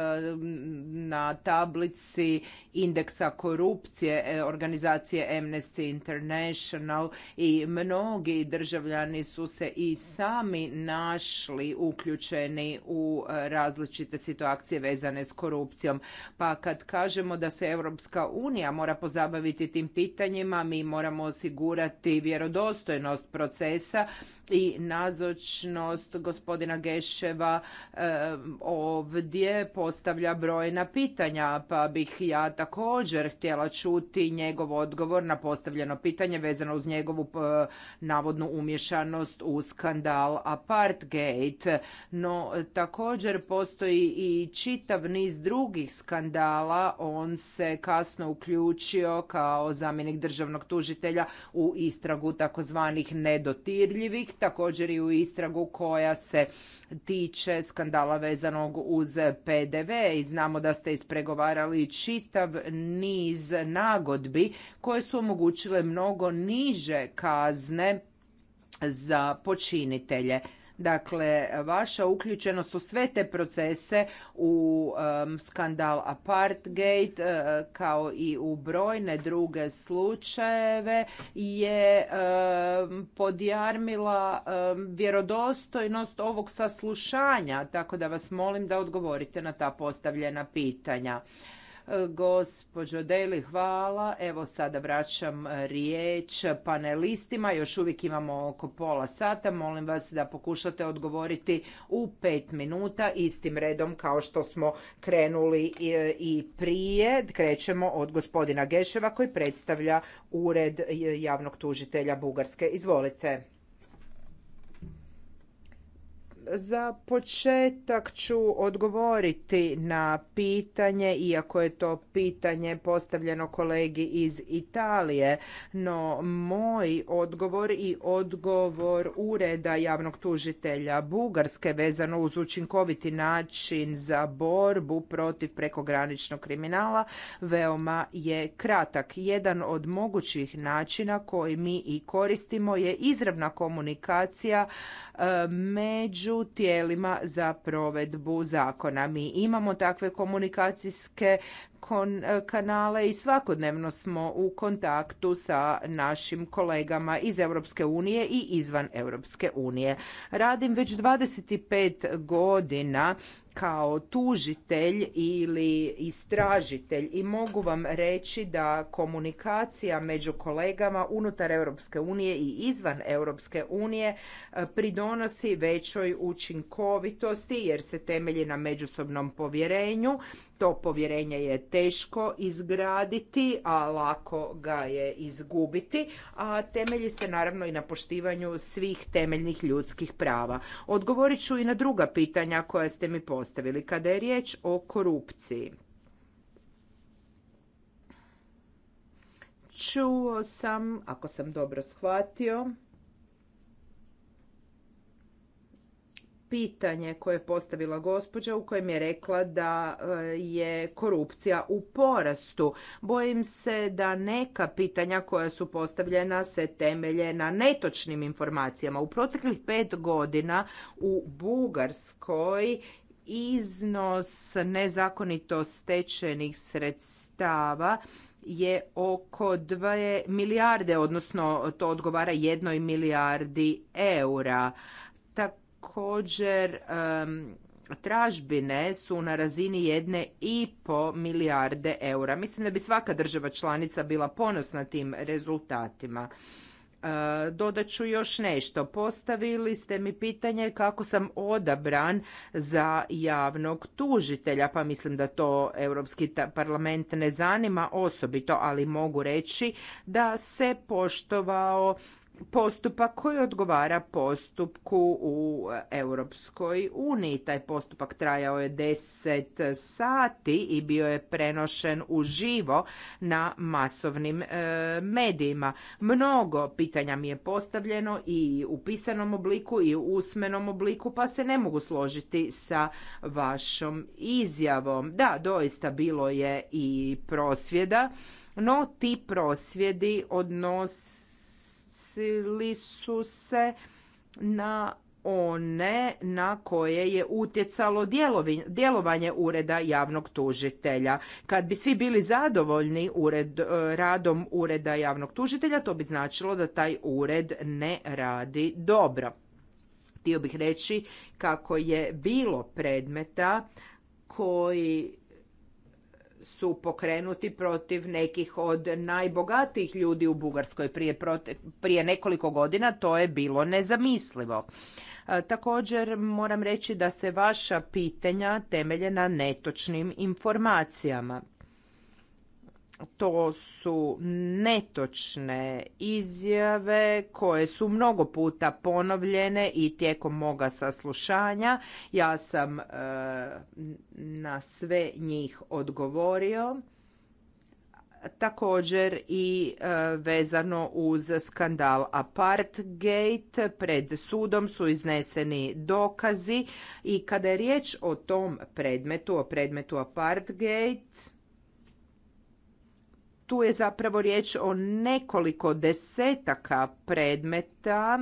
na tablici indeksa korupcije e, organizacije Amnesty International i mnogi državljani su se i sami našli uključeni u različite situacije vezane s korupcijom korupcijom. Pa kad kažemo da se Europska unija mora pozabaviti tim pitanjima, mi moramo osigurati vjerodostojnost procesa i nazočnost gospodina Geševa eh, ovdje postavlja brojna pitanja, pa bih ja također htjela čuti njegov odgovor na postavljeno pitanje vezano uz njegovu eh, navodnu umješanost u skandal Apartgate. No, također postoji i čitav niz drugih skandala. On se kasno uključio kao zamjenik državnog tužitelja u istragu takozvanih nedotirljivih također i u istragu koja se tiče skandala vezanog uz PDV i znamo da ste ispregovarali čitav niz nagodbi koje su omogućile mnogo niže kazne za počinitelje. Dakle, vaša uključenost u sve te procese u skandal Apartgate e, kao i u brojne druge slučajeve je podjarmila vjerodostojnost ovog saslušanja, tako da vas molim da odgovorite na ta postavljena pitanja. Gospođo Deli, hvala. Evo sada vraćam riječ panelistima. Još uvijek imamo oko pola sata. Molim vas da pokušate odgovoriti u pet minuta istim redom kao što smo krenuli e, i prije. Krećemo od gospodina Geševa koji predstavlja Ured javnog tužitelja Bugarske. Izvolite. Za početak ću odgovoriti na pitanje, iako je to pitanje postavljeno kolegi iz Italije, no moj odgovor i odgovor Ureda javnog tužitelja Bugarske vezano uz učinkoviti način za borbu protiv prekograničnog kriminala veoma je kratak. Jedan od mogućih načina koji mi i koristimo je izravna komunikacija E, među tijelima za provedbu zakona. Mi imamo takve komunikacijske e, kanale i svakodnevno smo u kontaktu sa našim kolegama iz Europske unije i izvan Europske unije. Radim već 25 godina kao tužitelj ili istražitelj i mogu vam reći da komunikacija među kolegama unutar Europske unije i izvan Europske unije e, pridonosi većoj učinkovitosti jer se temelji na međusobnom povjerenju to povjerenje je teško izgraditi, a lako ga je izgubiti, a temelji se naravno i na poštivanju svih temeljnih ljudskih prava. Odgovorit ću i na druga pitanja koja ste mi postavili. Kada je riječ o korupciji, čuo sam, ako sam dobro shvatio, pitanje koje je postavila gospođa u kojem je rekla da e, je korupcija u porastu. Bojim se da neka pitanja koja su postavljena se temelje na netočnim informacijama. U proteklih pet godina u Bugarskoj iznos nezakonito stečenih sredstava je oko 2 milijarde, odnosno to odgovara jednoj milijardi eura također tražbine su na razini jedne i po milijarde eura. Mislim da bi svaka država članica bila ponosna tim rezultatima. E, dodat ću još nešto. Postavili ste mi pitanje kako sam odabran za javnog tužitelja, pa mislim da to Europski parlament ne zanima osobito, ali mogu reći da se poštovao postupak koji odgovara postupku u Europskoj uniji. Taj postupak trajao je 10 sati i bio je prenošen uživo na masovnim e, medijima. Mnogo pitanja mi je postavljeno i u pisanom obliku i u usmenom obliku, pa se ne mogu složiti sa vašom izjavom. Da, doista bilo je i prosvjeda, no ti prosvjedi odnos odnosili su se na one na koje je utjecalo djelovanje ureda javnog tužitelja. Kad bi svi bili zadovoljni e, radom ureda javnog tužitelja, to bi značilo da taj ured ne radi dobro. Htio bih reći kako je bilo predmeta koji su pokrenuti protiv nekih od najbogatijih ljudi u Bugarskoj prije, prije nekoliko godina to je bilo nezamislivo. E, također moram reći da se vaša pitanja temelje na netočnim informacijama to su netočne izjave koje su mnogo puta ponovljene i tijekom moga saslušanja ja sam e, na sve njih odgovorio također i e, vezano uz skandal Apartgate. Pred sudom su izneseni dokazi i kada je riječ o tom predmetu, o predmetu Apartgate, tu je zapravo riječ o nekoliko desetaka predmeta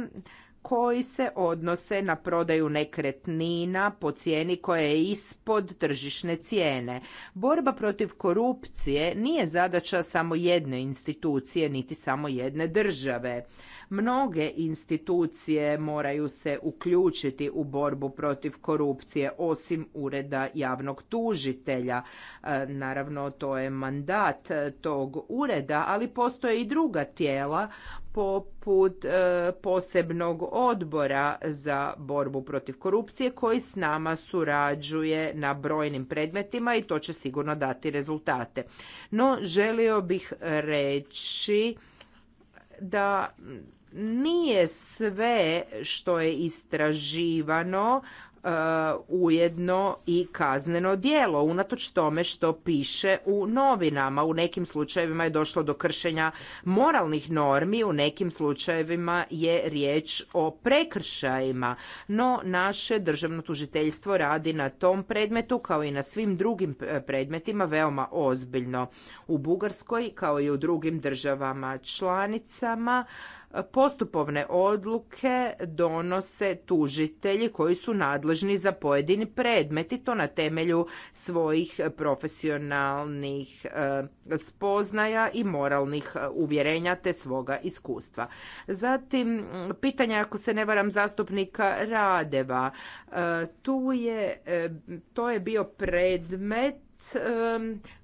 koji se odnose na prodaju nekretnina po cijeni koja je ispod tržišne cijene. Borba protiv korupcije nije zadaća samo jedne institucije niti samo jedne države. Mnoge institucije moraju se uključiti u borbu protiv korupcije osim ureda javnog tužitelja. E, naravno to je mandat e, tog ureda, ali postoje i druga tijela poput e, posebnog odbora za borbu protiv korupcije koji s nama surađuje na brojnim predmetima i to će sigurno dati rezultate. No želio bih reći da nije sve što je istraživano uh, ujedno i kazneno djelo, unatoč tome što piše u novinama. U nekim slučajevima je došlo do kršenja moralnih normi, u nekim slučajevima je riječ o prekršajima. No, naše državno tužiteljstvo radi na tom predmetu kao i na svim drugim uh, predmetima veoma ozbiljno. U Bugarskoj kao i u drugim državama članicama Postupovne odluke donose tužitelji koji su nadležni za pojedini predmet i to na temelju svojih profesionalnih e, spoznaja i moralnih e, uvjerenja te svoga iskustva. Zatim, pitanje, ako se ne varam, zastupnika Radeva. E, tu je, to je bio predmet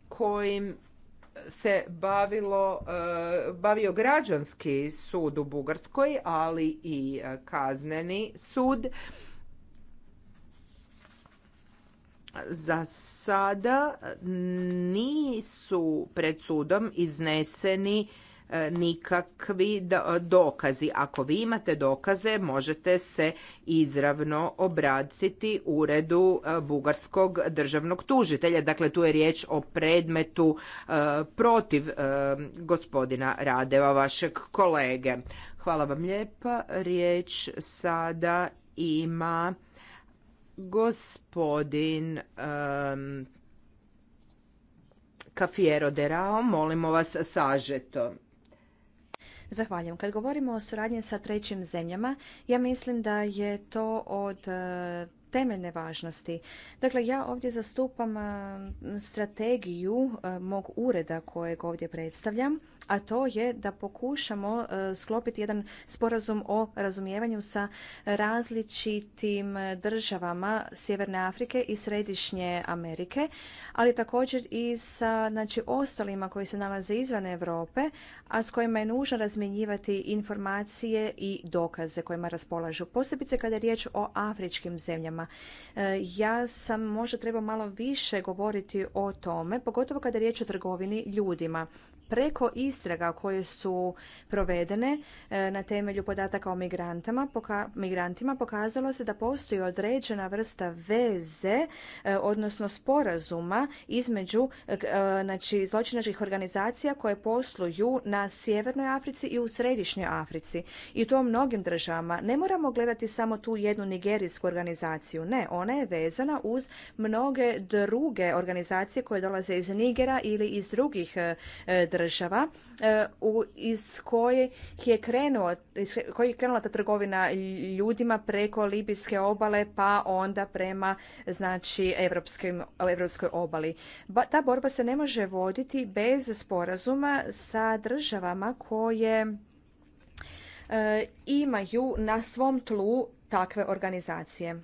kojim se bavilo, eh, bavio građanski sud u Bugarskoj, ali i eh, kazneni sud. Za sada nisu pred sudom izneseni E, nikakvi dokazi. Ako vi imate dokaze, možete se izravno obratiti uredu e, bugarskog državnog tužitelja. Dakle, tu je riječ o predmetu e, protiv gospodina Radeva, vašeg kolege. Hvala vam lijepa. Riječ sada ima gospodin Cafiero Kafiero de Rao. Molimo vas sažeto. Zahvaljujem. Kad govorimo o suradnji sa trećim zemljama, ja mislim da je to od temeljne važnosti. Dakle, ja ovdje zastupam strategiju mog ureda kojeg ovdje predstavljam, a to je da pokušamo sklopiti jedan sporazum o razumijevanju sa različitim državama Sjeverne Afrike i Središnje Amerike, ali također i sa znači, ostalima koji se nalaze izvan Europe, a s kojima je nužno razmjenjivati informacije i dokaze kojima raspolažu, posebice kada je riječ o afričkim zemljama E, ja sam možda trebao malo više govoriti o tome, pogotovo kada je riječ o trgovini ljudima. Preko istraga koje su provedene e, na temelju podataka o migrantama, migrantima pokazalo se da postoji određena vrsta veze, e, odnosno sporazuma između znači, zločinačkih organizacija koje posluju na Sjevernoj Africi i u Središnjoj Africi. I to u mnogim državama. Ne moramo gledati samo tu jednu nigerijsku organizaciju ne, ona je vezana uz mnoge druge organizacije koje dolaze iz Nigera ili iz drugih e, država e, iz kojih je krenuo, iz kojih je krenula ta trgovina ljudima preko libijske obale pa onda prema znači europskoj obali. ta borba se ne može voditi bez sporazuma sa državama koje e, imaju na svom tlu takve organizacije.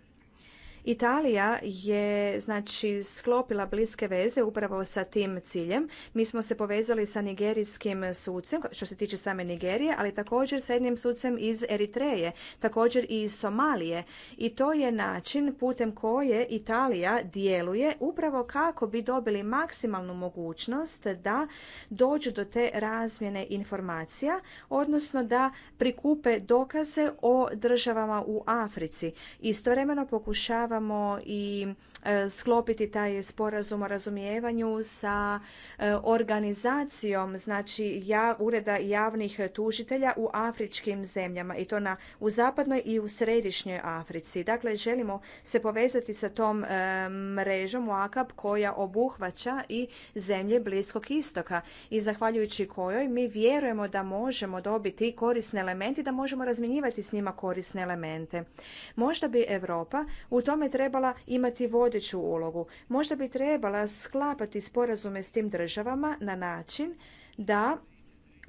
Italija je znači sklopila bliske veze upravo sa tim ciljem. Mi smo se povezali sa nigerijskim sucem što se tiče same Nigerije, ali također sa jednim sucem iz Eritreje, također i iz Somalije. I to je način putem koje Italija djeluje upravo kako bi dobili maksimalnu mogućnost da dođu do te razmjene informacija, odnosno da prikupe dokaze o državama u Africi. Istovremeno pokušava pokušavamo i e, sklopiti taj sporazum o razumijevanju sa e, organizacijom znači ja, ureda javnih tužitelja u afričkim zemljama i to na, u zapadnoj i u središnjoj Africi. Dakle, želimo se povezati sa tom e, mrežom AKAP koja obuhvaća i zemlje Bliskog istoka i zahvaljujući kojoj mi vjerujemo da možemo dobiti korisne elementi, da možemo razmjenjivati s njima korisne elemente. Možda bi Europa u tom tome trebala imati vodeću ulogu. Možda bi trebala sklapati sporazume s tim državama na način da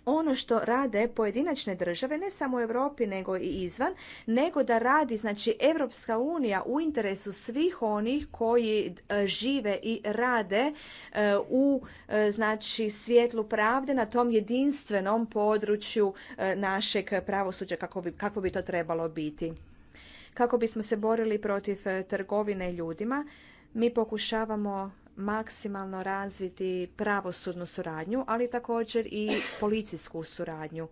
ono što rade pojedinačne države, ne samo u Europi nego i izvan, nego da radi znači Europska unija u interesu svih onih koji e, žive i rade e, u e, znači svjetlu pravde na tom jedinstvenom području našeg pravosuđa kako bi, kako bi to trebalo biti kako bismo se borili protiv e, trgovine ljudima. Mi pokušavamo maksimalno razviti pravosudnu suradnju, ali također i policijsku suradnju.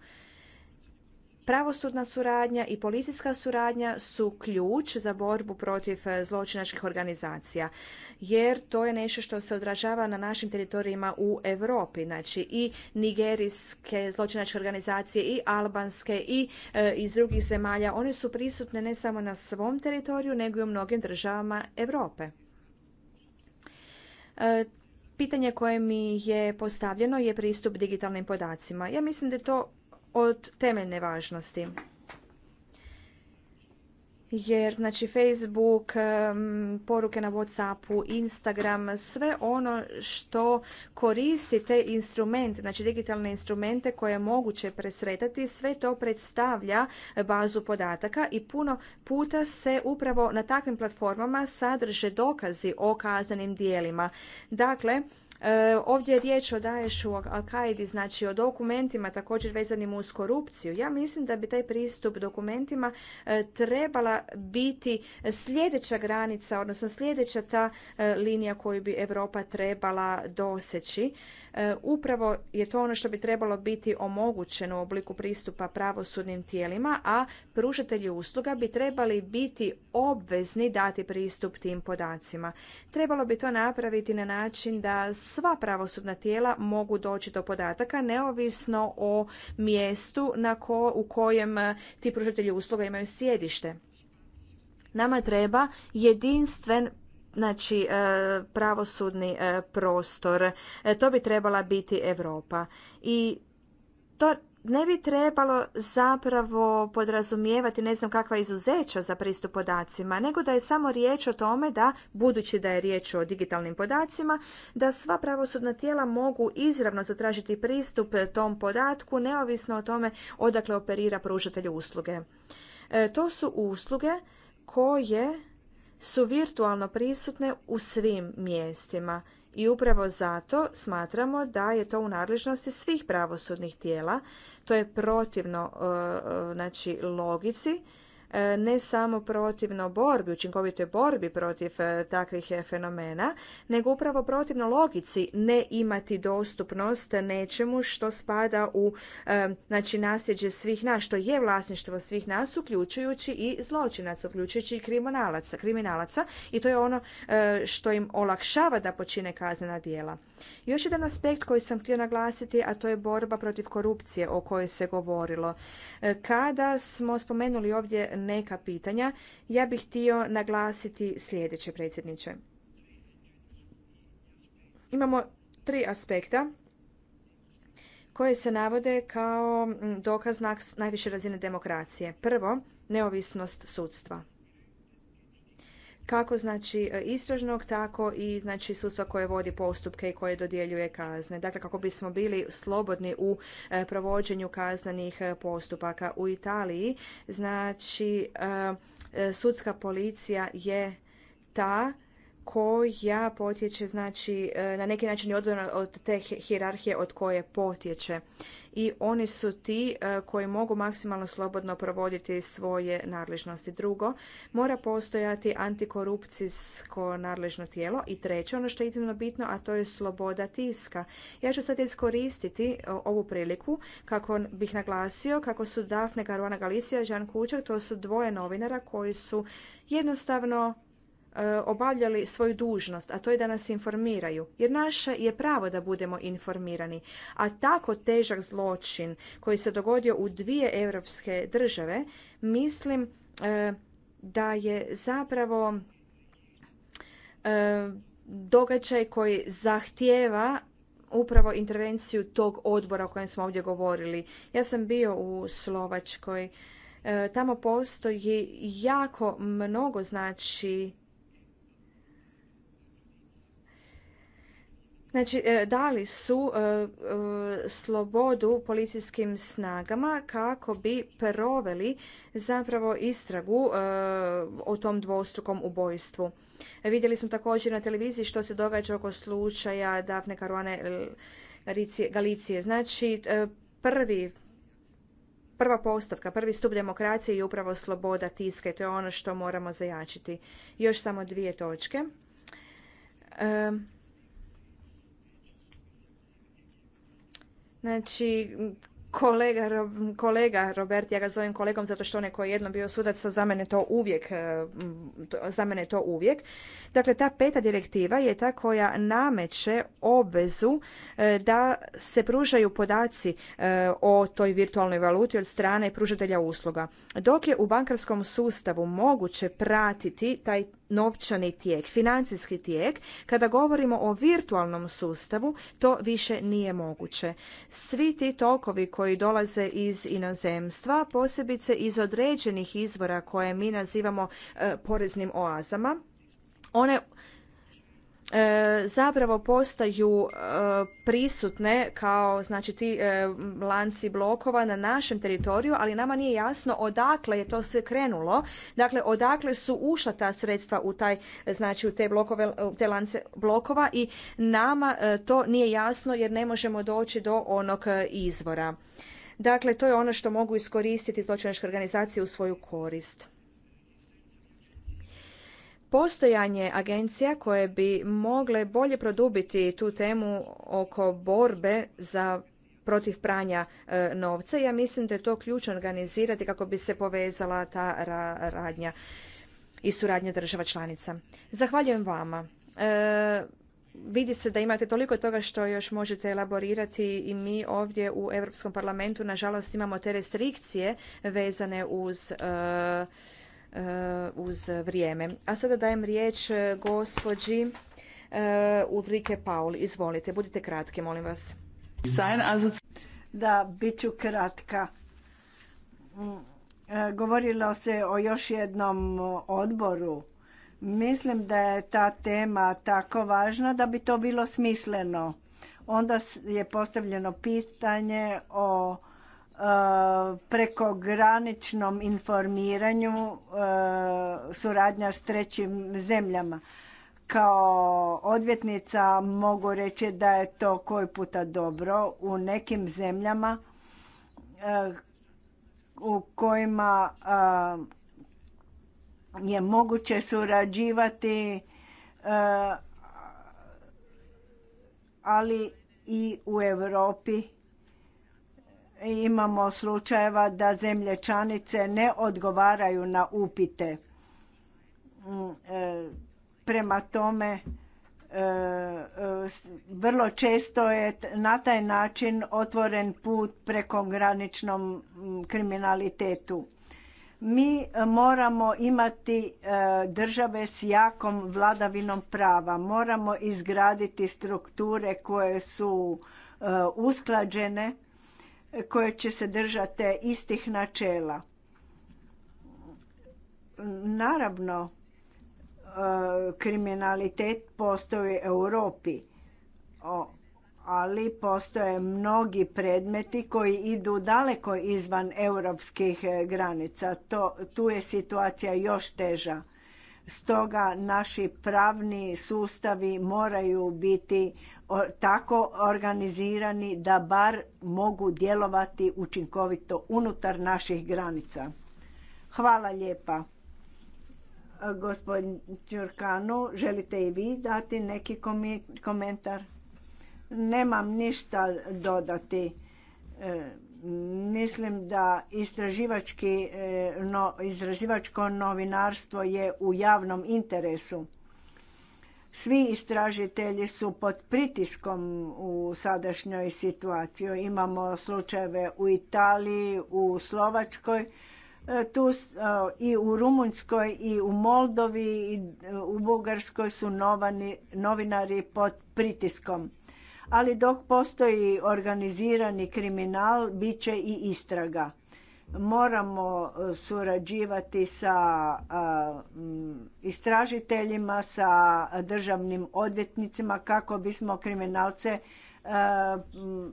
Pravosudna suradnja i policijska suradnja su ključ za borbu protiv e, zločinačkih organizacija, jer to je nešto što se odražava na našim teritorijima u Europi, znači i nigerijske zločinačke organizacije i albanske i e, iz drugih zemalja, one su prisutne ne samo na svom teritoriju, nego i u mnogim državama Europe. E, pitanje koje mi je postavljeno je pristup digitalnim podacima. Ja mislim da je to od temeljne važnosti. Jer znači Facebook, poruke na Whatsappu, Instagram, sve ono što koristi te instrumente, znači digitalne instrumente koje je moguće presretati, sve to predstavlja bazu podataka i puno puta se upravo na takvim platformama sadrže dokazi o kaznenim dijelima. Dakle, E, ovdje je riječ o Daješu, o Al-Kaidi, znači o dokumentima također vezanim uz korupciju. Ja mislim da bi taj pristup dokumentima e, trebala biti sljedeća granica, odnosno sljedeća ta e, linija koju bi Europa trebala doseći E, upravo je to ono što bi trebalo biti omogućeno u obliku pristupa pravosudnim tijelima, a pružatelji usluga bi trebali biti obvezni dati pristup tim podacima. Trebalo bi to napraviti na način da sva pravosudna tijela mogu doći do podataka neovisno o mjestu na u kojem e, ti pružatelji usluga imaju sjedište. Nama treba jedinstven znači e, pravosudni e, prostor. E, to bi trebala biti Europa. I to ne bi trebalo zapravo podrazumijevati ne znam kakva izuzeća za pristup podacima, nego da je samo riječ o tome da, budući da je riječ o digitalnim podacima, da sva pravosudna tijela mogu izravno zatražiti pristup tom podatku, neovisno o tome odakle operira pružatelj usluge. to su usluge koje su virtualno prisutne u svim mjestima i upravo zato smatramo da je to u nadležnosti svih pravosudnih tijela. To je protivno e, e, znači, logici ne samo protivno borbi, učinkovitoj borbi protiv e, takvih e, fenomena, nego upravo protivno logici ne imati dostupnost nečemu što spada u e, znači, nasljeđe svih nas, što je vlasništvo svih nas, uključujući i zločinac, uključujući i kriminalaca. kriminalaca I to je ono što im olakšava da počine kaznena djela. Još jedan aspekt koji sam htio naglasiti, a to je borba protiv korupcije o kojoj se govorilo. Kada smo spomenuli ovdje neka pitanja. Ja bih htio naglasiti sljedeće, predsjedniče. Imamo tri aspekta koje se navode kao dokaz najviše razine demokracije. Prvo, neovisnost sudstva kako znači istražnog, tako i znači sudstva koje vodi postupke i koje dodjeljuje kazne. Dakle, kako bismo bili slobodni u e, provođenju kaznenih e, postupaka u Italiji, znači e, sudska policija je ta koja potječe znači e, na neki način je odvojena od te hirarhije od koje potječe i oni su ti e, koji mogu maksimalno slobodno provoditi svoje nadležnosti. Drugo, mora postojati antikorupcijsko nadležno tijelo i treće, ono što je iznimno bitno, a to je sloboda tiska. Ja ću sad iskoristiti e, ovu priliku kako bih naglasio kako su Dafne Caruana Galicia i Žan Kučak, to su dvoje novinara koji su jednostavno E, obavljali svoju dužnost, a to je da nas informiraju. Jer naše je pravo da budemo informirani. A tako težak zločin koji se dogodio u dvije europske države, mislim e, da je zapravo e, događaj koji zahtijeva upravo intervenciju tog odbora o kojem smo ovdje govorili. Ja sam bio u Slovačkoj. Tamo postoji jako mnogo znači Znači, e, dali su e, e, slobodu policijskim snagama kako bi proveli zapravo istragu o tom dvostrukom ubojstvu. Vidjeli smo također na televiziji što se događa oko slučaja Dafne Karuane Galicije. Znači, prvi prva postavka, prvi stup demokracije je upravo sloboda tiska i to je ono što moramo zajačiti. Još samo dvije točke. Znači, kolega, kolega Robert, ja ga zovem kolegom zato što onaj koji je jednom bio sudac, za mene to uvijek, e, za mene to uvijek. Dakle, ta peta direktiva je ta koja nameće obvezu e, da se pružaju podaci e, o toj virtualnoj valuti od strane pružatelja usluga. Dok je u bankarskom sustavu moguće pratiti taj novčani tijek, financijski tijek, kada govorimo o virtualnom sustavu, to više nije moguće. Svi ti tokovi koji dolaze iz inozemstva, posebice iz određenih izvora koje mi nazivamo e, poreznim oazama, one E, zapravo postaju e, prisutne kao znači ti e, lanci blokova na našem teritoriju, ali nama nije jasno odakle je to sve krenulo. Dakle, odakle su ušla ta sredstva u taj znači u te blokove te lance blokova i nama to nije jasno jer ne možemo doći do onog izvora. Dakle, to je ono što mogu iskoristiti zločinačke organizacije u svoju korist postojanje agencija koje bi mogle bolje produbiti tu temu oko borbe za protiv pranja e, novca. Ja mislim da je to ključno organizirati kako bi se povezala ta radnja i suradnja država članica. Zahvaljujem vama. E, vidi se da imate toliko toga što još možete elaborirati i mi ovdje u Europskom parlamentu nažalost imamo te restrikcije vezane uz e, Eh, uz vrijeme. A sada dajem riječ eh, gospođi eh, Ulrike Paul. Izvolite, budite kratki, molim vas. Da, bit ću kratka. Mm, govorilo se o još jednom odboru. Mislim da je ta tema tako važna da bi to bilo smisleno. Onda je postavljeno pitanje o prekograničnom informiranju, e, suradnja s trećim zemljama. Kao odvjetnica mogu reći da je to koji puta dobro u nekim zemljama e, u kojima e, je moguće surađivati ali i u Europi imamo slučajeva da zemlje ne odgovaraju na upite. Mm, e, prema tome, e, vrlo često je na taj način otvoren put prekograničnom mm, kriminalitetu. Mi moramo imati e, države s jakom vladavinom prava. Moramo izgraditi strukture koje su usklađene koje će se držati istih načela. Naravno, e, kriminalitet postoji u Europi, ali postoje mnogi predmeti koji idu daleko izvan europskih e, granica. To, tu je situacija još teža. Stoga naši pravni sustavi moraju biti tako organizirani da bar mogu djelovati učinkovito unutar naših granica. Hvala lijepa. E, gospodin Ćurkanu. želite i vi dati neki komentar? Nemam ništa dodati. E, mislim da e, istraživačko novinarstvo je u javnom interesu svi istražitelji su pod pritiskom u sadašnjoj situaciji. Imamo slučajeve u Italiji, u Slovačkoj, e, tu e, i u Rumunjskoj i u Moldovi i e, u Bugarskoj su novinari pod pritiskom. Ali dok postoji organizirani kriminal, bit će i istraga moramo e, surađivati sa istražiteljima, sa državnim odvjetnicima kako bismo kriminalce e,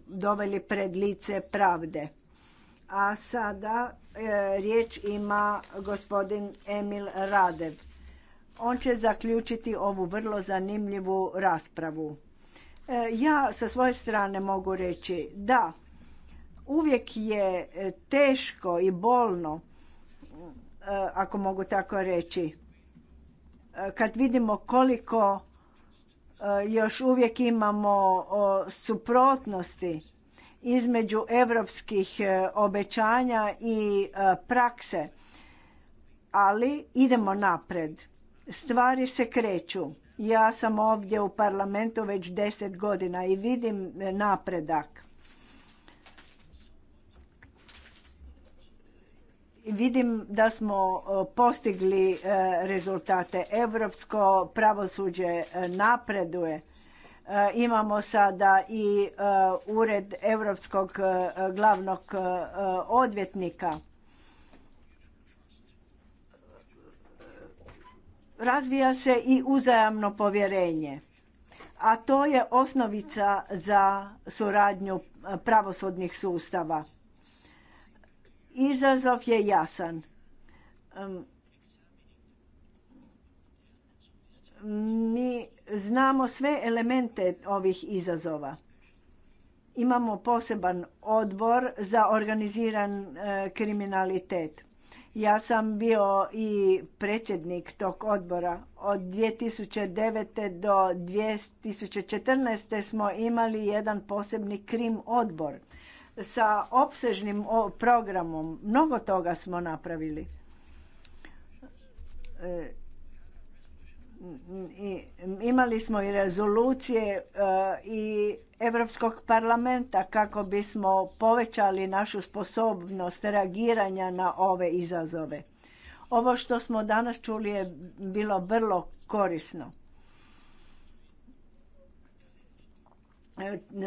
doveli pred lice pravde. A sada e, riječ ima gospodin Emil Radev. On će zaključiti ovu vrlo zanimljivu raspravu. Ja sa svoje strane mogu reći da Uvijek je e, teško i bolno, e, ako mogu tako reći, e, kad vidimo koliko još uvijek imamo suprotnosti između europskih obećanja i prakse, ali idemo napred. Stvari se kreću. Ja sam ovdje u parlamentu već deset godina i vidim napredak. Vidim da smo e, postigli e, rezultate. Europsko pravosuđe e, napreduje. Imamo sada i ured Europskog glavnog odvjetnika. Razvija se i uzajamno povjerenje, a to je osnovica za suradnju pravosudnih sustava Izazov je jasan. Mi znamo sve elemente ovih izazova. Imamo poseban odbor za organiziran e, kriminalitet. Ja sam bio i predsjednik tog odbora. Od 2009. do 2014. smo imali jedan posebni krim odbor sa opsežnim programom. Mnogo toga smo napravili. E, imali smo i rezolucije e, i Europskog parlamenta kako bismo povećali našu sposobnost reagiranja na ove izazove. Ovo što smo danas čuli je bilo vrlo korisno.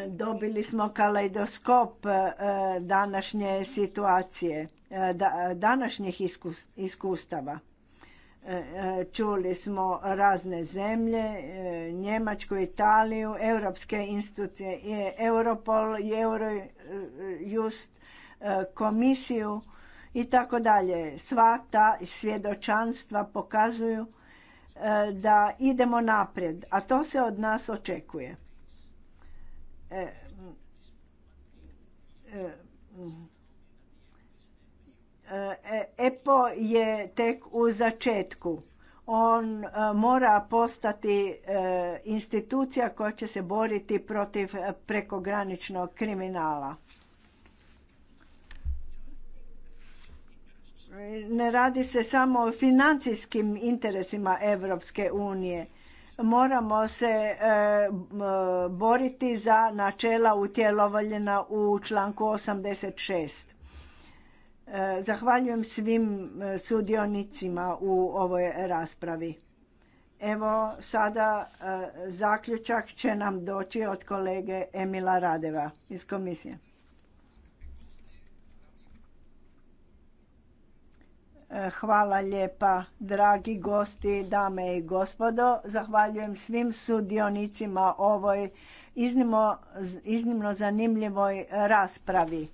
dobili smo kaleidoskop e, današnje situacije, e, današnjih iskustava. E, čuli smo razne zemlje, Njemačku, Italiju, europske institucije, Europol, Eurojust, komisiju i tako dalje. Sva ta svjedočanstva pokazuju da idemo naprijed, a to se od nas očekuje. E, e, e, EPO je tek u začetku. On mora postati institucija koja će se boriti protiv prekograničnog kriminala. Ne radi se samo o financijskim interesima Europske unije moramo se e, boriti za načela utjelovoljena u članku 86. E, zahvaljujem svim e, sudionicima u ovoj raspravi. Evo sada zaključak će nam doći od kolege Emila Radeva iz komisije. Hvala lijepa, dragi gosti, dame i gospodo. Zahvaljujem svim sudionicima ovoj iznimno, zanimljivoj raspravi.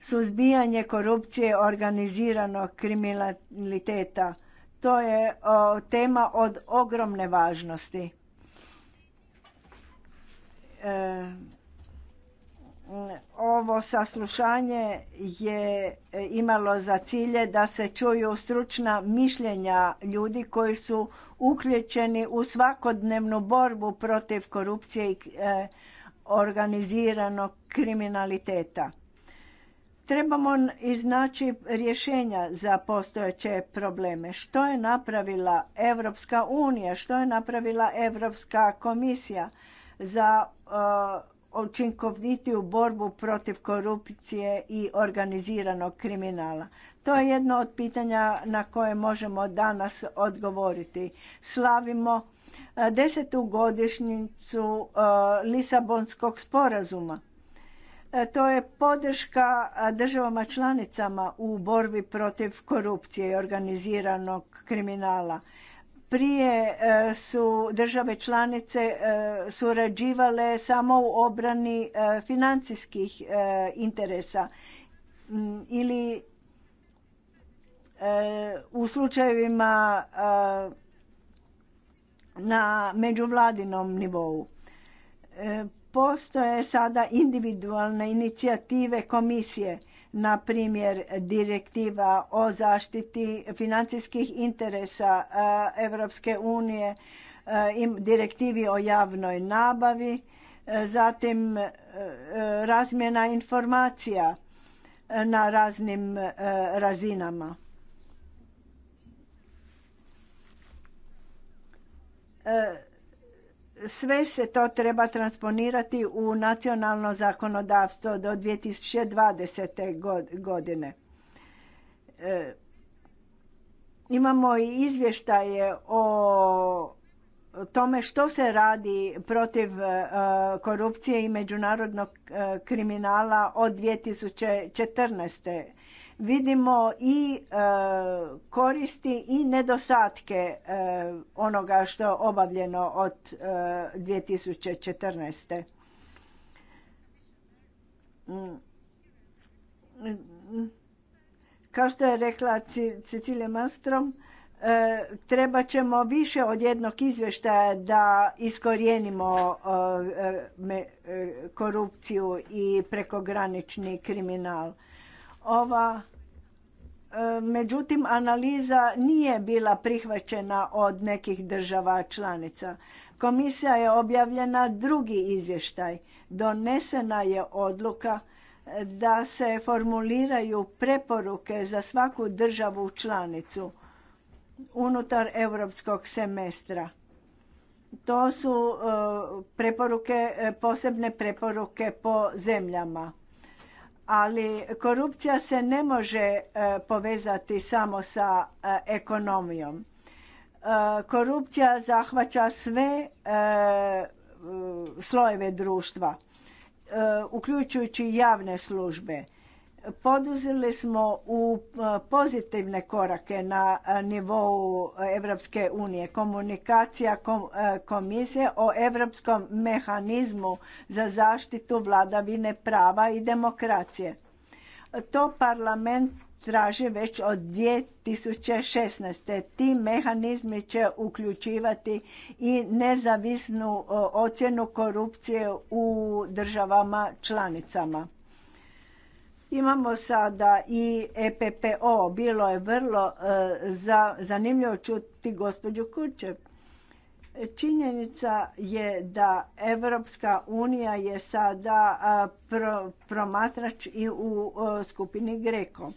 Suzbijanje korupcije organiziranog kriminaliteta. To je tema od ogromne važnosti. E, ovo saslušanje je e, imalo za cilje da se čuju stručna mišljenja ljudi koji su uključeni u svakodnevnu borbu protiv korupcije i e, organiziranog kriminaliteta. Trebamo iznaći rješenja za postojeće probleme. Što je napravila Europska unija, što je napravila Europska komisija za e, učinkovitiju borbu protiv korupcije i organiziranog kriminala. To je jedno od pitanja na koje možemo danas odgovoriti. Slavimo e, desetu godišnjicu e, Lisabonskog sporazuma. E, to je podrška državama članicama u borbi protiv korupcije i organiziranog kriminala prije e, su države članice e, surađivale samo u obrani e, financijskih interesa mm, ili u slučajevima na međuvladinom nivou. Postoje sada individualne inicijative komisije na primjer direktiva o zaštiti financijskih interesa Europske unije, e, direktivi o javnoj nabavi, e, zatim e, razmjena informacija na raznim razinama sve se to treba transponirati u nacionalno zakonodavstvo do 2020. godine. E, imamo i izvještaje o tome što se radi protiv e, korupcije i međunarodnog e, kriminala od 2014 vidimo i e, koristi i nedostatke e, onoga što je obavljeno od e, 2014. Mm. Kao što je rekla Cecilija Mastrom, e, treba ćemo više od jednog izvještaja da iskorijenimo korupciju i prekogranični kriminal ova e, međutim analiza nije bila prihvaćena od nekih država članica. Komisija je objavljena drugi izvještaj. Donesena je odluka e, da se formuliraju preporuke za svaku državu članicu unutar europskog semestra. To su e, preporuke, posebne preporuke po zemljama ali korupcija se ne može e, povezati samo sa e, ekonomijom. E, korupcija zahvaća sve slojeve društva, uključujući javne službe Poduzeli smo u e, pozitivne korake na e, nivou Evropske unije. Komunikacija e, komisije o Europskom mehanizmu za zaštitu vladavine prava i demokracije. To parlament traži već od 2016. Ti mehanizmi će uključivati i nezavisnu ocjenu korupcije u državama članicama Imamo sada i EPPO, bilo je vrlo e, zanimljivo čuti gospođu Kučev. Činjenica je da Evropska unija je sada promatrač i u skupini Greko.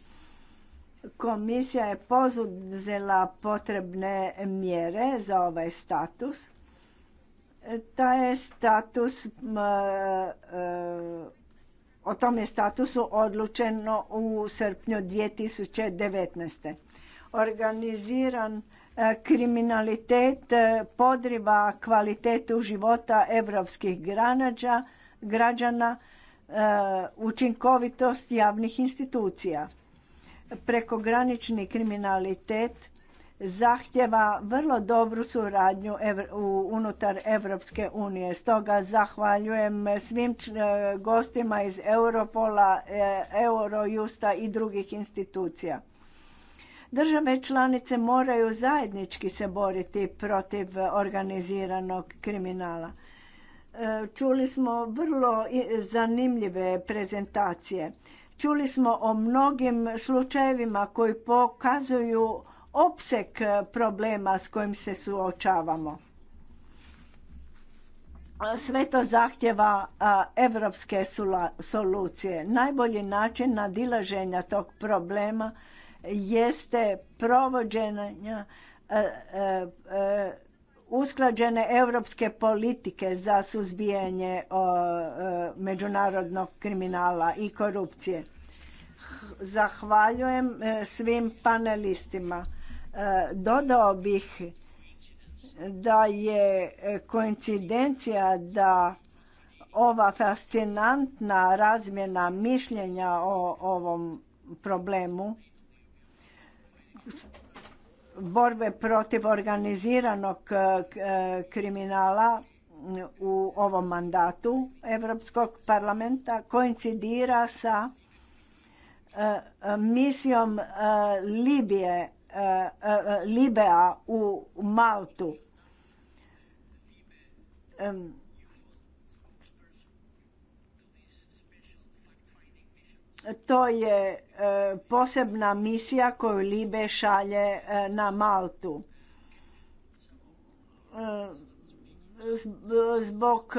Komisija je pozuzela potrebne mjere za ovaj status. E, taj je status e, o tom je statusu odlučeno u srpnju 2019. Organiziran e, kriminalitet e, podriva kvalitetu života evropskih građana, e, učinkovitost javnih institucija. Prekogranični kriminalitet zahtjeva vrlo dobru suradnju unutar Evropske unije. Stoga zahvaljujem svim e, gostima iz Europola, e, Eurojusta i drugih institucija. Države članice moraju zajednički se boriti protiv organiziranog kriminala. E, čuli smo vrlo zanimljive prezentacije. Čuli smo o mnogim slučajevima koji pokazuju opseg e, problema s kojim se suočavamo. Sve to zahtjeva evropske solucije. Najbolji način nadilaženja tog problema jeste provođenja e, e, usklađene europske politike za suzbijanje međunarodnog kriminala i korupcije. Zahvaljujem svim panelistima. E, dodao bih da je koincidencija da ova fascinantna razmjena mišljenja o ovom problemu borbe protiv organiziranog e, kriminala u ovom mandatu Europskog parlamenta koincidira sa e, misijom Libije Eh, eh, Libea u Maltu. To je eh, posebna misija koju Libe šalje na Maltu. Zbog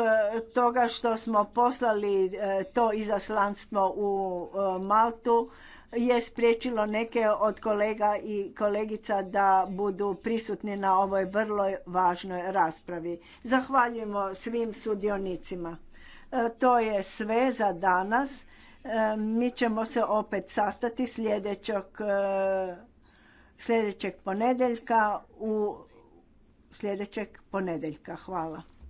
toga što smo poslali to izaslanstvo u Maltu, je spriječilo neke od kolega i kolegica da budu prisutni na ovoj vrlo važnoj raspravi. Zahvaljujemo svim sudionicima. E, to je sve za danas. E, mi ćemo se opet sastati sljedećeg, e, sljedećeg ponedjeljka u sljedećeg ponedeljka. Hvala.